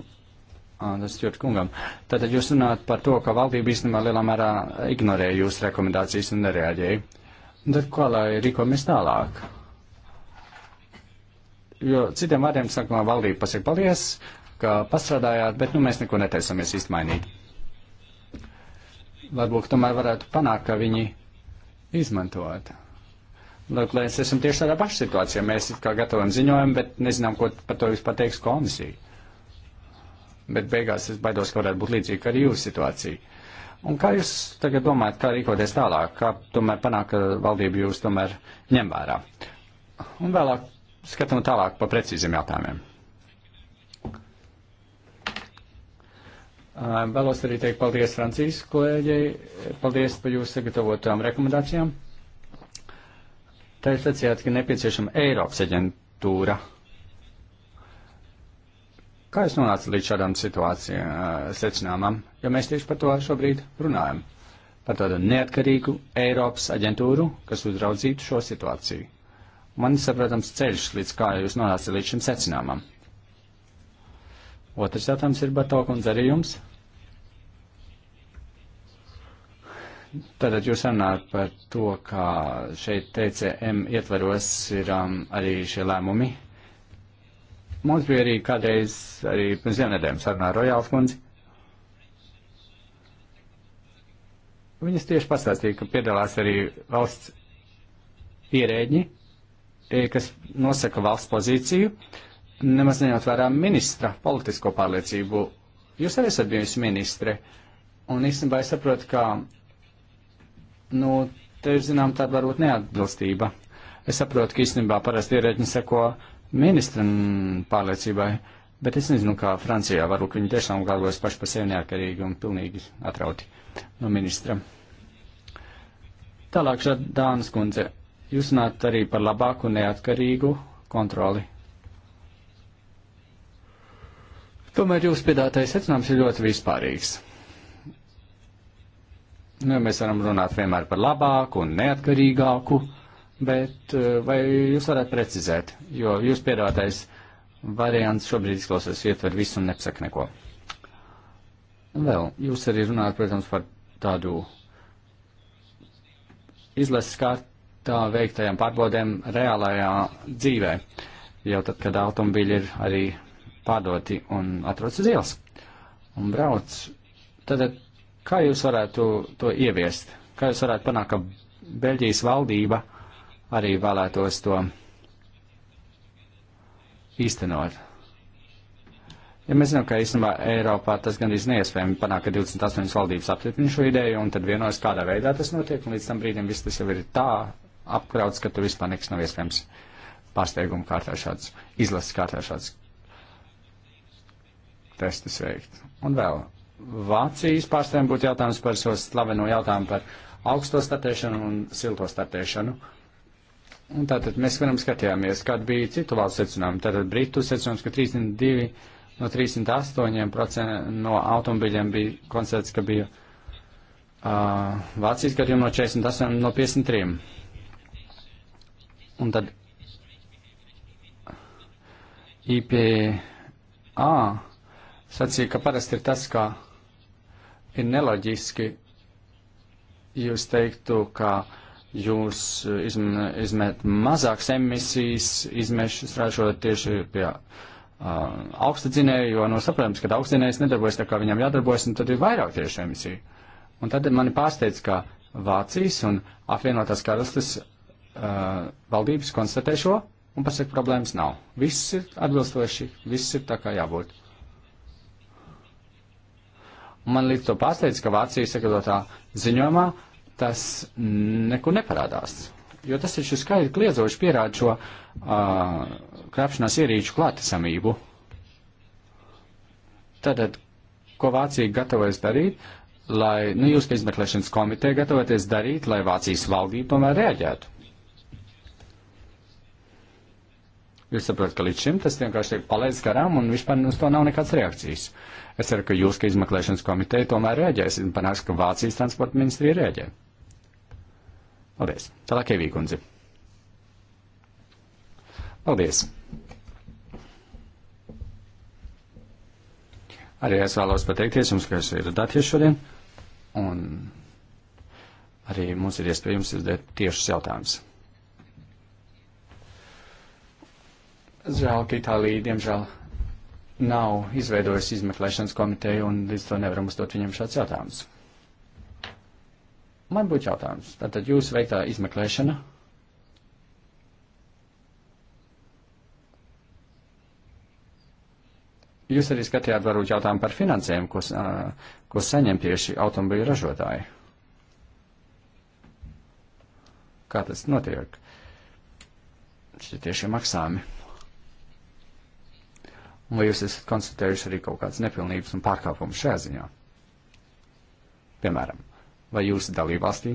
Ah, tas ļoti kungam. Tātad jūs runājat par to, ka valdība īstenībā lielā mērā ignorēja jūsu rekomendācijas un nereaģēja. Tad ko lai rīkojamies tālāk? Jo citiem vārdiem sākumā valdība pasaka paldies, ka pastrādājāt, bet nu mēs neko netaisamies īsti mainīt. Varbūt tomēr varētu panākt, ka viņi izmantot. Lūk, lai mēs esam tieši tādā pašā situācijā. Mēs kā gatavojam ziņojumu, bet nezinām, ko par to vispār teiks komisija bet beigās es baidos, ka varētu būt līdzīga arī jūsu situācija. Un kā jūs tagad domājat, kā rīkoties tālāk, kā tomēr panākt, ka valdība jūs tomēr ņem vērā? Un vēlāk skatām tālāk pa precīziem jautājumiem. Vēlos arī teikt paldies Francijas kolēģei, paldies par jūsu sagatavotām rekomendācijām. Tā ir sacījāt, ka nepieciešama Eiropas aģentūra Kā es nonācu līdz šādām situācijām secinājumam, jo mēs tieši par to šobrīd runājam? Par tādu neatkarīgu Eiropas aģentūru, kas uzraudzītu šo situāciju. Man ir saprotams ceļš, līdz kā jūs nonācat līdz šim secinājumam. Otrs jautājums ir Batokundze arī jums. Tātad jūs runājat par to, ka šeit TCM ietvaros ir um, arī šie lēmumi Mums bija arī kādreiz, arī pirms diviem nedēļām sarunā Rojāls kundzi. Viņas tieši pastāstīja, ka piedalās arī valsts ierēģi, kas nosaka valsts pozīciju, nemaz neņemot vērā ministra politisko pārliecību. Jūs arī esat bijusi ministre, un īstenībā es saprotu, ka, nu, te ir, zinām, tāda varbūt neatbilstība. Es saprotu, ka īstenībā parasti ierēģi sako, ministra pārliecībai, bet es nezinu, kā Francijā. Varbūt viņi tiešām galvojas paši par sevi neatkarīgi un pilnīgi atrauti no ministra. Tālāk, Dānas kundze, jūs runājat arī par labāku neatkarīgu kontroli. Tomēr jūsu piedātais secinājums ir ļoti vispārīgs. Nu, mēs varam runāt vienmēr par labāku un neatkarīgāku bet eh, vai jūs varētu precizēt, jo jūs piedāvātais variants šobrīd izklausās ietver visu un nepasaka neko. Vēl jūs arī runājat, protams, par tādu izlases kārtā veiktajām pārbaudēm reālajā dzīvē, jau tad, kad automobīļi ir arī pārdoti un atrodas uz ielas un brauc. Tad, eh, kā jūs varētu to ieviest? Kā jūs varētu panākt, ka Beļģijas valdība uh, arī vēlētos to īstenot. Ja mēs zinām, ka īstenībā Eiropā tas gan ir neiespējami panākt, ka 28 valdības apstiprina šo ideju un tad vienojas, kādā veidā tas notiek, un līdz tam brīdim viss tas jau ir tā apkrauts, ka tur vispār nekas nav iespējams pārsteiguma kārtā šāds, izlases kārtā šāds testus veikt. Un vēl Vācijas pārstāvjiem būtu jautājums par šo so slaveno jautājumu par augsto startēšanu un silto startēšanu. Uh, Un tātad mēs varam skatījāmies, kāda bija citu valstu secinājuma. Tātad Britu secinājums, ka 32 no 308% no automobiļiem bija konstatēts, ka bija uh, Vācijas gadījumā no 48 no 53. Un tad IPA sacīja, ka parasti ir tas, ka ir neloģiski jūs teiktu, ka uh, jūs eh, izme, izmet mazākas emisijas, izmešas ražot tieši pie uh, augstadzinēja, jo, nu, no saprotams, ka augstadzinējs nedarbojas tā, kā viņam jādarbojas, un tad ir vairāk tieši emisiju. Un tad mani pārsteidz, ka Vācijas un apvienotās karalistes uh, valdības konstatē šo un pasaka, problēmas nav. Viss ir atbilstoši, viss ir tā kā jābūt. Man līdz to pārsteidz, ka Vācija sagatavotā ziņojumā tas neko neparādās. Jo tas taču skaidri kliedzoši pierāda šo uh, krāpšanās ierīču klātesamību. Tātad, ko Vācija gatavojas darīt, lai, nu, jūs, ka izmeklēšanas komiteja gatavoties darīt, lai Vācijas valdība tomēr reaģētu? Jūs saprotat, ka līdz šim tas vienkārši tiek palaists garām un vispār uz to nav nekādas reakcijas. Es ceru, ka jūs, ka izmeklēšanas komiteja tomēr reaģēs un panāks, ka Vācijas transporta ministrija reaģē. Paldies. Tālāk, Evī kundze. Paldies. Arī es vēlos pateikties jums, ka esat ieradāties šodien, un arī mums ir iespēja jums uzdot tiešus jautājumus. Žēl, ka Itālija, diemžēl, nav izveidojusi izmeklēšanas komiteju, un līdz to nevaram uzdot viņam šāds jautājums. Man būtu jautājums. Tātad jūsu veiktā izmeklēšana. Jūs arī skatījāt varbūt jautājumu par finansēm, ko, ko saņem tieši automobīļu ražotāji. Kā tas notiek? Šie tieši maksājumi. Un vai jūs esat konstatējuši arī kaut kādas nepilnības un pārkāpumus šajā ziņā? Piemēram, uh, vai jūsu dalībvalstī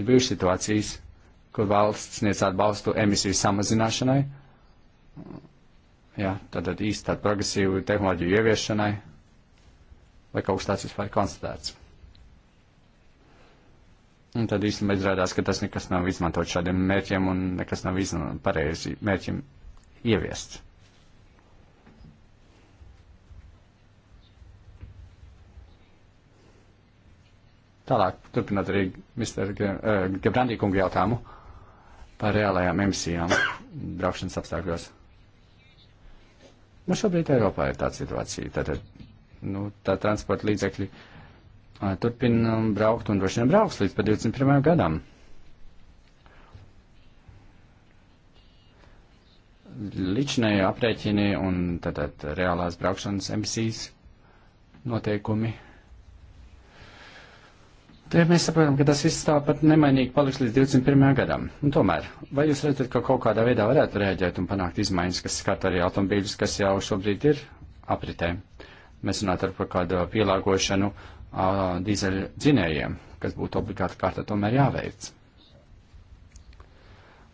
ir bijušas situācijas, kur valsts sniedz atbalstu emisiju samazināšanai, jā, tātad īsti tādu progresīvu tehnoloģiju ieviešanai, vai kaut kas tāds vispār konstatēts. Un tad īstenībā izrādās, ka tas nekas nav izmantot šādiem mērķiem un nekas nav pareizi mērķiem ieviests. Tālāk, turpinot arī Mr. Eh, Gebrandī kungu jautājumu par reālajām emisijām braukšanas apstākļos. Mums nu, šobrīd Eiropā ir tāda situācija. Tad, nu, tā transporta līdzekļi eh, turpina braukt un droši vien brauks līdz pat 21. gadam. Līdšanēja aprēķini un tātad reālās braukšanas emisijas noteikumi Tad mēs saprotam, ka tas viss tāpat nemainīgi paliks līdz 21. gadam. Un tomēr, vai jūs redzat, ka kaut kādā veidā varētu rēģēt un panākt izmaiņas, kas skata arī automobīļus, kas jau šobrīd ir apritē? Mēs runātu par kādu pielāgošanu dīzeļu dzinējiem, kas būtu obligāti kārtā tomēr jāveic.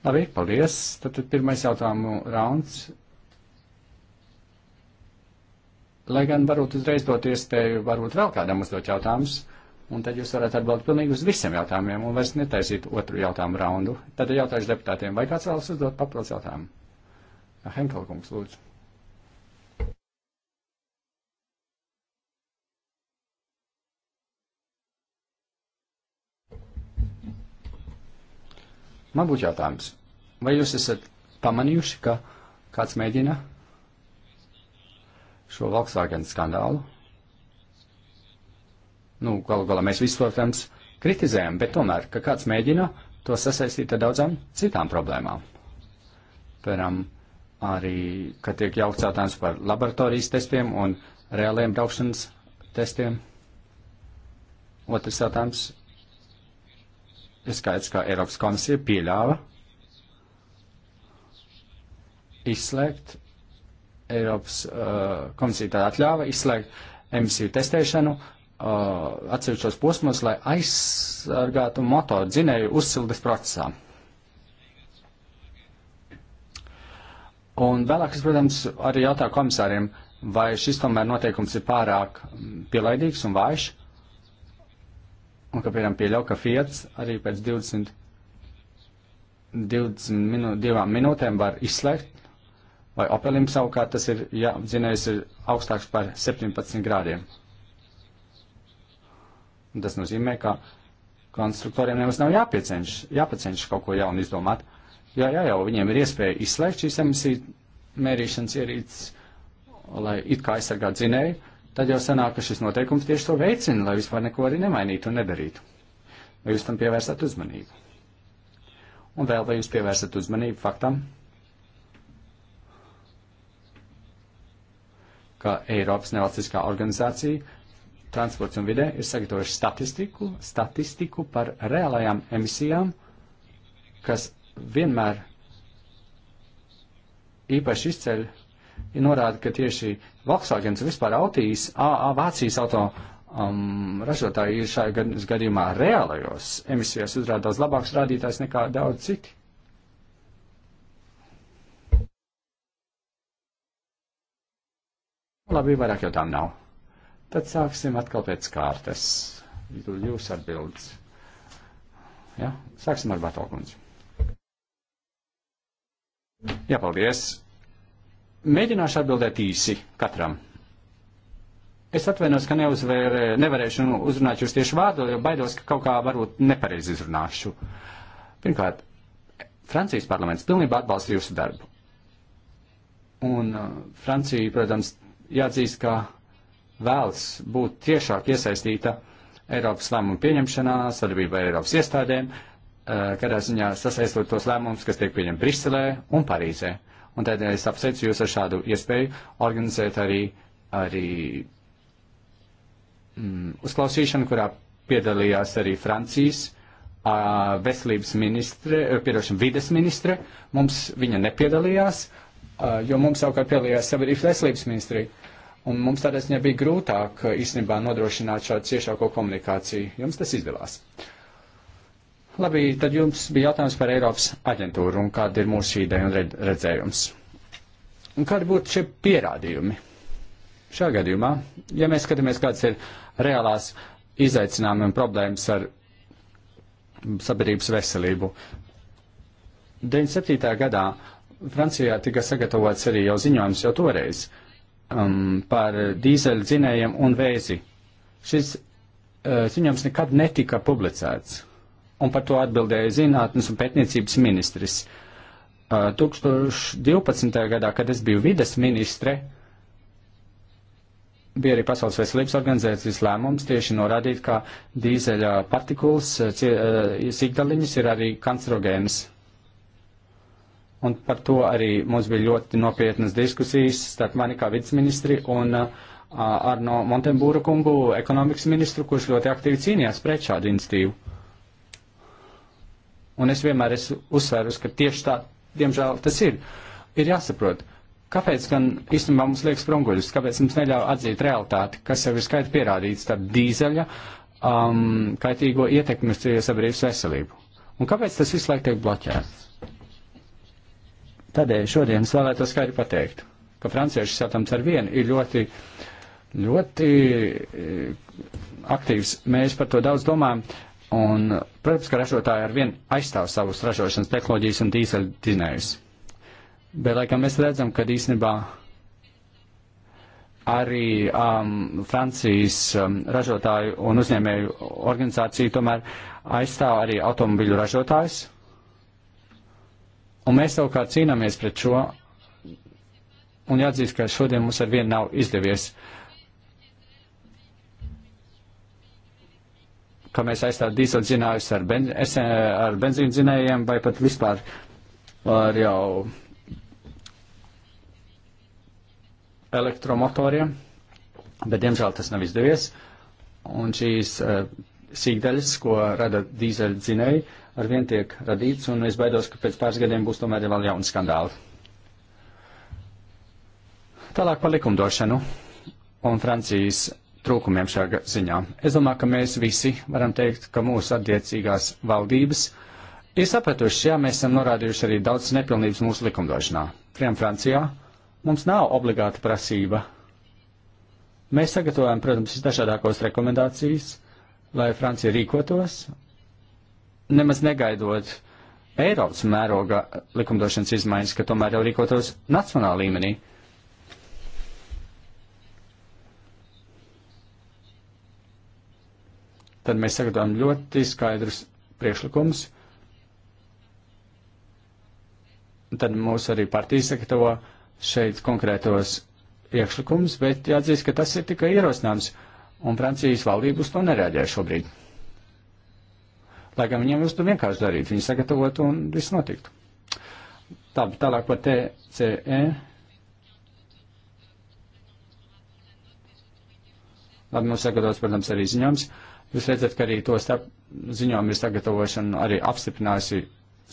Labi, paldies. Tad, tad pirmais jautājumu rauns. Lai gan varbūt uzreiz dot iespēju, varbūt vēl kādam uzdot jautājumus. Un tad jūs varētu atbildēt pilnīgi uz visiem jautājumiem un vairs netaisīt otru jautājumu raundu. Tad jautāšu deputātiem, vai kāds vēlas uzdot papildus jautājumu? Henkelkungs, lūdzu. Man būtu jautājums, vai jūs esat pamanījuši, ka kāds mēģina šo Volkswagen skandālu Nu, galu galā mēs visu, protams, kritizējam, bet tomēr, ka kāds mēģina to sasaistīt ar daudzām citām problēmām. Piemēram, arī, ka tiek jaukts jautājums par laboratorijas testiem un reāliem braukšanas testiem. Otrs jautājums ir skaidrs, ka Eiropas komisija pieļāva izslēgt, Eiropas uh, komisija tā atļāva izslēgt emisiju testēšanu Uh, atsevišķos posmos, lai aizsargātu motoru dzinēju uzsildes procesā. Un vēlāk es, protams, arī jautāju komisāriem, vai šis tomēr noteikums ir pārāk mm, pielaidīgs un vājš, un ka, piemēram, pieļauj, ka Fiats arī pēc 20, 20 minu, divām minūtēm var izslēgt, vai Opelim savukārt tas ir, ja dzinējs ir augstāks par 17 grādiem. Un tas nozīmē, ka konstruktoriem nemaz nav jāpieceņš, jāpaceņš kaut ko jaunu izdomāt. Jā, jā, jau viņiem ir iespēja izslēgt šīs emisiju mērīšanas ierīces, lai it kā aizsargātu dzinēju, tad jau sanāk, ka šis noteikums tieši to veicina, lai vispār neko arī nemainītu un nedarītu. Vai jūs tam pievērsat uzmanību? Un vēl vai jūs pievērsat uzmanību faktam, ka Eiropas nevalstiskā organizācija transports un vidē ir sagatavojuši statistiku, statistiku par reālajām emisijām, kas vienmēr īpaši izceļ, ir norāda, ka tieši Volkswagens un vispār Autijas, AA Vācijas auto um, ražotāji ir šajā gad, gadījumā reālajos emisijās uzrāda daudz labāks rādītājs nekā daudz citi. Labi, vairāk jau tām nav. Tad sāksim atkal pēc kārtas. Jūs atbildes. Ja? Sāksim ar Batokundzi. Jā, paldies. Mēģināšu atbildēt īsi katram. Es atvainos, ka neuzvēr, nevarēšu uzrunāt jūs tieši vārdu, jo baidos, ka kaut kā varbūt nepareizi izrunāšu. Pirmkārt, Francijas parlaments pilnībā atbalsta jūsu darbu. Un uh, Francija, protams, jāatzīst, ka vēlas būt tiešāk iesaistīta Eiropas lēmumu pieņemšanā, sadarbībā ar Eiropas iestādēm, eh, kādā ziņā sasaistot tos lēmumus, kas tiek pieņemti Briselē un Parīzē. Un tādēļ es apsveicu jūs ar šādu iespēju organizēt arī, arī mm, uzklausīšanu, kurā piedalījās arī Francijas uh, veselības ministre, piedošana vides ministre. Mums viņa nepiedalījās, uh, jo mums savukārt piedalījās sabiedrības veselības ministrija. Un mums tādā ziņā bija grūtāk eh, īstenībā nodrošināt šādu ciešāko komunikāciju. Jums tas izdevās. Labi, tad jums bija jautājums par Eiropas aģentūru un kāda ir mūsu ideja un redzējums. Un kādi būtu šie pierādījumi? Šajā gadījumā, ja mēs skatāmies, kādas ir reālās izaicinājumi un problēmas ar sabiedrības veselību, 97. gadā Francijā tika sagatavots arī jau ziņojums jau toreiz. Uh, um, par dīzeļu dzinējiem un vēzi. Šis uh, ziņojums nekad netika publicēts, un par to atbildēja zinātnes un pētniecības ministrs. Uh, 2012. gadā, kad es biju vides ministre, bija arī Pasaules veselības organizācijas lēmums tieši norādīt, ka dīzeļa partikulas, uh, uh, sīkdaliņas ir arī kancerogēnas. Un par to arī mums bija ļoti nopietnas diskusijas starp mani kā vidusministri un uh, Arno Montembūra kungu, ekonomikas ministru, kurš ļoti aktīvi cīnījās pret šādu institīvu. Un es vienmēr esmu uzsvērus, ka tieši tā, diemžēl, tas ir. Ir jāsaprot, kāpēc gan īstenībā mums liekas sprunguļus, kāpēc mums neļauj atzīt realitāti, kas jau ir skaidri pierādīts starp dīzeļa um, kaitīgo ietekmi uz sabiedrības veselību. Un kāpēc tas visu laiku tiek bloķēts? Tādēļ šodien es vēlētos skaidri pateikt, ka francieši satams ar vienu ir ļoti, ļoti eh, aktīvs. Mēs par to daudz domājam. Un, protams, ka ražotāji ar vienu aizstāv savus ražošanas tehnoloģijas un dīzeļu dzinējus. Bet, laikam, mēs redzam, ka īstenībā arī um, Francijas um, ražotāju un uzņēmēju organizācija tomēr aizstāv arī automobiļu ražotājus Un mēs savukārt cīnāmies pret šo, un jāatzīst, ka šodien mums ar vienu nav izdevies, ka mēs aizstātu dīzeldzinājumus ar, benz, eh, ar benzīndzinējiem vai pat vispār ar jau elektromotoriem, bet diemžēl tas nav izdevies. Un šīs uh, sīkdaļas, ko rada dīzeļdzinēji, uh, ar vien tiek radīts, un es baidos, ka pēc pāris gadiem būs tomēr vēl jauni skandāli. Tālāk par likumdošanu un Francijas trūkumiem šajā ziņā. Es domāju, ka mēs visi varam teikt, ka mūsu attiecīgās valdības ir sapratuši, jā, mēs esam norādījuši arī daudz nepilnības mūsu likumdošanā. Piemēram, Francijā mums nav obligāta prasība. Mēs sagatavojam, protams, visdažādākos rekomendācijas, lai Francija rīkotos nemaz negaidot Eiropas mēroga likumdošanas izmaiņas, ka tomēr jau rīkotos nacionāla līmenī. Tad mēs sagatavojam ļoti skaidrus priekšlikumus. Tad mūs arī partijas sagatavo šeit konkrētos priekšlikumus, bet jāatzīst, ka tas ir tikai ierosinājums, un Francijas valdība uz to nereaģē šobrīd. Lai gan viņiem būtu vienkārši darīt, viņi sagatavotu un viss notiktu. Tā, tālāk par TCE. Labi, mums sagatavots, protams, arī ziņojums. Jūs redzat, ka arī to starp ziņojumu ir sagatavošana arī apstiprinājusi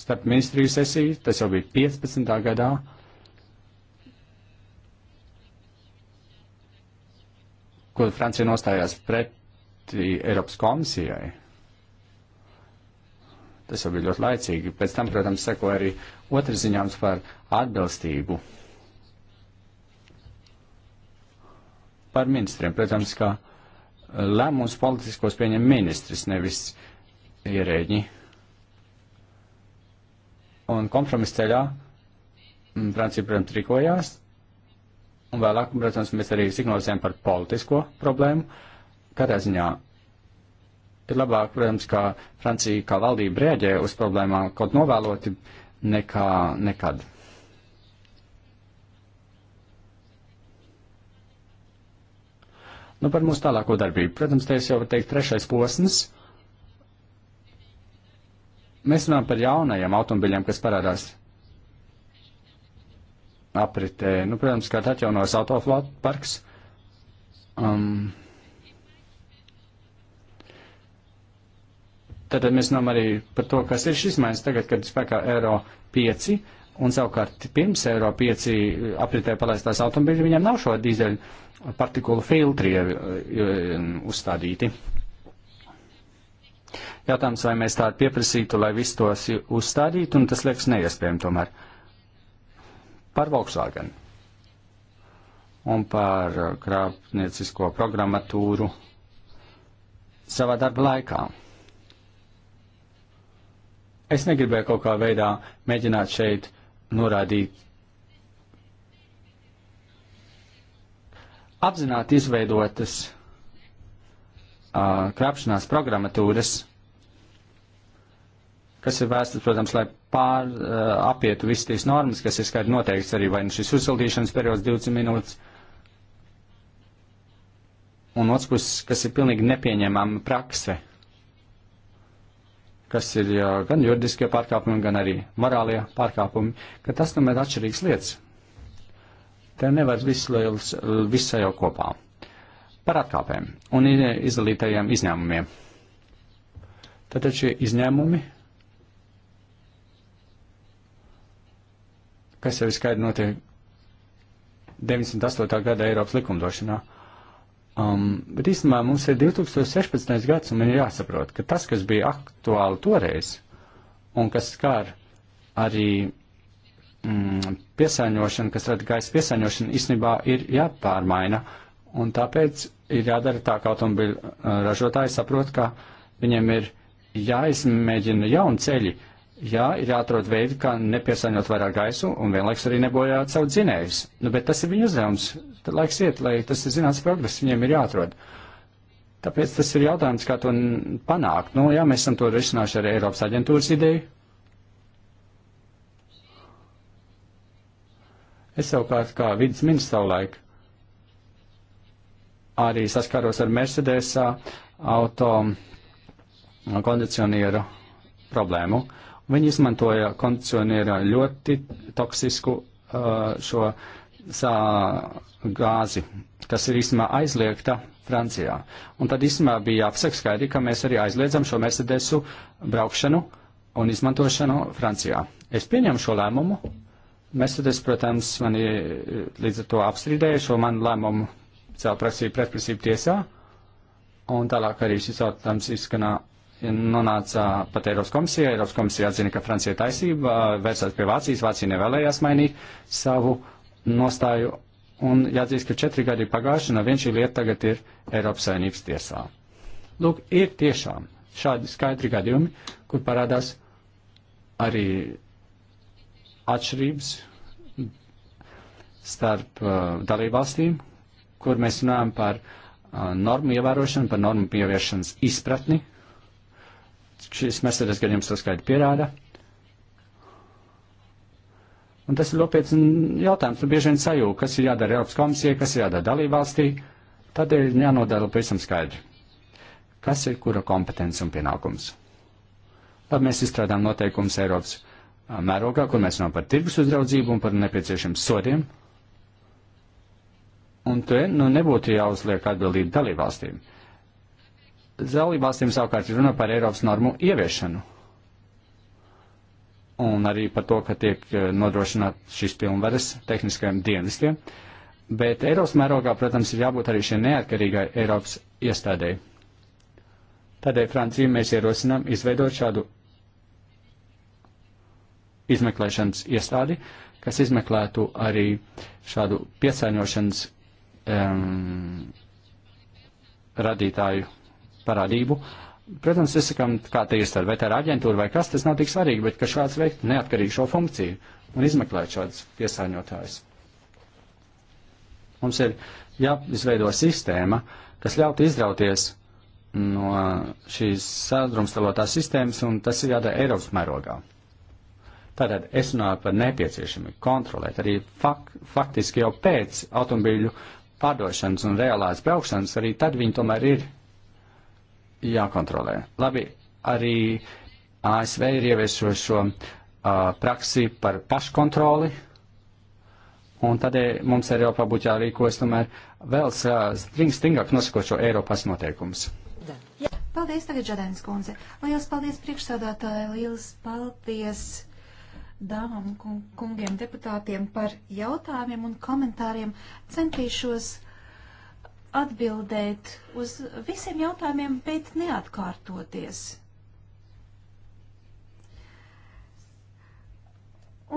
starp ministriju sesiju, tas jau bija 15. gadā. kur Francija nostājās pretī Eiropas komisijai. Tas jau bija ļoti laicīgi. Pēc tam, protams, seko arī otrs ziņojums par atbilstību. Par ministriem, protams, ka lēmums politiskos pieņem ministrs, nevis ierēģi. Un kompromisa ceļā mm, Francija, protams, rīkojās, un vēlāk, protams, mēs arī signalizējam par politisko problēmu. Katrā ziņā Bet labāk, protams, kā Francija kā valdība rēģē uz problēmām kaut novēloti nekā nekad. Nu, par mūsu tālāko darbību. Protams, te es jau teiktu trešais posms. Mēs runājam par jaunajiem automobiļiem, kas parādās apritē. Nu, protams, kā atjaunos autoflot parks. Um, Tad mēs runājam arī par to, kas ir šis maiņas tagad, kad spēkā eiro 5, un savukārt pirms eiro 5 eh, apritē palaistās automobīļi, viņiem nav šo dīzeļu partikulu filtri eh, eh, uzstādīti. Jautājums, vai mēs tādu pieprasītu, lai visus tos uzstādītu, un tas liekas neiespējami tomēr. Par Volkswagen un par krāpniecisko programmatūru savā darba laikā. Es negribēju kaut kā veidā mēģināt šeit norādīt. Apzināti izveidotas uh, krāpšanās programmatūras, kas ir vēstas, protams, lai pār, uh, apietu visas tīs normas, kas ir skaidri noteikts arī vai nu šis uzsildīšanas periods 20 minūtes, un otrs puses, kas ir pilnīgi nepieņemama prakse kas ir gan juridiskie pārkāpumi, gan arī morālie pārkāpumi, ka tas tomēr ir atšķirīgs lietas. Te nevar visu visu jau kopā. Par atkāpēm un izdalītajiem izņēmumiem. Tātad šie izņēmumi, kas jau ir skaidri notiek 98. gada Eiropas likumdošanā, Um, bet īstenībā mums ir 2016. gads, un man ir jāsaprot, ka tas, kas bija aktuāli toreiz, un kas skar arī mm, piesāņošanu, kas rada gaisa piesāņošanu, īstenībā ir jāpārmaina. Un tāpēc ir jādara tā, ka automobiļu uh, ražotāji saprot, ka viņiem ir jāizmēģina jauni ceļi, uh, Jā, ir jāatrod veidi, kā nepiesaņot vairāk gaisu un vienlaiks arī nebojāt savu dzinējus. Nu, bet tas ir viņa uzdevums. Tad laiks iet, lai tas ir zināts progress, viņiem ir jāatrod. Tāpēc tas ir jautājums, kā to panākt. Nu, jā, mēs esam to risinājuši ar Eiropas aģentūras ideju. Es savukārt kā vidas ministrs savulaik arī saskāros ar Mercedes auto kondicionieru problēmu. Uh, Viņi izmantoja kondicionierā ļoti toksisku uh, šo sā, gāzi, kas ir īstenībā aizliegta Francijā. Un tad īstenībā bija jāapsaka skaidri, ka mēs arī aizliedzam šo Mercedesu braukšanu un izmantošanu Francijā. Es pieņemu šo lēmumu. Mercedes, protams, man ir eh, līdz ar to apstrīdēja šo manu lēmumu cēlpraksību pretprasību tiesā. Un tālāk arī šis jautājums izskanā nonāca pat Eiropas komisijā. Eiropas komisija atzina, ka Francija ir taisība, vērsās pie Vācijas, Vācija nevēlējās mainīt savu nostāju. Un jāatzīst, ka četri gadi ir pagājuši, un vien šī lieta tagad ir Eiropas saimnības tiesā. Lūk, ir tiešām šādi skaidri gadījumi, kur parādās arī atšķirības starp uh, dalībvalstīm, kur mēs runājam par uh, normu ievērošanu, par normu pievēršanas izpratni Šis Mercedes gadījums to skaidri pierāda. Un tas ir nopietns jautājums. Tu bieži vien sajūta, kas ir jādara Eiropas komisijai, kas ir jādara dalībvalstī. Tad ir jānodala pavisam skaidri, kas ir kura kompetence un pienākums. Tad mēs izstrādājam noteikumus Eiropas mērogā, kur mēs runājam par tirgus uzraudzību un par nepieciešamiem sodiem. Un te nu, nebūtu jāuzliek atbildība dalībvalstīm. Dalībvalstīm savukārt ir runa par Eiropas normu ieviešanu. Un arī par to, ka tiek eh, nodrošināt šīs pilnvaras tehniskajiem dienestiem. Bet Eiropas mērogā, protams, ir jābūt arī šie neatkarīgai Eiropas iestādēji. Tādēļ Francija mēs ierosinām izveidot šādu izmeklēšanas iestādi, kas izmeklētu arī šādu piesāņošanas um, radītāju parādību. Protams, es sakam, kā te ir ar veterā aģentūru vai kas, tas nav tik svarīgi, bet ka šāds veikt neatkarīgu šo funkciju un izmeklēt šādus piesārņotājus. Mums ir jāizveido sistēma, kas ļautu izrauties no šīs sadrumstalotās sistēmas, un tas ir jādara Eiropas mērogā. Tātad es runāju par nepieciešamību kontrolēt arī fak faktiski jau pēc automobīļu pārdošanas un reālās braukšanas, arī tad viņi tomēr ir jākontrolē. Labi, arī ASV ir ieviesuši šo uh, praksi par paškontroli, un tādēļ e, mums Eiropā būtu jārīkojas tomēr vēl uh, stingāk nosakot šo Eiropas noteikumus. Paldies, tagad Žadēnas kundze. Lielas paldies priekšsādātāji, lielas paldies dāmām un kungiem deputātiem par jautājumiem un komentāriem. Centīšos atbildēt uz visiem jautājumiem, bet neatkārtoties.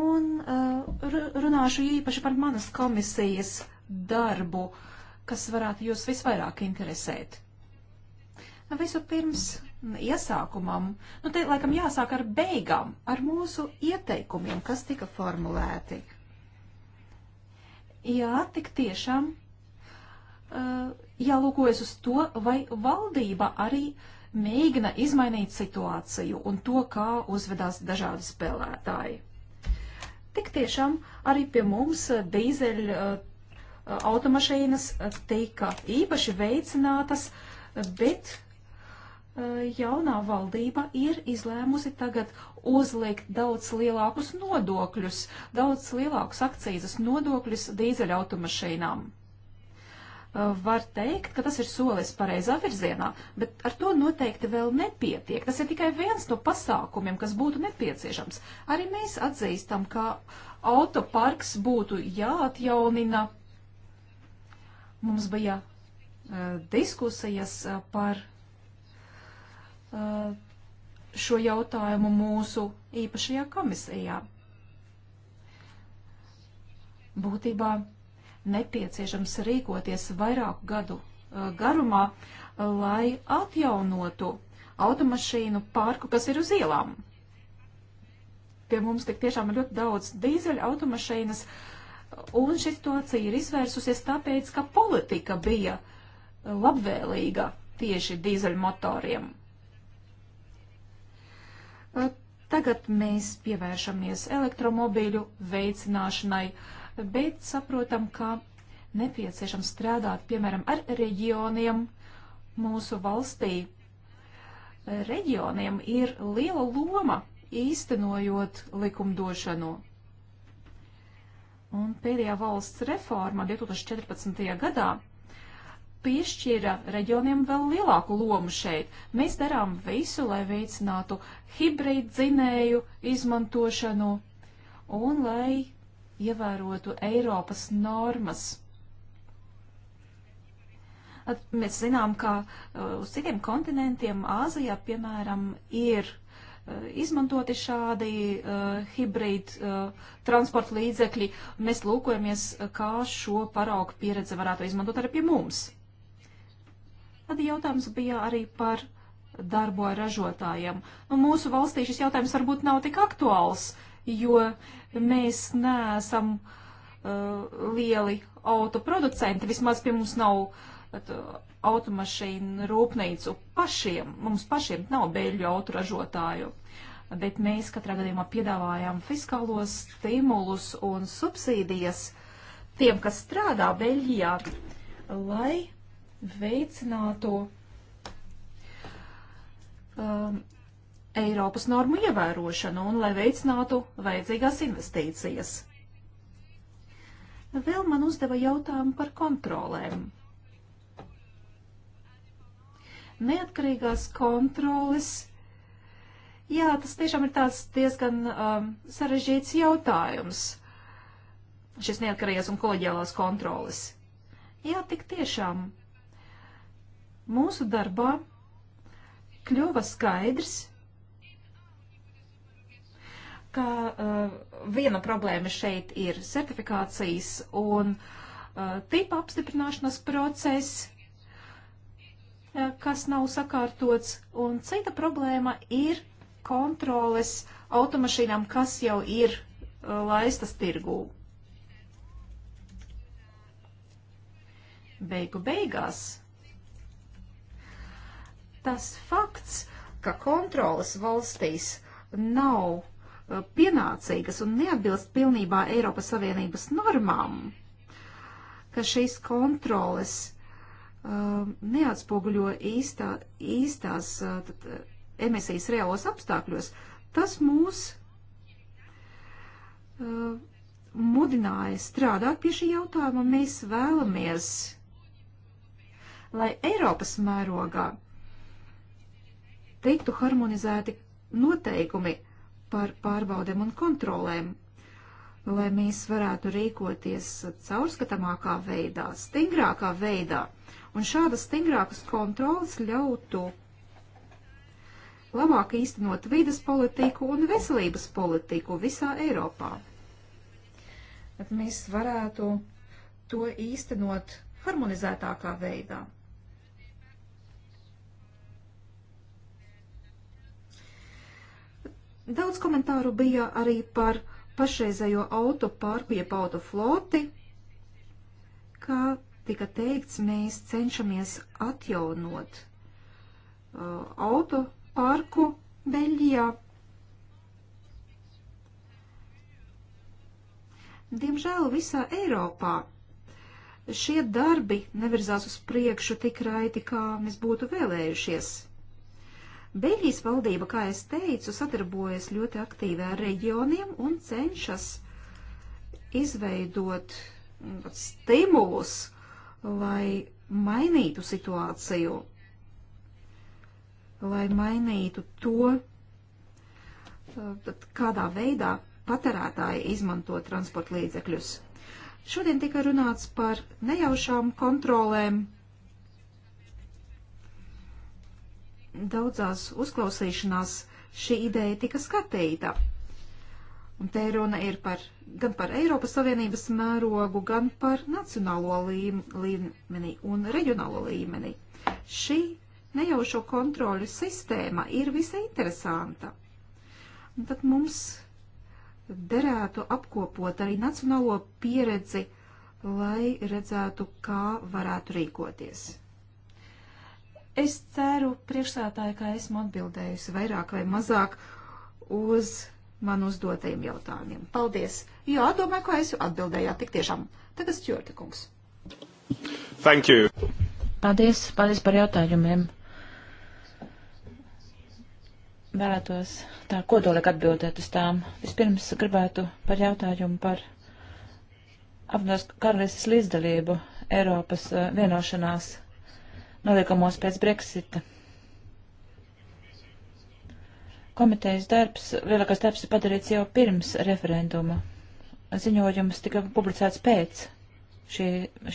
Un uh, runāšu īpaši par manas komisijas darbu, kas varētu jūs visvairāk interesēt. Nu, visu pirms iesākumam, nu te laikam jāsāk ar beigām, ar mūsu ieteikumiem, kas tika formulēti. Jā, tik tiešām Eh, jālūkojas uz to, vai valdība arī mēģina izmainīt situāciju un to, kā uzvedās dažādi spēlētāji. Tik tiešām arī pie mums dīzeļu eh, automašīnas tika īpaši veicinātas, bet eh, jaunā valdība ir izlēmusi tagad uzlikt daudz lielākus nodokļus, daudz lielākus akcijas nodokļus dīzeļu automašīnām var teikt, ka tas ir solis pareizā virzienā, bet ar to noteikti vēl nepietiek. Tas ir tikai viens no pasākumiem, kas būtu nepieciešams. Arī mēs atzīstam, ka autoparks būtu jāatjaunina. Mums bija uh, diskusijas uh, par uh, šo jautājumu mūsu īpašajā komisijā. Būtībā nepieciešams rīkoties vairāku gadu uh, garumā, lai atjaunotu automašīnu pārku, kas ir uz ielām. Pie mums tik tiešām ir ļoti daudz dīzeļa automašīnas, un šī situācija ir izvērsusies tāpēc, ka politika bija labvēlīga tieši dīzeļa motoriem. Uh, tagad mēs pievēršamies elektromobīļu veicināšanai. Uh, bet saprotam, ka nepieciešams strādāt, piemēram, ar reģioniem mūsu valstī. Reģioniem ir liela loma īstenojot likumdošanu. Un pēdējā valsts reforma 2014. gadā piešķīra reģioniem vēl lielāku lomu šeit. Mēs darām visu, lai veicinātu hibrīd dzinēju izmantošanu un lai ievērotu Eiropas normas. At, mēs zinām, ka uh, uz citiem kontinentiem, Āzijā, piemēram, ir uh, izmantoti šādi uh, hibrīd uh, transporta līdzekļi. Mēs lūkojamies, uh, kā šo paraugu pieredze varētu izmantot arī pie mums. Tad jautājums bija arī par darbu ar ražotājiem. Nu, mūsu valstī šis jautājums varbūt nav tik aktuāls, jo mēs neesam uh, lieli autoproducenti, vismaz pie mums nav at, automašīnu rūpnīcu pašiem, mums pašiem nav bēļu autoražotāju, bet mēs katrā gadījumā piedāvājām fiskālos stimulus un subsīdijas tiem, kas strādā Beļģijā, lai veicinātu um, Eiropas normu ievērošanu un lai veicinātu vajadzīgās investīcijas. Vēl man uzdeva jautājumu par kontrolēm. Neatkarīgās kontroles. Jā, tas tiešām ir tāds diezgan um, sarežģīts jautājums. Šis neatkarīgās un koleģiālās kontroles. Jā, tik tiešām. Mūsu darbā kļuva skaidrs, ka uh, viena problēma šeit ir certifikācijas un uh, tipa apstiprināšanas process, uh, kas nav sakārtots, un cita problēma ir kontroles automašīnām, kas jau ir uh, laistas tirgū. Beigu beigās tas fakts, ka kontrolas valstīs nav Uh, pienācīgas un neatbilst pilnībā Eiropas Savienības normām, ka šīs kontroles uh, neatspoguļo īstā, īstās uh, tad, uh, emisijas reālos apstākļos, tas mūs uh, mudināja strādāt pie šī jautājuma. Mēs vēlamies, lai Eiropas mērogā tiktu harmonizēti noteikumi par pārbaudēm un kontrolēm, lai mēs varētu rīkoties caurskatāmākā veidā, stingrākā veidā. Un šādas stingrākas kontrolas ļautu labāk īstenot vidas politiku un veselības politiku visā Eiropā. Bet mēs varētu to īstenot harmonizētākā veidā. Daudz komentāru bija arī par pašreizējo auto parku, jeb auto floti, kā tika teikts, mēs cenšamies atjaunot uh, auto parku Beļģijā. Diemžēl visā Eiropā šie darbi nevirzās uz priekšu tik raiti, kā mēs būtu vēlējušies. Beļģijas valdība, kā es teicu, sadarbojas ļoti aktīvi ar reģioniem un cenšas izveidot nu, stimulus, lai mainītu situāciju, lai mainītu to, eh, kādā veidā patērētāji izmanto transporta līdzekļus. Šodien tika runāts par nejaušām kontrolēm daudzās uzklausīšanās šī ideja tika skatīta. Un te runa ir par, gan par Eiropas Savienības mērogu, gan par nacionālo līmeni un reģionālo līmeni. Šī nejaušo kontroļu sistēma ir visai interesanta. Un tad mums derētu apkopot arī nacionālo pieredzi, lai redzētu, kā varētu rīkoties. Es ceru, priekšsētāji, ka esmu atbildējusi vairāk vai mazāk uz man uzdotajiem jautājumiem. Paldies! Jā, domāju, ka es jau atbildēju, tik tiešām. Tagad Stjorta kungs. Thank you! Paldies, paldies par jautājumiem. Vēlētos tā kodolīgi atbildēt uz tām. Vispirms gribētu par jautājumu par apvienotās karalistes līdzdalību Eiropas eh, vienošanās notiekumos pēc Brexita. Komitejas darbs, lielākais darbs ir padarīts jau pirms referenduma. Ziņojums tika publicēts pēc šī,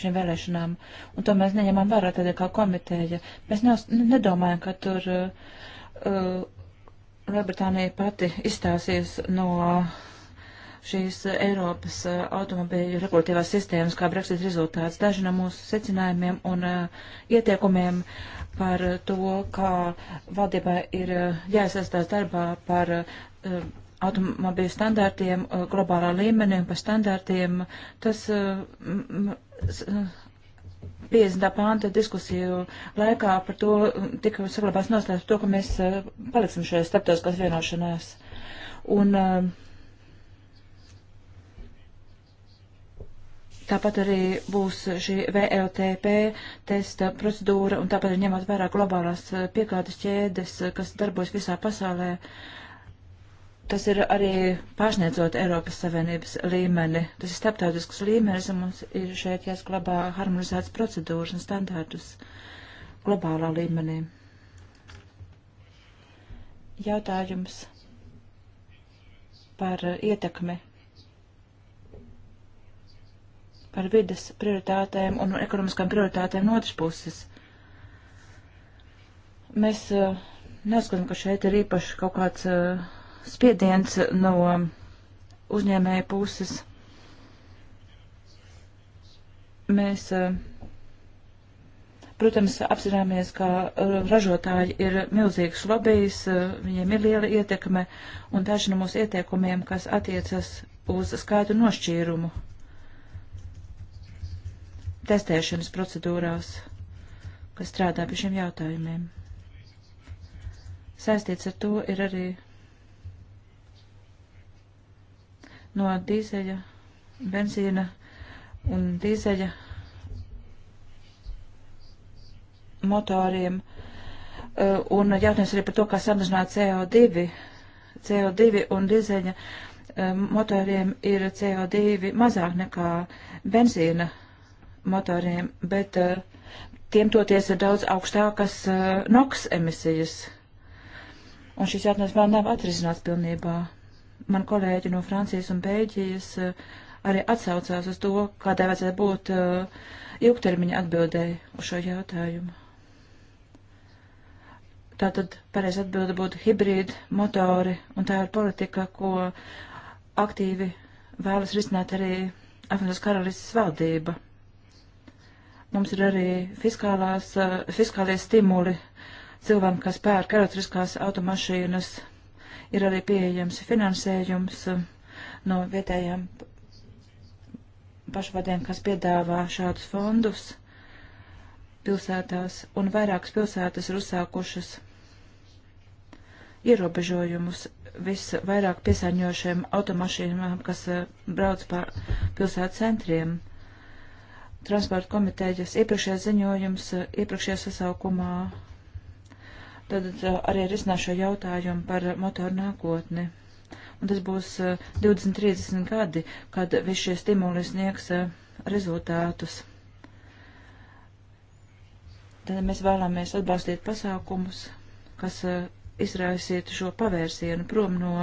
šīm vēlēšanām, un to mēs neņemam vērā tādēļ kā komiteja. Mēs ne, nedomājam, ka tur uh, uh Lielbritānija pati izstāsies no uh, šīs eh, Eiropas eh, automobīļu regulatīvās sistēmas kā Brexit rezultāts. Daži no mūsu secinājumiem un uh, ieteikumiem par to, kā valdībai ir uh, jāiesaistās darbā par uh, automobīļu standārtiem uh, globālā līmenī un par standārtiem, tas. Uh, 50. pānta diskusiju laikā par to tika saglabās nostāsts to, ka mēs uh, paliksim šajā starptautiskās vienošanās. Un uh, Tāpat arī būs šī VLTP testa procedūra, un tāpat arī ņemot vērā globālās eh, piegādes ķēdes, kas darbojas visā pasaulē. Tas ir arī pārsniedzot Eiropas Savienības līmeni. Tas ir starptautisks līmenis, un mums ir šeit jāsglabā harmonizētas procedūras un standārtus globālā līmenī. Jautājums par ietekmi par vidas prioritātēm un ekonomiskām prioritātēm no otras puses. Mēs uh, eh, neskatām, ka šeit ir īpaši kaut kāds uh, spiediens no uzņēmēja puses. Mēs, uh, protams, apzināmies, ka ražotāji ir milzīgs lobijs, viņiem ir liela ietekme, un daži no mūsu ieteikumiem, kas attiecas uz skaitu nošķīrumu testēšanas procedūrās, kas strādā pie šiem jautājumiem. Saistīts ar to ir arī no dīzeļa, benzīna un dīzeļa motoriem. Uh, un jautājums arī par to, kā samazināt CO2. CO2 un dīzeļa uh, motoriem ir CO2 mazāk nekā benzīna motoriem, bet uh, tiem toties ir daudz augstākas uh, NOx emisijas. Un šis jautājums vēl nav atrisināts pilnībā. Man kolēģi no Francijas un Bēļģijas uh, eh, arī atsaucās uz to, kādai vajadzētu būt uh, ilgtermiņa atbildēji uz šo jautājumu. Tātad pareiz atbilde būtu hibrīda motori, un tā ir politika, ko aktīvi vēlas risināt arī Afrikas karalists valdība. Mums ir arī fiskālās, eh, fiskālie stimuli cilvēkiem, kas pērk elektriskās automašīnas. Ir arī pieejams finansējums eh, no vietējiem pašvadiem, kas piedāvā šādus fondus pilsētās, un vairākas pilsētas ir uzsākušas ierobežojumus visvairāk piesāņojošiem automašīnām, kas eh, brauc pa pilsētu centriem transporta komitejas iepriekšējais ziņojums eh, iepriekšējā sasaukumā. Tad eh, arī risinās šo jautājumu par motoru nākotni. Un tas būs 20-30 eh, gadi, kad visi šie stimuli sniegs rezultātus. Tad mēs vēlamies atbalstīt pasākumus, kas izraisītu šo pavērsienu prom no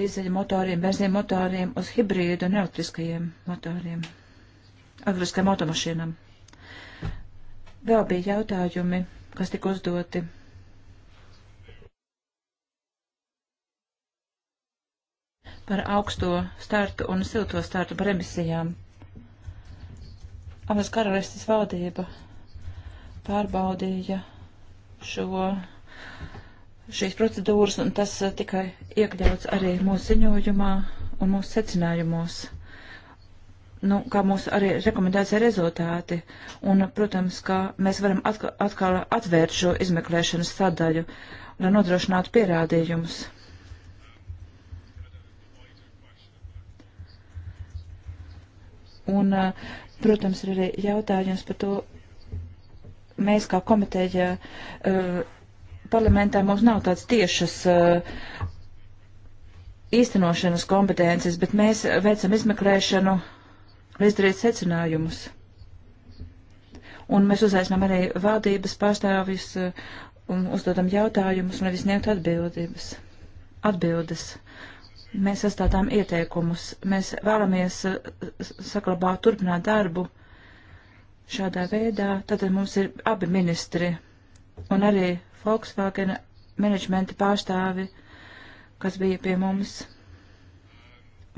dīzeļa motoriem, benzīna motoriem uz hibrīdu un elektriskajiem motoriem agriskajām automašīnām. Vēl bija jautājumi, kas tika uzdoti. Par augsto startu un silto startu par emisijām. Amas karalistes valdība pārbaudīja šo, šīs procedūras, un tas tikai iekļauts arī mūsu ziņojumā un mūsu secinājumos nu, kā mūsu arī rekomendācija rezultāti. Un, protams, ka mēs varam atkal, atkal atvērt šo izmeklēšanas sadaļu, lai nodrošinātu pierādījumus. Un, eh, protams, ir arī jautājums par to, mēs kā komiteja uh, parlamentā mums nav tāds tiešas uh, īstenošanas kompetences, bet mēs veicam izmeklēšanu izdarīt secinājumus. Un mēs uzaicinām arī valdības pārstāvjus uh, un uzdodam jautājumus un arī sniegt atbildības. Atbildes. Mēs sastādām ieteikumus. Mēs vēlamies uh, saglabāt, turpināt darbu šādā veidā. Tātad mums ir abi ministri un arī Volkswagen menedžmenta pārstāvi, kas bija pie mums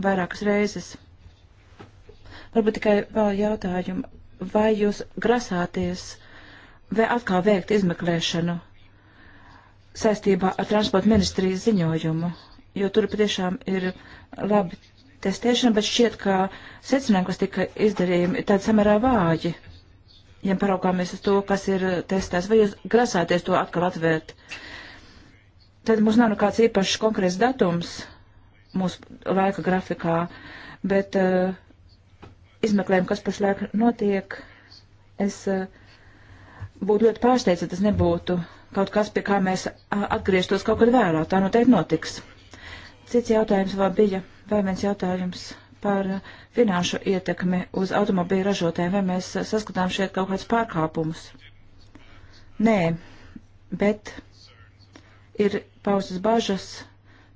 vairākas reizes. Varbūt tikai vēl jautājumu, vai jūs grasāties vai atkal veikt izmeklēšanu saistībā ar transporta ministrijas ziņojumu, jo tur patiešām ir labi testēšana, bet šķiet, ka secinājumi, kas tika izdarījumi, ir tādi samērā vāji. Ja paraugāmies uz to, kas ir testēts, vai jūs grasāties to atkal atvērt, tad mums nav nekāds īpašs konkrēts datums mūsu laika grafikā, bet uh, izmeklējumu, kas pašlaik notiek, es eh, būtu ļoti pārsteigts, ja tas nebūtu kaut kas, pie kā mēs eh, atgrieztos kaut kad vēlāk. Tā noteikti notiks. Cits jautājums vēl bija, vēl viens jautājums par eh, finanšu ietekmi uz automobīļu ražotēm, vai mēs saskatām šeit kaut kāds pārkāpumus. Nē, bet ir paustas bažas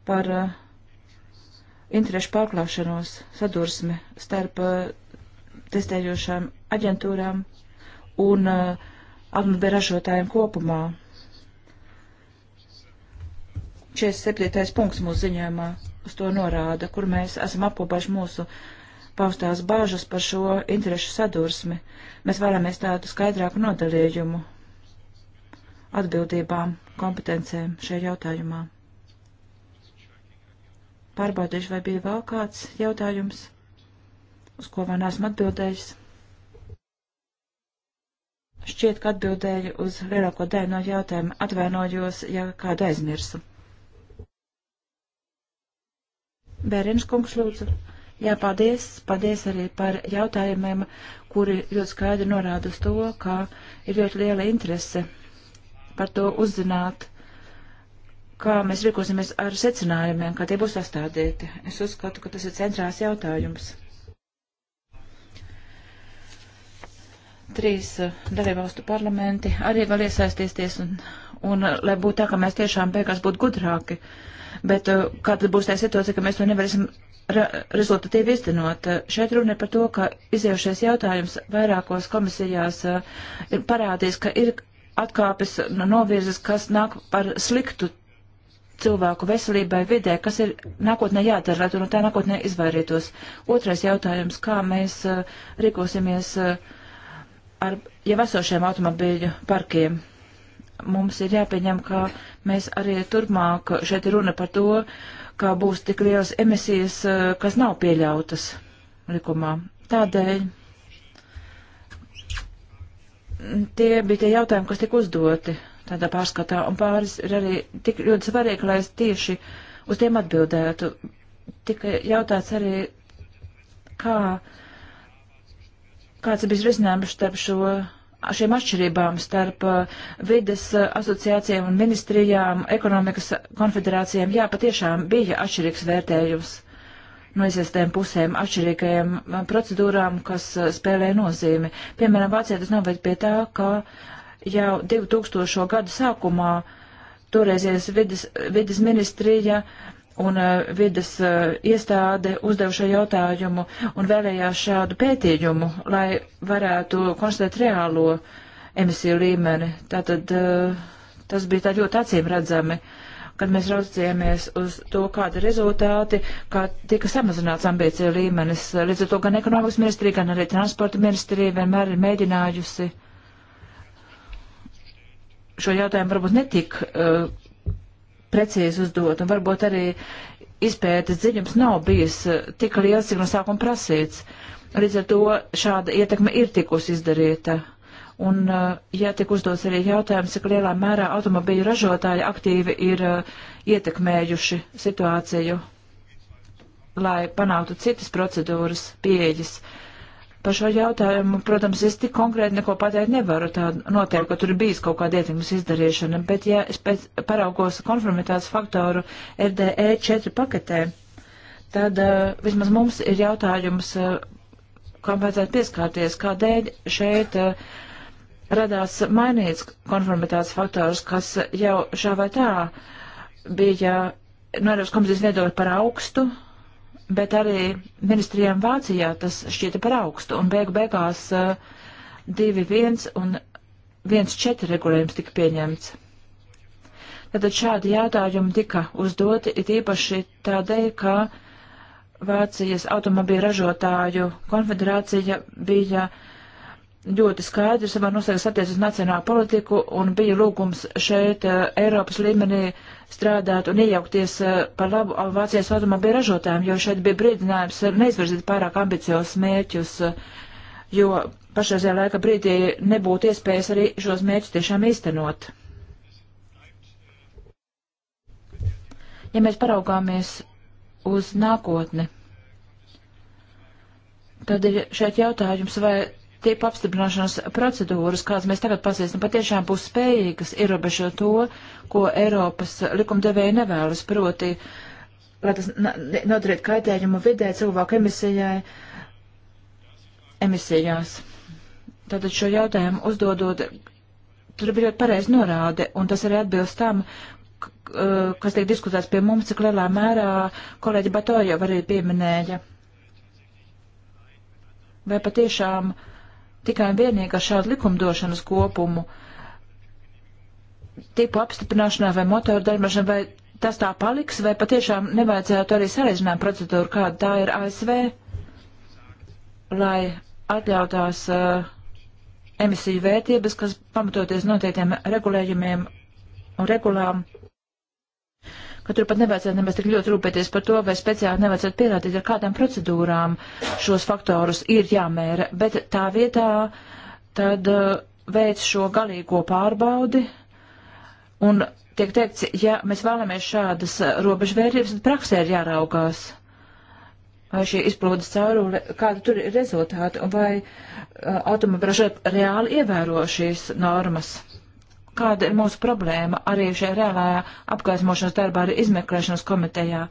par uh, interešu pārklāšanos, sadursmi starp uh, testējošām aģentūrām un uh, automobiļu ražotājiem kopumā. 47. punkts mūsu ziņojumā uz to norāda, kur mēs esam apkopājuši mūsu paustās bāžas par šo interešu sadursmi. Mēs vēlamies tādu skaidrāku nodalījumu atbildībām, kompetencēm šajā jautājumā. Pārbaudīšu, vai bija vēl kāds jautājums uz ko vēl neesmu atbildējis. Šķiet, ka atbildēju uz lielāko daļu no jautājuma. Atvainojos, ja kādu aizmirsu. Bērins kungs lūdzu. Jā, paldies. Paldies arī par jautājumiem, kuri ļoti skaidri norāda uz to, ka ir ļoti liela interese par to uzzināt, kā mēs rīkosimies ar secinājumiem, kā tie būs sastādīti. Es uzskatu, ka tas ir centrās jautājums. Trīs eh, dalībvalstu parlamenti arī vēl iesaistīsies un, un eh, lai būtu tā, ka mēs tiešām beigās būtu gudrāki. Bet eh, kā tad būs tā situācija, ka mēs to nevarēsim re rezultatīvi iztenot? Šeit runa ir par to, ka izjaušais jautājums vairākos komisijās ir parādījis, ka ir atkāpes nu, novirzes, kas nāk par sliktu cilvēku veselībai vidē, kas ir nākotnē jādara, lai tu no tā nākotnē izvairītos. Otrais jautājums, kā mēs rīkosimies. Uh, ar jau esošiem automobīļu parkiem. Mums ir jāpieņem, ka mēs arī turpmāk šeit runa par to, kā būs tik lielas emisijas, eh, kas nav pieļautas likumā. Tādēļ tie bija tie jautājumi, kas tika uzdoti tādā pārskatā, un pāris ir arī tik ļoti svarīgi, lai es tieši uz tiem atbildētu. Tika jautāts arī, kā uh, Kāds bija risinājums starp šo, šiem atšķirībām starp uh, vides uh, asociācijām un ministrijām, ekonomikas konfederācijām? Jā, patiešām bija atšķirīgs vērtējums no iesaistēm pusēm atšķirīgajām uh, procedūrām, kas spēlē nozīmi. Piemēram, Vācijā tas noved pie tā, ka jau 2000. gadu sākumā toreizies vidas, vidas ministrija uh, un uh, vidas uh, iestāde uzdeva šo jautājumu un vēlējās šādu pētījumu, lai varētu konstatēt reālo emisiju līmeni. Tātad uh, tas bija tā ļoti acīm redzami, kad mēs raudzījāmies uz to, kādi rezultāti, kā tika samazināts ambīcija līmenis. Līdz ar to gan ekonomikas ministrija, gan arī transporta ministrija vienmēr ir mēģinājusi šo jautājumu varbūt netik uh, precīzi uzdot, un varbūt arī izpētes dziļums nav bijis eh, tik liels, cik no sākuma prasīts. Līdz ar to šāda ietekme ir tikusi izdarīta. Un, eh, ja tiek uzdots arī jautājums, cik lielā mērā automobīļu ražotāji aktīvi ir eh, ietekmējuši situāciju, lai panāktu citas procedūras pieejas. Uh, Par šo jautājumu, protams, es tik konkrēti neko pateikt nevaru. Tā noteikti, ka tur ir bijis kaut kāda ietekmes izdarīšana, bet ja es pēc paraugos konformitātes faktoru RDE 4 paketē, tad uh, vismaz mums ir jautājums, uh, kam vajadzētu pieskārties, kādēļ šeit. Uh, radās mainīts konformitātes faktors, kas jau šā vai tā bija Norēvas nu, komisijas viedokļi par augstu, bet arī ministrijām Vācijā tas šķieta par augstu, un beigu beigās 2.1 eh, un 1.4 regulējums tika pieņemts. Tātad šādi jautājumi tika uzdoti, it īpaši tādēļ, ka Vācijas automobīļu ražotāju konfederācija bija uh, ļoti skaidri savā nostājās attiecas nacionālu politiku un bija lūgums šeit eh, Eiropas līmenī strādāt un iejaukties eh, par labu Vācijas automobīļu ražotājiem, jo šeit bija brīdinājums neizvirzīt pārāk ambiciozus mērķus, eh, jo pašreizajā laika brīdī nebūtu iespējas arī šos mērķus tiešām īstenot. Ja mēs paraugāmies uz nākotni, tad ir šeit jautājums, vai tipu apstiprināšanas procedūras, kādas mēs tagad pazīstam, patiešām būs spējīgas ierobežot to, ko Eiropas likumdevēja nevēlas, proti, lai tas nodarītu kaitējumu vidē cilvēku emisijai, emisijās. Tātad šo jautājumu uzdodot, tur bija ļoti pareizi norāde, un tas arī atbilst tam, kas tiek diskutēts pie mums, cik lielā mērā kolēģi Bato jau arī pieminēja. Vai patiešām uh, tikai un vienīgi ar šādu likumdošanas kopumu tipu apstiprināšanā vai motoru darbināšanā, vai tas tā paliks, vai patiešām nevajadzētu arī sareizināt procedūru, kāda tā ir ASV, lai atļautās uh, emisiju vērtības, kas pamatoties noteiktiem regulējumiem un regulām ka tur pat nevajadzētu nemaz tik ļoti rūpēties par to, vai speciāli nevajadzētu pierādīt, ar kādām procedūrām šos faktorus ir jāmēra, bet tā vietā tad uh, veic šo galīgo pārbaudi un tiek teikts, ja mēs vēlamies šādas uh, robežvērtības, tad praksē ir jāraugās. Vai šī izplūdes caurule, kāda tur ir rezultāti, un vai uh, automobiļi reāli ievēro šīs normas? kāda ir mūsu problēma arī šajā reālajā apgaismošanas darbā, arī izmeklēšanas komitejā,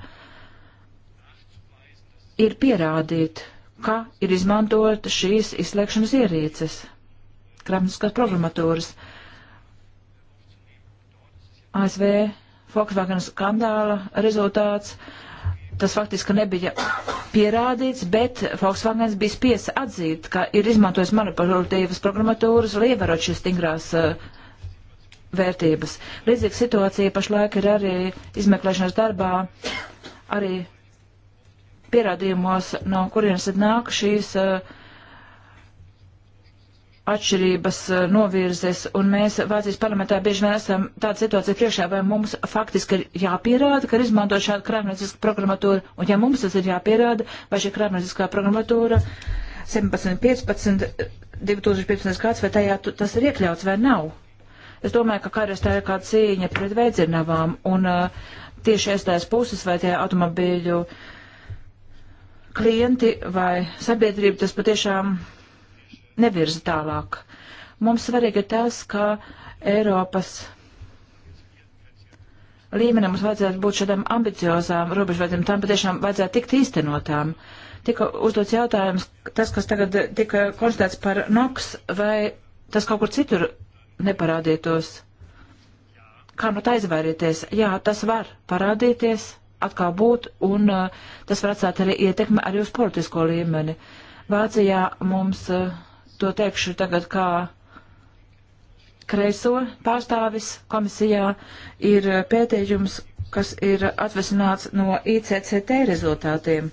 ir pierādīt, ka ir izmantot šīs izslēgšanas ierīces, kramatiskās programmatūras. ASV Volkswagen skandāla rezultāts. Tas faktiski nebija pierādīts, bet Volkswagen bija spiesta atzīt, ka ir izmantojis manipulatīvas programmatūras, lai ievarot šīs stingrās uh, vērtības. Līdzīga situācija pašlaik ir arī izmeklēšanas darbā, arī pierādījumos, no kurienes tad nāk šīs uh, atšķirības uh, novirzes, un mēs Vācijas parlamentā bieži vien esam tāda situācija priekšā, vai mums faktiski ir jāpierāda, ka ir izmantot šādu krāpnieciskā programmatūru, un ja mums tas ir jāpierāda, vai šī krāpnieciskā programmatūra 17, 15, 2015 gads, vai tajā tas ir iekļauts vai nav. Es domāju, ka karas tā ir kā cīņa pret veidzinavām un uh, tieši iestājas puses vai tie automobīļu klienti vai sabiedrība tas patiešām nevirza tālāk. Mums svarīgi ir tas, ka Eiropas līmenim mums vajadzētu būt šādām ambiciozām robežvērtībām, tām patiešām vajadzētu tikt īstenotām. Tika uzdots jautājums, tas, kas tagad tika konstatēts par NOX, vai tas kaut kur citur neparādītos. Kā no nu tā izvairīties? Jā, tas var parādīties, atkal būt, un uh, tas var atstāt arī ietekmi arī uz politisko līmeni. Vācijā mums, uh, to teikšu tagad kā kreiso pārstāvis komisijā, ir eh, pētījums, kas ir atvesināts no ICCT rezultātiem.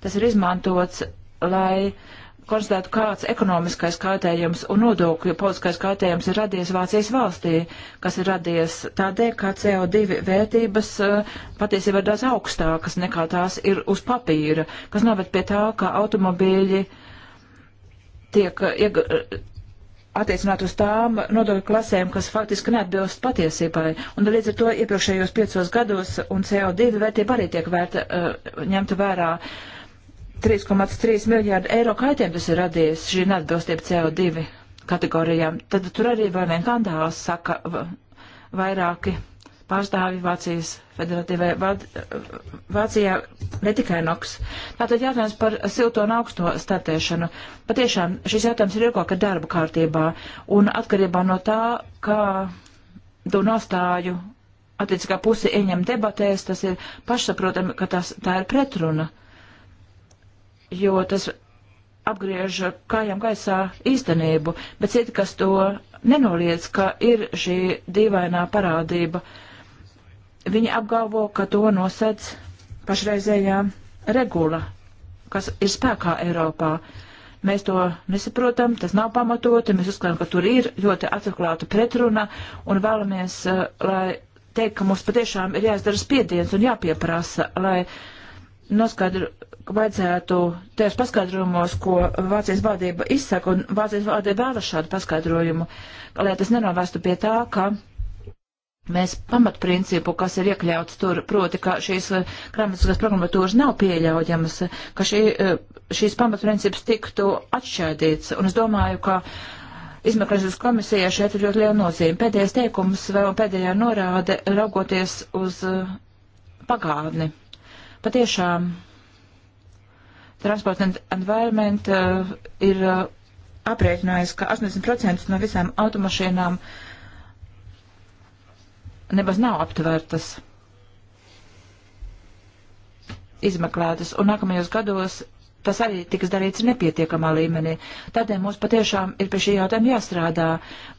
Tas ir izmantots, lai uh, konstatētu, kāds ekonomiskais kaitējums un nodokļu politiskais kaitējums ir radies Vācijas valstī, kas ir radies tādēļ, ka CO2 vērtības eh, patiesībā ir daudz augstākas nekā tās ir uz papīra, kas noved pie tā, ka automobīļi tiek eh, iega, eh, attiecināt uz tām nodokļu klasēm, kas faktiski neatbilst patiesībai. Un līdz ar to iepriekšējos piecos gados un CO2 vērtība arī tiek vērta, ņemta vērā. Uh, 3,3 miljārdu eiro kaitējumu tas ir radījis šī neatbilstība CO2 kategorijām. Tad tur arī vēl vien skandāls saka vairāki pārstāvi Vācijas federatīvai Vācijā, ne tikai NOX. Tātad jautājums par silto un augsto startēšanu. Patiešām šis jautājums ir ilgāk darba kārtībā un atkarībā no tā, kā tu nostāju attiecīgā pusi ieņem debatēs, tas ir pašsaprotami, ka tas, tā ir pretruna. Uh, jo tas apgriež kājām gaisā īstenību, bet citi, kas to nenoliedz, ka ir šī dīvainā parādība, viņi apgalvo, ka to nosedz pašreizējā regula, kas ir spēkā Eiropā. Mēs to nesaprotam, tas nav pamatoti, mēs uzskatām, ka tur ir ļoti atklāta pretruna un vēlamies, eh, lai teikt, ka mums patiešām ir jāizdara spiediens un jāpieprasa, lai uh, noskaidro, ka vajadzētu tajos paskaidrojumos, ko Vācijas valdība izsaka, un Vācijas valdība vēlas šādu paskaidrojumu, lai tas nenovestu pie tā, ka mēs pamatprincipu, kas ir iekļauts tur, proti, ka šīs eh, gramatiskās programmatūras nav pieļaujamas, ka šī, eh, šīs pamatprincips tiktu atšķaidīts. Un es domāju, ka izmeklēšanas komisijā šeit ir ļoti liela nozīme. Pēdējais teikums vēl pēdējā norāde, raugoties uz eh, pagātni. Patiešām Transport and Environment uh, ir uh, aprēķinājis, ka 80% no visām automašīnām nebaz nav aptvērtas, izmeklētas, un nākamajos gados tas arī tiks darīts nepietiekamā līmenī. Tādēļ mums patiešām ir pie šī jautājuma jāstrādā,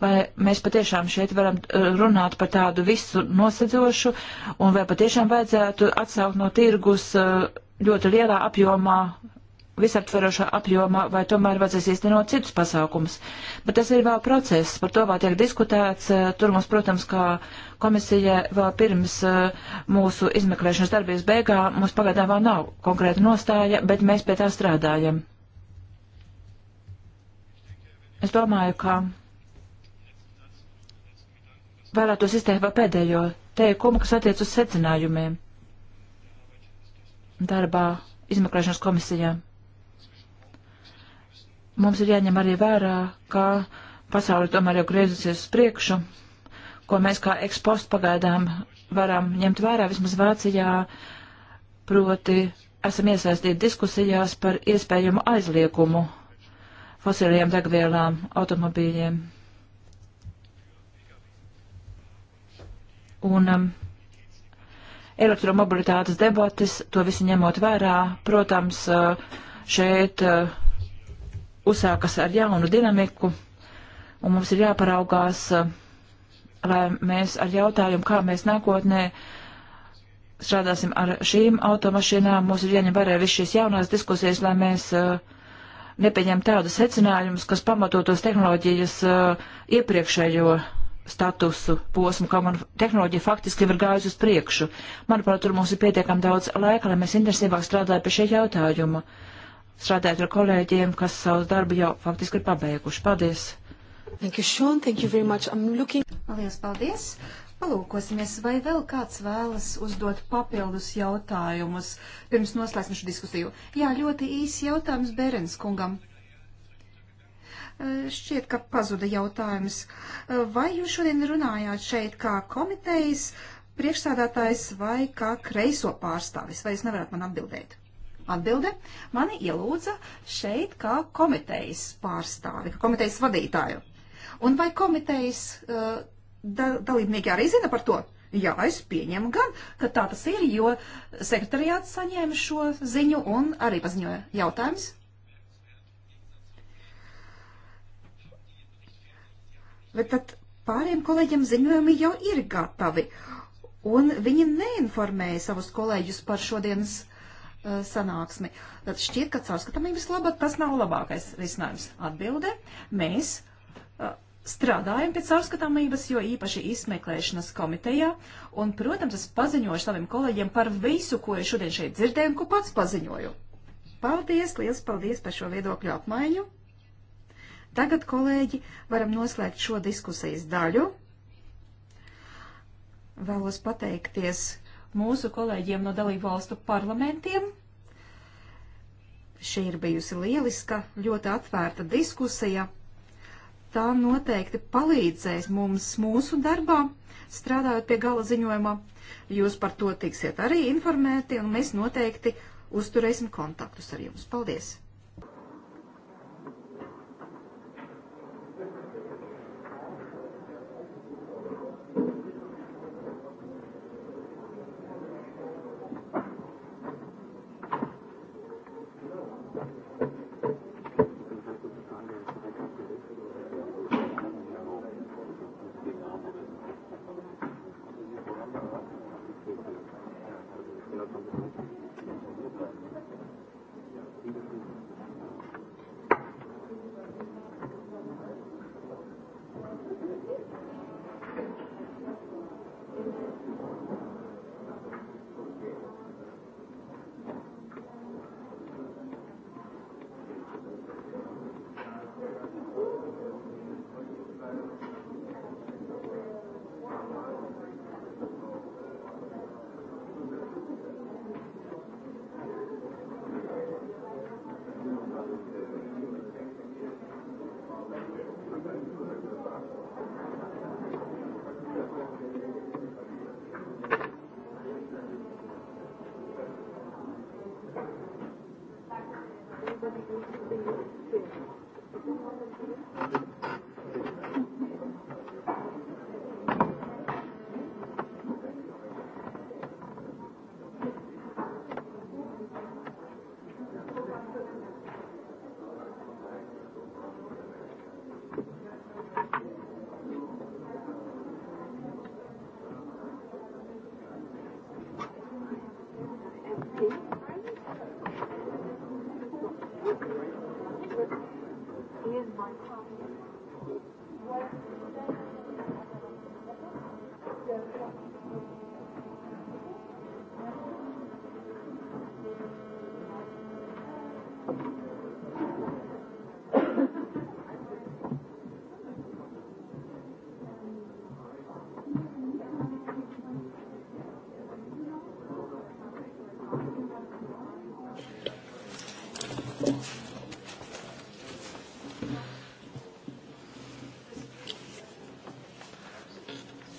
vai mēs patiešām šeit varam eh, runāt par tādu visu nosedzošu, un vai patiešām vajadzētu atsaukt no tirgus eh, ļoti lielā apjomā visaptverošā apjomā, vai tomēr vajadzēs īstenot citus pasākumus. Bet tas ir vēl process, par to vēl tiek diskutēts. Eh, tur mums, protams, kā komisija vēl pirms eh, mūsu izmeklēšanas darbības beigā, mums pagaidām vēl nav konkrēta nostāja, bet mēs pie tā strādājam. Es domāju, ka vēlētos izteikt vēl pēdējo teikumu, kas attiec uz secinājumiem darbā izmeklēšanas komisijām. Mums ir jāņem arī vērā, ka pasauli tomēr jau griezusies uz priekšu, ko mēs kā ekspost pagaidām varam ņemt vērā vismaz Vācijā, proti esam iesaistīti diskusijās par iespējamu aizliekumu fosiliem degvielām automobīļiem. Un um, elektromobilitātes debates, to visu ņemot vērā, protams, uh, šeit uh, uzsākas ar jaunu dinamiku, un mums ir jāparaugās, eh, lai mēs ar jautājumu, kā mēs nākotnē strādāsim ar šīm automašīnām, mums ir jāņem vērā viss šīs jaunās diskusijas, lai mēs eh, nepieņem tādus secinājumus, kas pamatotos tehnoloģijas eh, iepriekšējo statusu posmu, kā man tehnoloģija faktiski ir gājusi uz priekšu. Manuprāt, tur mums ir pietiekami daudz laika, lai mēs intensīvāk strādātu pie šī jautājuma. Uh, strādājat ar kolēģiem, kas savu darbu jau faktiski ir pabeiguši. Paldies! Thank you, Sean. Thank you very much. I'm looking... Lielas paldies! Palūkosimies, vai vēl kāds vēlas uzdot papildus jautājumus pirms noslēgsim šo diskusiju. Jā, ļoti īsi jautājums Berens kungam. Eh, šķiet, ka pazuda jautājums. Eh, vai jūs šodien runājāt šeit kā komitejas priekšsādātājs vai kā kreiso pārstāvis? Vai jūs nevarat man atbildēt? Atbilde. Mani ielūdza šeit kā komitejas pārstāvi, kā komitejas vadītāju. Un vai komitejas uh, da, dalībnieki arī zina par to? Jā, es pieņemu gan, ka tā tas ir, jo sekretariāts saņēma šo ziņu un arī paziņoja jautājums. Bet tad pāriem kolēģiem ziņojumi jau ir gatavi, un viņi neinformēja savus kolēģus par šodienas uh, Uh, sanāksmi. Tad šķiet, ka caurskatāmības labā tas nav labākais risinājums. Atbilde. Mēs uh, strādājam pie caurskatāmības, jo īpaši izmeklēšanas komitejā, un, protams, es paziņoju saviem kolēģiem par visu, ko es šodien šeit dzirdēju un ko pats paziņoju. Paldies, liels paldies par šo viedokļu apmaiņu. Tagad, kolēģi, varam noslēgt šo diskusijas daļu. Vēlos pateikties mūsu kolēģiem no dalību valstu parlamentiem. Šī ir bijusi lieliska, ļoti atvērta diskusija. Tā noteikti palīdzēs mums mūsu darbā, strādājot pie gala ziņojuma. Jūs par to tiksiet arī informēti, un mēs noteikti uzturēsim kontaktus ar jums. Paldies!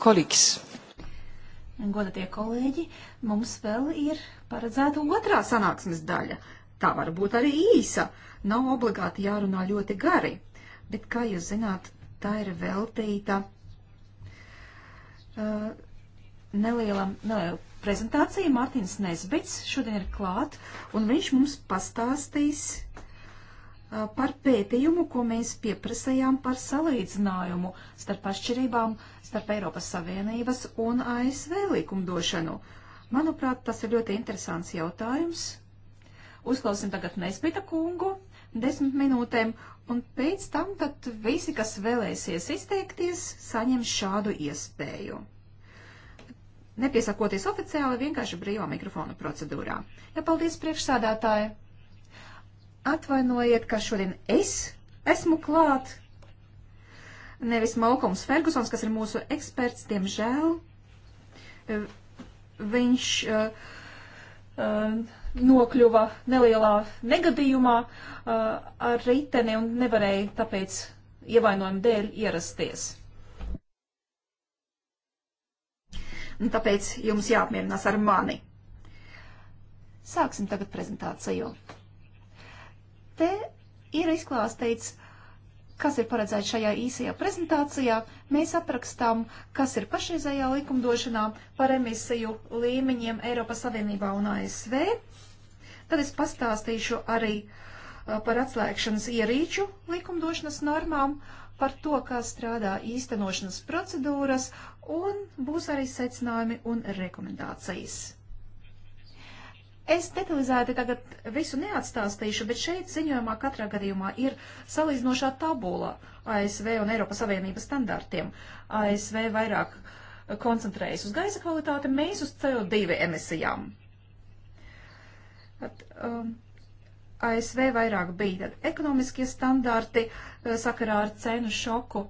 colleagues. Godatie kolēģi, mums vēl ir paredzēta otrā sanāksmes daļa. Tā var būt arī īsa, nav obligāti jārunā ļoti gari, bet, kā jūs zināt, tā ir veltīta uh, nelielam, nelielam prezentācija Mārtiņš Nesbits šodien ir klāt, un viņš mums pastāstīs uh, par pētījumu, ko mēs pieprasījām par salīdzinājumu starp atšķirībām starp Eiropas Savienības un ASV likumdošanu. Manuprāt, tas ir ļoti interesants jautājums. Uzklausīsim tagad Nesbita kungu desmit minūtēm, un pēc tam tad visi, kas vēlēsies izteikties, saņem šādu iespēju. Nepiesakoties oficiāli, vienkārši brīvā mikrofona procedūrā. Ja paldies priekšsādātāji! Atvainojiet, ka šodien es esmu klāt, nevis Malkoms Fergusons, kas ir mūsu eksperts, diemžēl. Eh, Viņš uh, uh, nokļuva nelielā negadījumā uh, ar riteni un nevarēja tāpēc ievainojumu dēļ ierasties. Un tāpēc jums jāapmierinās ar mani. Sāksim tagad prezentāciju. Te ir izklāstīts uh, kas ir paredzēts šajā īsajā prezentācijā, mēs aprakstām, kas ir pašreizējā likumdošanā par emisiju līmeņiem Eiropas Savienībā un ASV. Tad es pastāstīšu arī uh, par atslēgšanas ierīču likumdošanas normām, par to, kā strādā īstenošanas procedūras, un būs arī secinājumi un rekomendācijas. Es detalizēti tagad visu neatstāstīšu, bet šeit ziņojumā katrā gadījumā ir salīdzinošā tabula ASV un Eiropas Savienības standartiem. ASV vairāk koncentrējas uz gaisa kvalitāti, mēs uz CO2 emisijām. At, um, ASV vairāk bija tad ekonomiskie standarti uh, sakarā ar cenu šoku.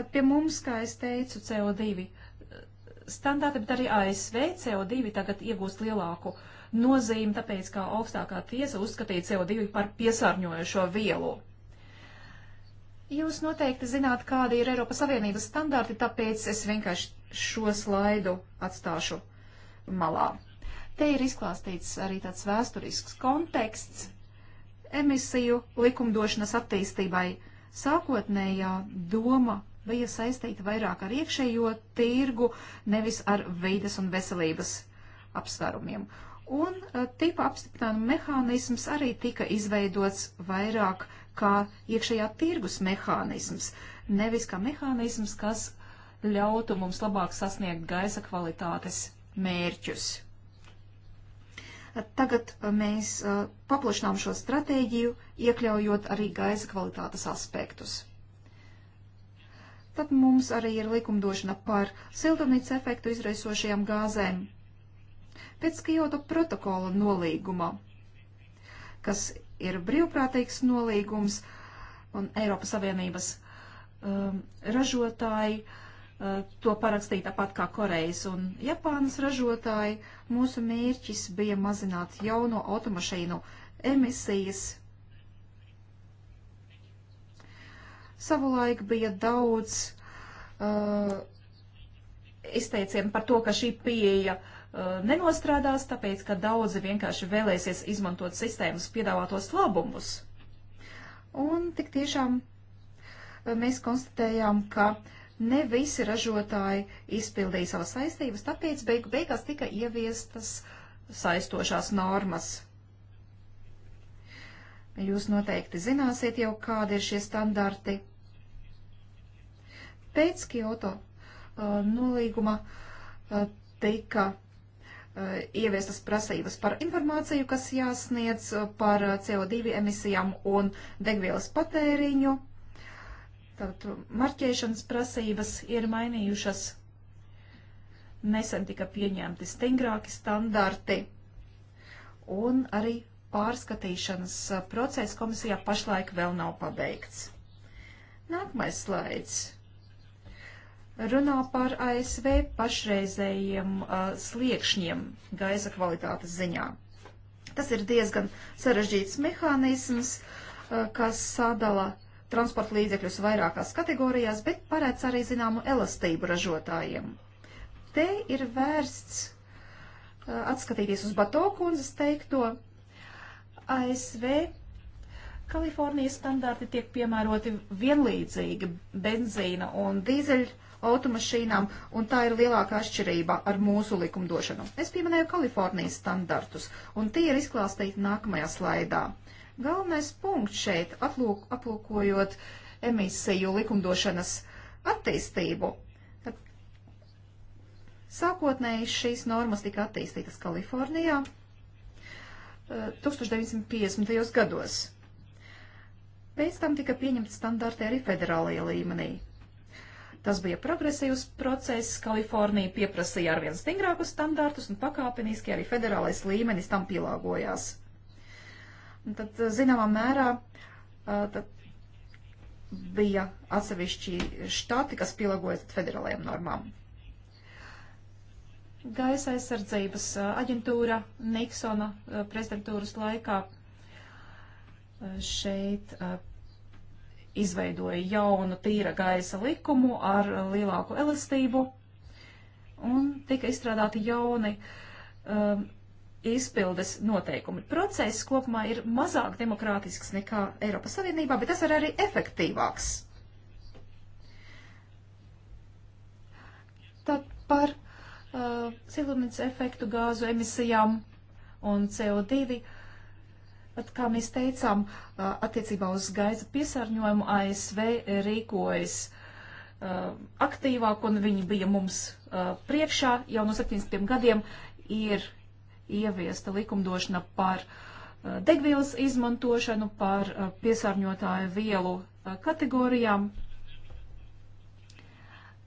Tad pie mums, kā es teicu, CO2 uh, standarti, bet arī ASV CO2 tagad iegūst lielāku nozīmi, tāpēc kā augstākā tiesa uzskatīja CO2 par piesārņojošo vielu. Jūs noteikti zināt, kādi ir Eiropas Savienības standarti, tāpēc es vienkārši šo slaidu atstāšu malā. Te ir izklāstīts arī tāds vēsturisks konteksts emisiju likumdošanas attīstībai. Sākotnējā doma bija saistīta vairāk ar iekšējo tirgu, nevis ar veides un veselības apsvērumiem. Un e, tipa apstiprinājuma mehānisms arī tika izveidots vairāk kā iekšējā tirgus mehānisms, nevis kā mehānisms, kas ļautu mums labāk sasniegt gaisa kvalitātes mērķus. E, tagad e, mēs paplašinām šo stratēģiju, iekļaujot arī gaisa kvalitātes aspektus. Tad mums arī ir likumdošana par siltumnīca efektu izraisošajām gāzēm. Pēc Kyoto protokola nolīguma, kas ir brīvprātīgs nolīgums, un Eiropas Savienības um, ražotāji uh, to parakstīja tāpat kā Korejas un Japānas ražotāji, mūsu mērķis bija mazināt jauno automašīnu emisijas Savulaik bija daudz uh, izteicienu par to, ka šī pieeja uh, nenostrādās, tāpēc, ka daudzi vienkārši vēlēsies izmantot sistēmas piedāvātos labumus. Un tik tiešām uh, mēs konstatējām, ka ne visi ražotāji izpildīja savas saistības, tāpēc beigu beigās tika ieviestas saistošās normas. Jūs noteikti zināsiet jau, kādi ir šie standarti. Pēc Kyoto uh, nolīguma uh, tika uh, ieviestas prasības par informāciju, kas jāsniedz uh, par uh, CO2 emisijām un degvielas patēriņu. Tad marķēšanas prasības ir mainījušas. Nesen tika pieņemti stingrāki standarti un arī pārskatīšanas uh, process komisijā pašlaik vēl nav pabeigts. Nākamais slaids runā par ASV pašreizējiem uh, sliekšņiem gaisa kvalitātes ziņā. Tas ir diezgan sarežģīts mehānisms, uh, kas sadala transporta līdzekļus vairākās kategorijās, bet paredz arī zināmu elastību ražotājiem. Te ir vērsts uh, atskatīties uz Batokundzes teikto, ASV Kalifornijas standarti tiek piemēroti vienlīdzīgi benzīna un dīzeļu automašīnām, un tā ir lielākā atšķirība ar mūsu likumdošanu. Es pieminēju Kalifornijas standartus, un tie ir izklāstīti nākamajā slaidā. Galvenais punkts šeit, atlūk, aplūkojot emisiju likumdošanas attīstību, tad sākotnēji šīs normas tika attīstītas Kalifornijā, 1950. gados. Pēc tam tika pieņemti standarti arī federālajā līmenī. Tas bija progresīvs process, Kalifornija pieprasīja arvien stingrākus standartus un pakāpeniski arī federālais līmenis tam pielāgojās. Un tad, zināmā mērā, tad bija atsevišķi štati, kas pielāgojas federālajām normām. Gaisa aizsardzības aģentūra Niksona prezidentūras laikā šeit izveidoja jaunu tīra gaisa likumu ar lielāku elastību un tika izstrādāti jauni um, izpildes noteikumi. Process kopumā ir mazāk demokrātisks nekā Eiropas Savienībā, bet tas ir arī efektīvāks. silumnīca efektu gāzu emisijām un CO2. Bet, kā mēs teicām, attiecībā uz gaisa piesārņojumu ASV rīkojas aktīvāk, un viņi bija mums priekšā jau no 70 gadiem ir ieviesta likumdošana par degvielas izmantošanu, par piesārņotāju vielu kategorijām.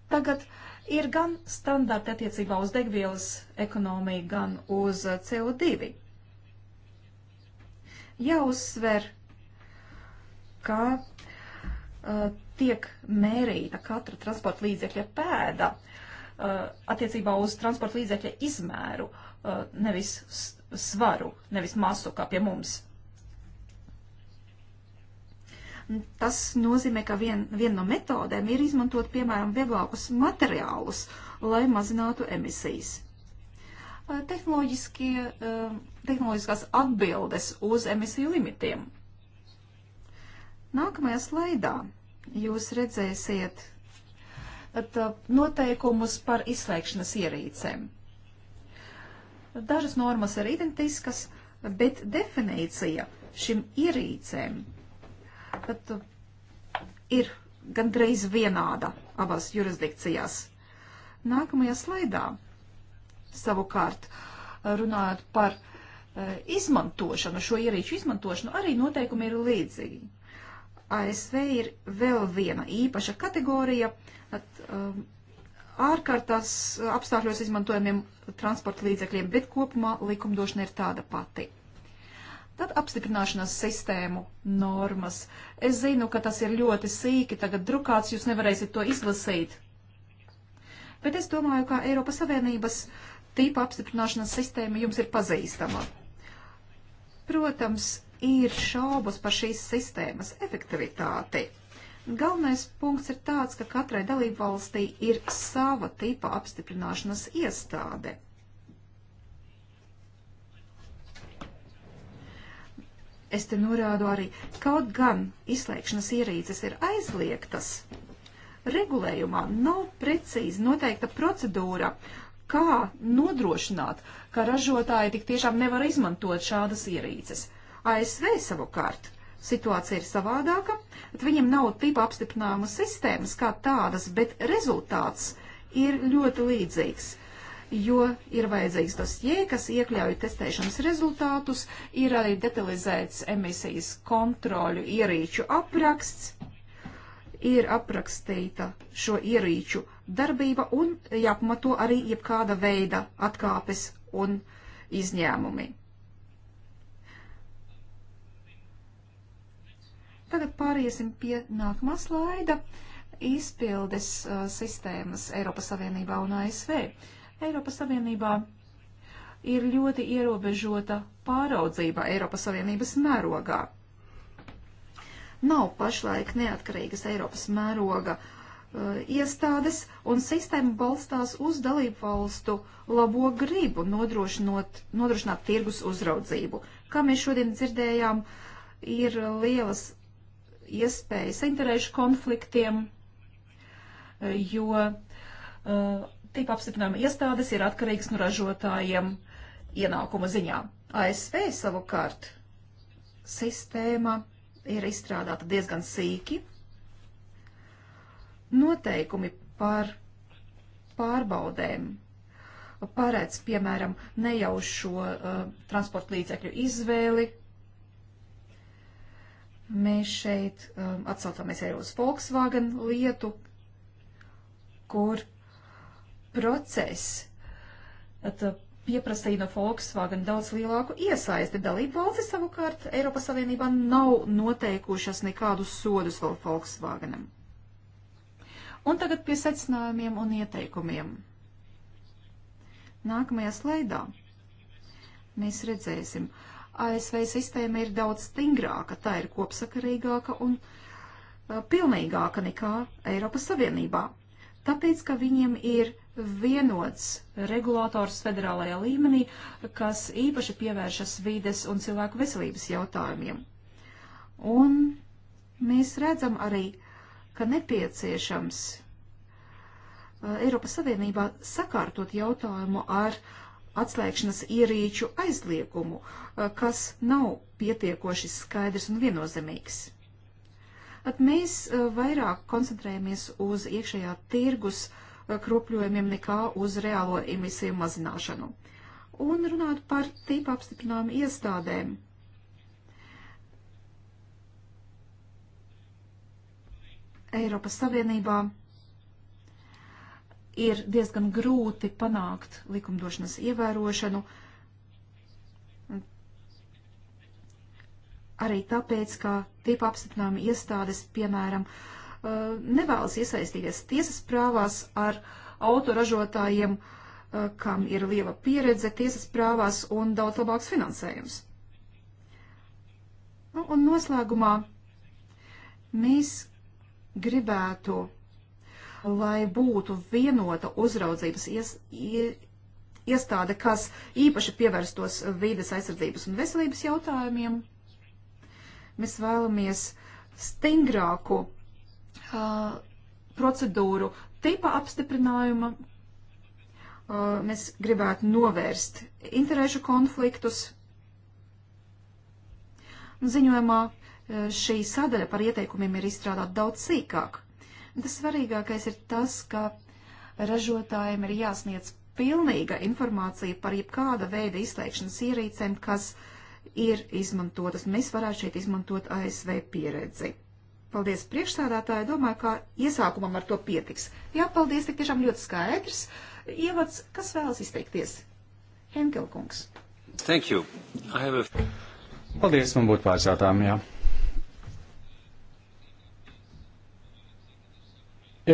Tagad uh, Ir gan standarti attiecībā uz degvielas ekonomiju, gan uz uh, CO2. Jāuzsver, ka uh, tiek mērīta katra transporta līdzekļa pēda uh, attiecībā uz transporta līdzekļa izmēru, uh, nevis svaru, nevis masu, kā pie mums. Tas nozīmē, ka vien, viena no metodēm ir izmantot, piemēram, vieglākus materiālus, lai mazinātu emisijas. Tehnoloģiskās atbildes uz emisiju limitiem. Nākamajā slaidā jūs redzēsiet noteikumus par izslēgšanas ierīcēm. Dažas normas ir identiskas, bet definīcija šim ierīcēm bet uh, ir gandrīz vienāda abās jurisdikcijās. Nākamajā slaidā savukārt uh, runājot par uh, izmantošanu, šo ierīču izmantošanu, arī noteikumi ir līdzīgi. ASV ir vēl viena īpaša kategorija at, um, ārkārtās apstākļos izmantojamiem transporta līdzekļiem, bet kopumā likumdošana ir tāda pati. Tad apstiprināšanas sistēmu normas. Es zinu, ka tas ir ļoti sīki, tagad drukāts, jūs nevarēsiet to izlasīt. Bet es domāju, ka Eiropas Savienības tīpa apstiprināšanas sistēma jums ir pazīstama. Protams, ir šaubas par šīs sistēmas efektivitāti. Galvenais punkts ir tāds, ka katrai dalībvalstī ir sava tipa apstiprināšanas iestāde. Es te norādu arī, kaut gan izslēgšanas ierīces ir aizliegtas, regulējumā nav precīzi noteikta procedūra, kā nodrošināt, ka ražotāji tik tiešām nevar izmantot šādas ierīces. ASV savukārt situācija ir savādāka, bet viņiem nav tipa apstiprinājuma sistēmas kā tādas, bet rezultāts ir ļoti līdzīgs jo ir vajadzīgs dosie, kas iekļauj testēšanas rezultātus, ir arī detalizēts emisijas kontroļu ierīču apraksts, ir aprakstīta šo ierīču darbība un jāpamato arī jebkāda veida atkāpes un izņēmumi. Tagad pāriesim pie nākamā slaida - izpildes uh, sistēmas Eiropas Savienībā un ASV. Eiropas Savienībā ir ļoti ierobežota pāraudzība Eiropas Savienības mērogā. Nav pašlaik neatkarīgas Eiropas mēroga uh, iestādes, un sistēma balstās uz dalību valstu labo gribu nodrošināt tirgus uzraudzību. Kā mēs šodien dzirdējām, ir lielas iespējas interešu konfliktiem, eh, jo uh, tipa apstiprinājuma iestādes ir atkarīgs no ražotājiem ienākuma ziņā. ASV savukārt sistēma ir izstrādāta diezgan sīki. Noteikumi par pārbaudēm paredz, piemēram, nejaušo uh, transporta līdzekļu izvēli. Mēs šeit um, atsaucamies arī uz Volkswagen lietu, kur process uh, pieprasīja no Volkswagen daudz lielāku iesaisti. Dalību valstis savukārt Eiropas Savienībā nav noteikušas nekādus sodus vēl Volkswagenam. Un tagad pie secinājumiem un ieteikumiem. Nākamajā slaidā mēs redzēsim, ASV sistēma ir daudz stingrāka, tā ir kopsakarīgāka un uh, pilnīgāka nekā Eiropas Savienībā, tāpēc, ka viņiem ir vienots regulators federālajā līmenī, kas īpaši pievēršas vides un cilvēku veselības jautājumiem. Un mēs redzam arī, ka nepieciešams uh, Eiropas Savienībā sakārtot jautājumu ar atslēgšanas ierīču aizliegumu, uh, kas nav pietiekoši skaidrs un viennozīmīgs. Mēs uh, vairāk koncentrējamies uz iekšējā tirgus uh, kropļojumiem nekā uz reālo emisiju mazināšanu. Un runāt par tīpa apstiprinājumu iestādēm. Eiropas Savienībā ir diezgan grūti panākt likumdošanas ievērošanu, arī tāpēc, ka tīpa apstiprinājuma iestādes, piemēram, uh, Uh, nevēlas iesaistīties tiesas prāvās ar autoražotājiem, uh, kam ir liela pieredze tiesas prāvās un daudz labāks finansējums. Nu, un noslēgumā mēs gribētu, lai būtu vienota uzraudzības ies, ie, iestāde, kas īpaši pievērstos vīdes aizsardzības un veselības jautājumiem. Mēs vēlamies stingrāku uh, procedūru tipa apstiprinājuma. Uh, mēs gribētu novērst interešu konfliktus. Ziņojumā šī sadaļa par ieteikumiem ir izstrādāta daudz sīkāk. Tas svarīgākais ir tas, ka ražotājiem ir jāsniedz pilnīga informācija par jebkāda veida izslēgšanas ierīcēm, kas ir izmantotas. Mēs varētu šeit izmantot ASV pieredzi. Paldies priekšstādātāji, domāju, ka iesākumam ar to pietiks. Jā, paldies, tik tiešām ļoti skaidrs. Ievads, kas vēlas izteikties? Henkelkungs. Thank you. I have a... Paldies, man būtu pāris jautājumi, jā.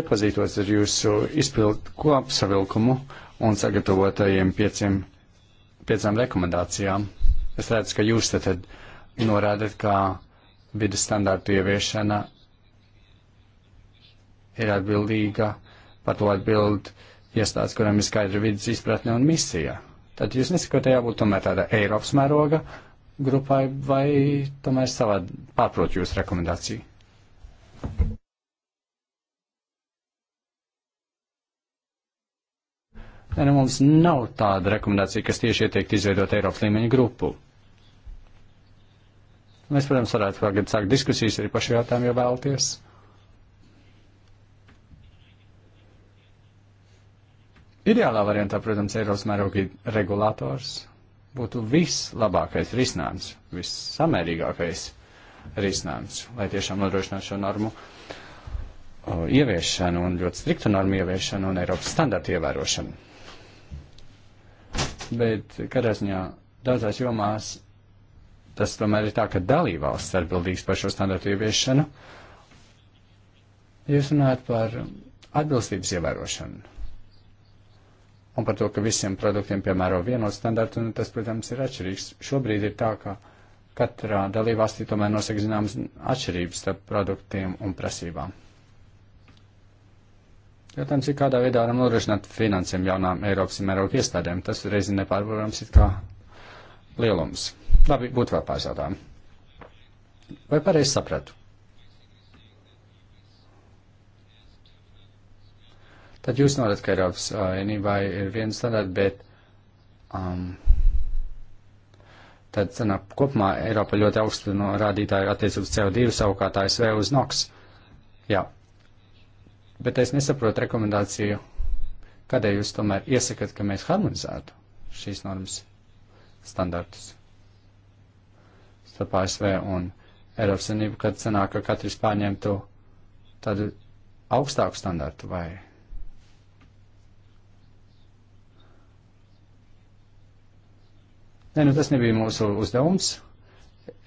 Iepazītos ar jūsu izpildu kopsavilkumu un sagatavotajiem pieciem, piecām rekomendācijām. Es redzu, ka jūs te tad norādat, ka vidas standārtu ieviešana ir atbildīga, par to atbild iestādes, kuram ir skaidra vidas izpratne un misija. Tad jūs nesakot, jābūt tomēr tāda Eiropas mēroga grupai vai tomēr savā pārprot jūsu rekomendāciju? Nē, nu mums nav tāda rekomendācija, kas tieši ieteikt izveidot Eiropas līmeņa grupu. Mēs, protams, varētu tagad sākt diskusijas arī par šo jautājumu, ja vēlaties. Ideālā variantā, protams, Eiropas mērogi regulators būtu vislabākais risinājums, vissamērīgākais risinājums, lai tiešām nodrošinātu šo normu o, uh, ieviešanu un ļoti striktu normu ieviešanu un Eiropas standartu ievērošanu. Bet kādā ziņā daudzās jomās tas tomēr ir tā, ka dalībvalsts atbildīgs par šo standartu ieviešanu. Jūs runājat par atbilstības ievērošanu un par to, ka visiem produktiem piemēro vienotu standartu, un tas, protams, ir atšķirīgs. Šobrīd ir tā, ka katrā dalībvalstī tomēr nosaka zināmas atšķirības starp produktiem un prasībām. Jautājums ir, kādā veidā varam nodrošināt finansēm jaunām Eiropas un Eiropas iestādēm. Tas reizi nepārvarams it kā lielums. Labi, būtu vēl pāris jautājumu. Vai pareizi sapratu? Tad jūs norādat, ka Eiropas Savienībā ir viena standarta, bet um, tad sanāk, kopumā Eiropa ļoti augstu no rādītāju attiecības CO2, savukārt ASV uz NOX. Jā. Bet es nesaprotu rekomendāciju, kādēļ jūs tomēr iesakat, ka mēs harmonizētu šīs normas standartus starp ASV un Eiropas Savienību, kad sanāk, ka katrs pārņemtu tādu augstāku standartu vai Nē, nu tas nebija mūsu uzdevums.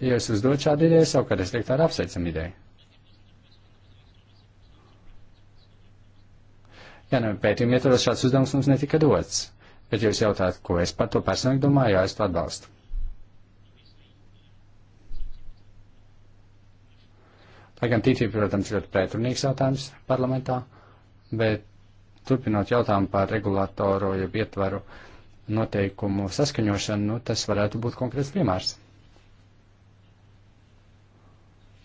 Ja es uzdodu šādu ideju, savukārt es teiktu tādu apsveicamu ideju. Jā, nu, pētījumi ietvaros šāds uzdevums mums netika dots. Bet jūs jautājat, ko es par to personīgi domāju, jā, es to atbalstu. Tā gan tītība, protams, ļoti pretrunīgs jautājums parlamentā, bet turpinot jautājumu par regulātoru, jeb ietvaru, uh, noteikumu saskaņošanu, nu, tas varētu būt konkrēts piemērs.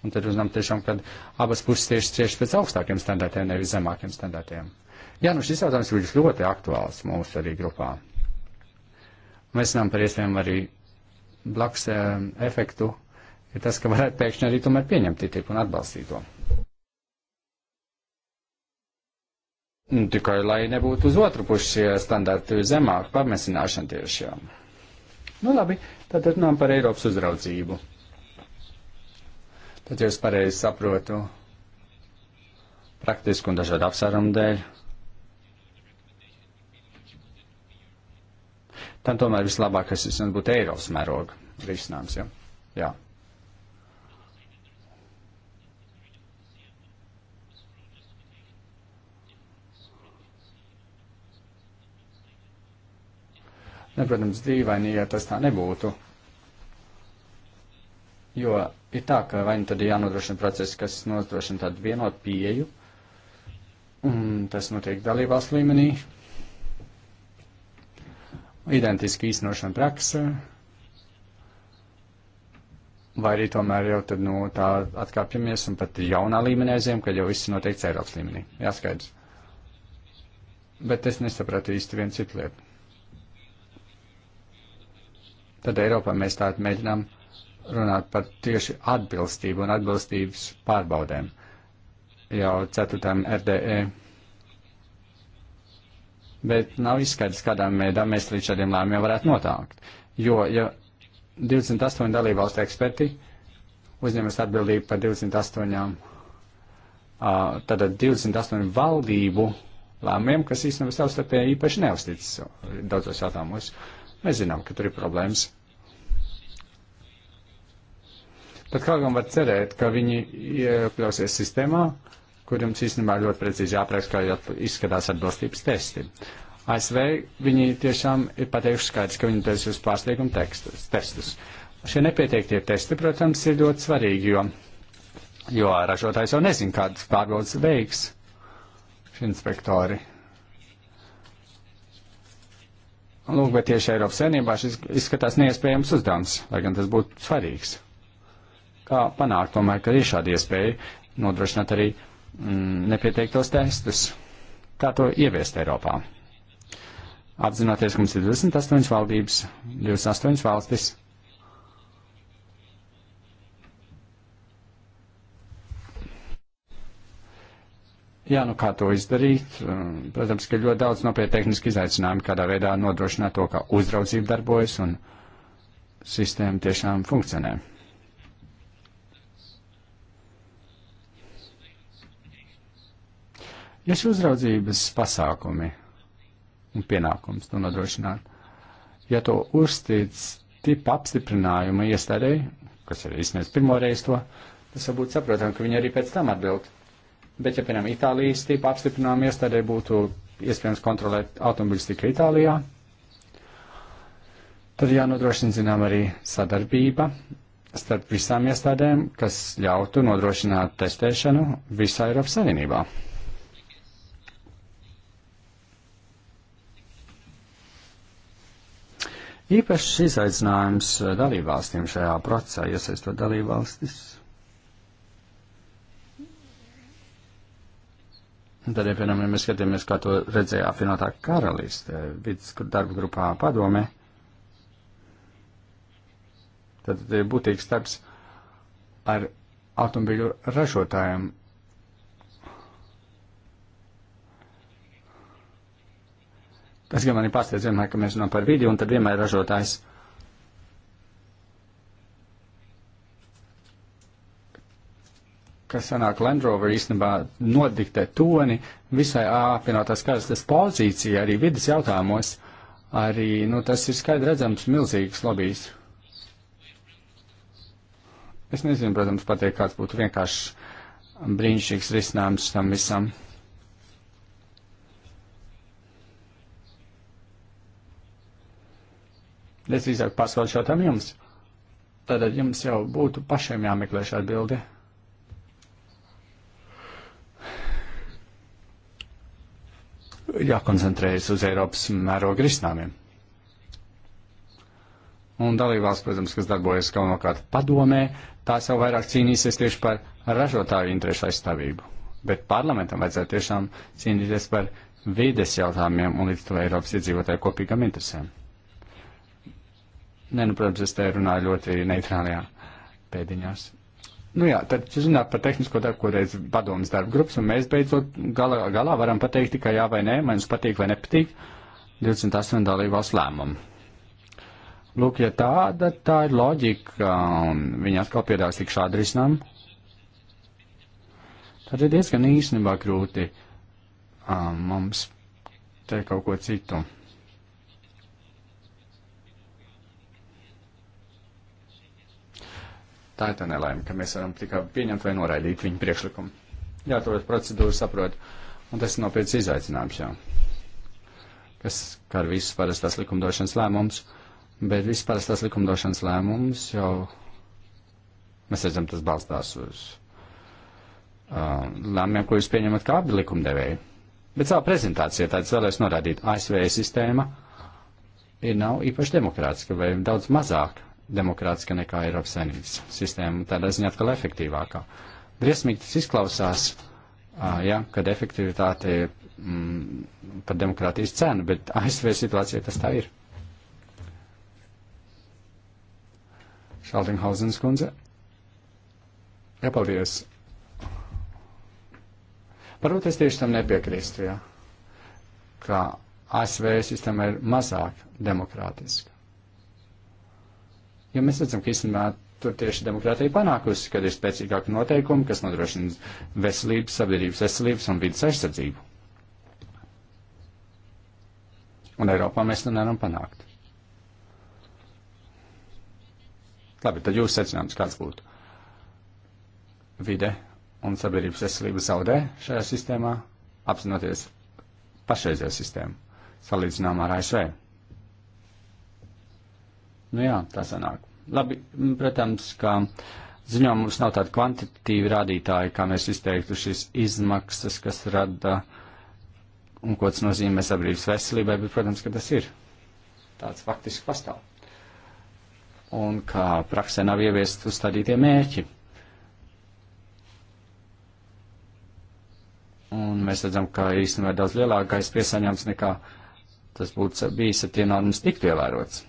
Un tad uzņem tiešām, kad abas puses tieši cieši pēc augstākiem standartiem, nevis zemākiem standartiem. Jā, nu šis jautājums ir ļoti aktuāls mūsu arī grupā. Mēs zinām par iespējām arī blakus e, efektu, ir tas, ka varētu pēkšņi arī tomēr pieņemt TTIP un atbalstīt to. Nu, tikai lai nebūtu uz otru pušu šie standarti zemāk, pamesināšana tiešām. Nu labi, tad runājam par Eiropas uzraudzību. Tad jūs pareizi saprotu praktisku un dažādu apsvērumu dēļ. Tam tomēr vislabākais ir būtu Eiropas mēroga risinājums, ja? jā. Ne, protams, dīvaini, ja tas tā nebūtu. Jo ir tā, ka vai nu tad ir jānodrošina procesi, kas nodrošina tādu vienotu pieeju, un tas notiek dalībās līmenī, identiski īstenošana praksa, vai arī tomēr jau tad, nu, tā atkāpjamies un pat jaunā līmenī aiziem, kad jau viss noteikts Eiropas līmenī. Jāskaidrs. Bet es nesapratu īsti vienu citu lietu tad Eiropā mēs tādu mēģinām runāt par tieši atbilstību un atbilstības pārbaudēm jau ceturtam RDE. Bet nav izskaidrs, kādā veidā mēs līdz šādiem lēmumiem varētu notākt. Jo, ja 28 dalībvalstu eksperti uzņemas atbildību par 28, uh, tad 28 valdību lēmumiem, kas īstenībā savstarpēji īpaši neuzticas daudzos jautājumos. Uh, Mēs zinām, ka tur ir problēmas. Pat kā gan var cerēt, ka viņi iekļausies sistēmā, kur jums īstenībā ļoti precīzi jāapraksta, kā izskatās atbilstības testi. ASV viņi tiešām ir pateikuši skaidrs, ka viņi taisīs pārsteigumu tekstus, testus. Šie nepieteiktie testi, protams, ir ļoti svarīgi, jo, jo ražotājs jau nezin, kādas pārbaudas veiks šie inspektori. Un lūk, bet tieši Eiropas saimniebā šis izskatās neiespējams uzdevums, lai gan tas būtu svarīgs. Kā panākt tomēr, ka ir šāda iespēja nodrošināt arī mm, nepieteiktos testus? Kā to ieviest Eiropā? Apzinoties, ka mums ir 28 valdības, 28 valstis, Jā, nu kā to izdarīt? Um, protams, ka ļoti daudz nopietni tehniski izaicinājumi, kādā veidā nodrošināt to, kā uzraudzība darbojas un sistēma tiešām funkcionē. Ja šī uzraudzības pasākumi un pienākums to nodrošināt, ja to uztic tipa apstiprinājuma iestādēji, kas ir izsniedz pirmo reizi to, tas varbūt saprotam, ka viņi arī pēc tam atbild. Bet, ja, piemēram, Itālijas tipa apstiprinājuma iestādē būtu iespējams kontrolēt automobiļus tikai Itālijā, tad jānodrošina, zinām, arī sadarbība starp visām iestādēm, kas ļautu nodrošināt testēšanu visā Eiropas Savienībā. Īpašs izaicinājums dalībvalstīm šajā procesā iesaistot dalībvalstis Un tad, ja, piemēram, ja mēs skatāmies, kā to redzēja apvienotā karaliste vidas darba grupā padome, tad ir būtīgs starps ar automobiļu ražotājiem. Tas, gan man ir pārsteidz vienmēr, ka mēs runājam par vidi, un tad vienmēr ražotājs ka sanāk Land Rover īstenībā nodiktē toni visai apvienotās karalistes pozīcija arī vidas jautājumos. Arī, nu, tas ir skaidri redzams milzīgs lobijs. Es nezinu, protams, pateikt, kāds būtu vienkāršs brīnišķīgs risinājums tam visam. Es drīzāk pasvaru šo tam jums. Tātad jums jau būtu pašiem jāmeklē šī atbilde. jākoncentrējas uz Eiropas mēroga risinājumiem. Un dalībvalsts, protams, kas darbojas galvenokārt padomē, tās jau vairāk cīnīsies tieši par ražotāju interešu aizstāvību. Bet parlamentam vajadzētu tiešām cīnīties par vides jautājumiem un līdz to Eiropas iedzīvotāju kopīgam interesēm. Nē, nu, protams, es te runāju ļoti neitrālajā pēdiņās. Nu jā, tad jūs zināt par tehnisko darbu, ko reiz padomas darba grupas, un mēs beidzot galā, galā varam pateikt tikai jā vai nē, man jums patīk vai nepatīk 28 dalībās lēmumu. Lūk, ja tāda, tā ir loģika, un viņi atkal piedāvās tik šādu risinājumu, tad ir diezgan īstenībā grūti um, mums teikt kaut ko citu. Tā ir tā nelēma, ka mēs varam tikai pieņemt vai noraidīt viņu priekšlikumu. Jā, to es procedūru saprotu, un tas ir nopietns izaicinājums jau, kas kā ar visus parastās likumdošanas lēmumus, bet viss parastās likumdošanas lēmumus jau mēs redzam, tas balstās uz uh, lēmumiem, ko jūs pieņemat kā abi likumdevēji. Bet savā prezentācijā tāds vēlēs norādīt, ASV sistēma ir nav īpaši demokrātiska vai daudz mazāk demokrātiska nekā Eiropas saimnības sistēma, tādā ziņā atkal efektīvākā. Briesmīgi tas izklausās, ja, kad efektivitāte ir mm, par demokrātijas cenu, bet ASV situācija tas tā ir. Šaldinghausens kundze. Jā, paldies. Varbūt es tieši tam nepiekrīstu, jā. Ka ASV sistēma ir mazāk demokrātiska. Jo mēs redzam, ka īstenībā tur tieši demokrātija panākusi, kad ir spēcīgāki noteikumi, kas nodrošina veselības, sabiedrības veselības un vidas aizsardzību. Un Eiropā mēs to nevaram panākt. Labi, tad jūs secinājums kāds būtu? Vide un sabiedrības veselība zaudē šajā sistēmā, apzinoties pašreizējo sistēmu, salīdzinām ar ASV. Nu jā, tā sanāk. Labi, protams, ka ziņā mums nav tādi kvantitīvi rādītāji, kā mēs izteiktu šīs izmaksas, kas rada un ko tas nozīmē sabiedrības veselībai, bet, protams, ka tas ir tāds faktiski pastāv. Un kā praksē nav ieviest uzstādītie mērķi. Un mēs redzam, ka īstenībā ir daudz lielākais piesaņēmums nekā tas būtu bijis, ja tie normas tiktu ievērots.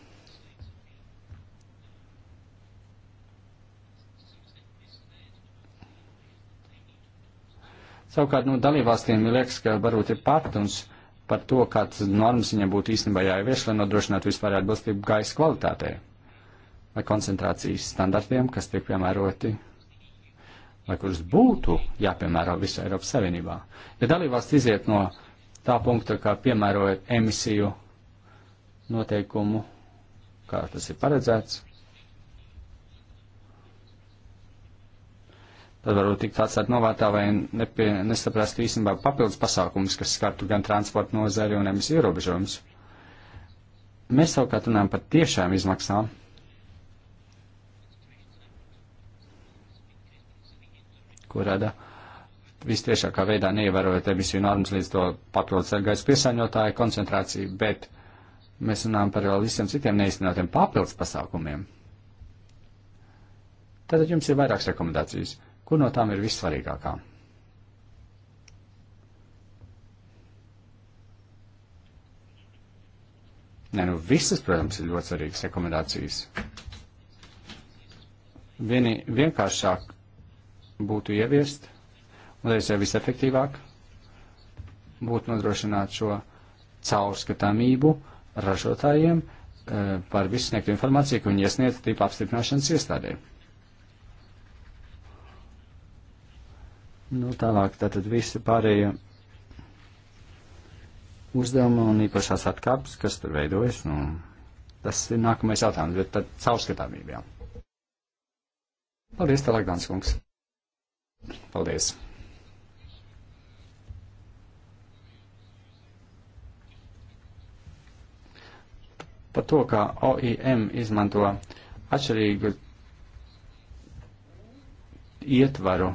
Savukārt, nu, dalībvalstīm liekas, ka varbūt ir pārtums par to, kāds normas viņam būtu īstenībā jāievieš, lai nodrošinātu vispār atbilstību gaisa kvalitātei vai koncentrācijas standartiem, kas tiek piemēroti vai kurus būtu jāpiemēro visā Eiropas Savienībā. Ja dalībvalsts iziet no tā punkta, kā piemērojot emisiju noteikumu, kā tas ir paredzēts, tad varbūt tikt atstāt novārtā vai nepie, nesaprast īstenībā papildus pasākumus, kas skartu gan transporta nozari un emisiju ierobežojumus. Mēs savukārt runājam par tiešām izmaksām. ko rada vistiešākā veidā neievērojot emisiju normas līdz to papildus ar gaisa piesāņotāju koncentrāciju, bet mēs runājam par vēl visiem citiem neiztenotiem papildus pasākumiem. Tātad jums ir vairākas rekomendācijas. Uh, Kur no tām ir vissvarīgākā? Nē, nu visas, protams, ir ļoti svarīgas rekomendācijas. Vieni vienkāršāk būtu ieviest, un reizē visefektīvāk būtu nodrošināt šo caurskatāmību ražotājiem eh, par visu sniegtu informāciju, ko viņi iesniedz tīpa apstiprināšanas iestādēm. Nu, tālāk tātad visi pārējie uzdevumi un īpašās atkāpes, kas tur veidojas, nu, tas ir nākamais jautājums, bet tad caurskatāmība jau. Paldies, tālāk, Dāns kungs. Paldies. par to, ka OIM izmanto atšķirīgu ietvaru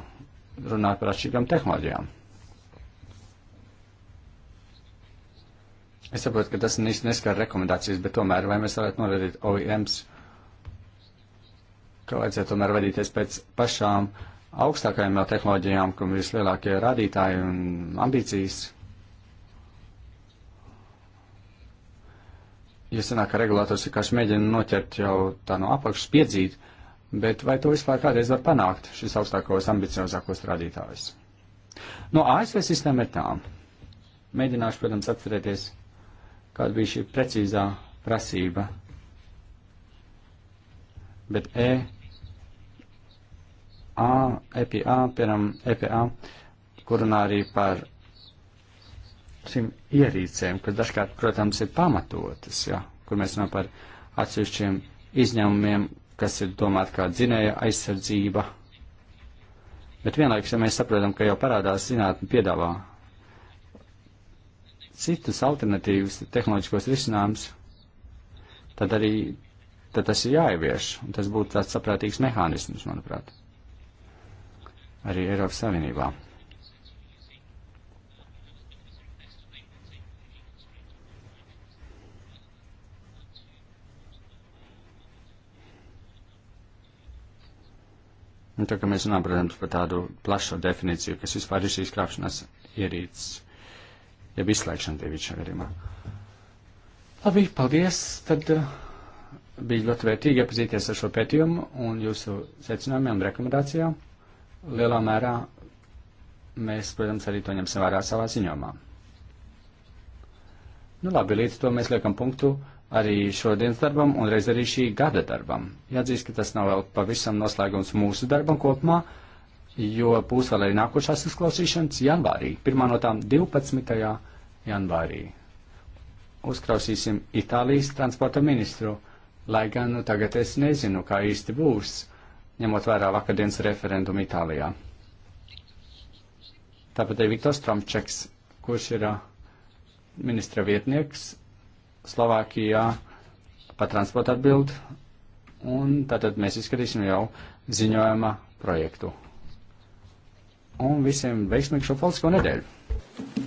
runāt par atšķirīgām tehnoloģijām. Es saprotu, ka tas īsti neskar rekomendācijas, bet tomēr vai mēs varētu norādīt OEMs, ka vajadzētu tomēr vadīties pēc pašām augstākajām tehnoloģijām, kur ir vislielākie rādītāji un ambīcijas? Jo ja sanāk, ka regulators vienkārši mēģina noķert jau tā no apakšas piedzīt Bet vai to vispār kādreiz var panākt šis augstākos, ambiciozākos rādītājs? No ASV sistēma ir tā. Mēģināšu, protams, atcerēties, kāda bija šī precīzā prasība. Bet E, A, EPA, piemēram, EPA, kur runā arī par šīm ierīcēm, kas dažkārt, protams, ir pamatotas, ja, kur mēs runājam par atsevišķiem izņēmumiem, kas ir domāti kā dzinēja aizsardzība. Bet vienlaikus, ja mēs saprotam, ka jau parādās zinātni piedāvā citus alternatīvus tehnoloģiskos risinājumus, tad arī tad tas ir jāievieš, un tas būtu tāds saprātīgs mehānisms, manuprāt, arī Eiropas Savienībā. Nu, tā kā mēs runājam, protams, par tādu plašu definīciju, kas vispār ir šīs krāpšanas ierīces, jeb izslēgšana divi šajā gadījumā. Labi, paldies! Tad uh, bija ļoti vērtīgi iepazīties ar šo pētījumu un jūsu secinājumiem un rekomendācijām. Lielā mērā mēs, protams, arī to ņemsim vērā savā ziņomā. Nu labi, līdz to mēs liekam punktu arī šodienas darbam un reiz arī šī gada darbam. Jāatzīst, ka tas nav vēl pavisam noslēgums mūsu darbam kopumā, jo būs vēl arī nākošās uzklausīšanas janvārī, pirmā no tām 12. janvārī. Uzklausīsim Itālijas transporta ministru, lai gan nu, tagad es nezinu, kā īsti būs, ņemot vērā vakardienas referendumu Itālijā. Tāpat arī Viktors Tromčeks, kurš ir ministra vietnieks Slovākijā par transportu atbild, un tātad mēs izskatīsim jau ziņojuma projektu. Un visiem veiksmīgu šo politisko nedēļu!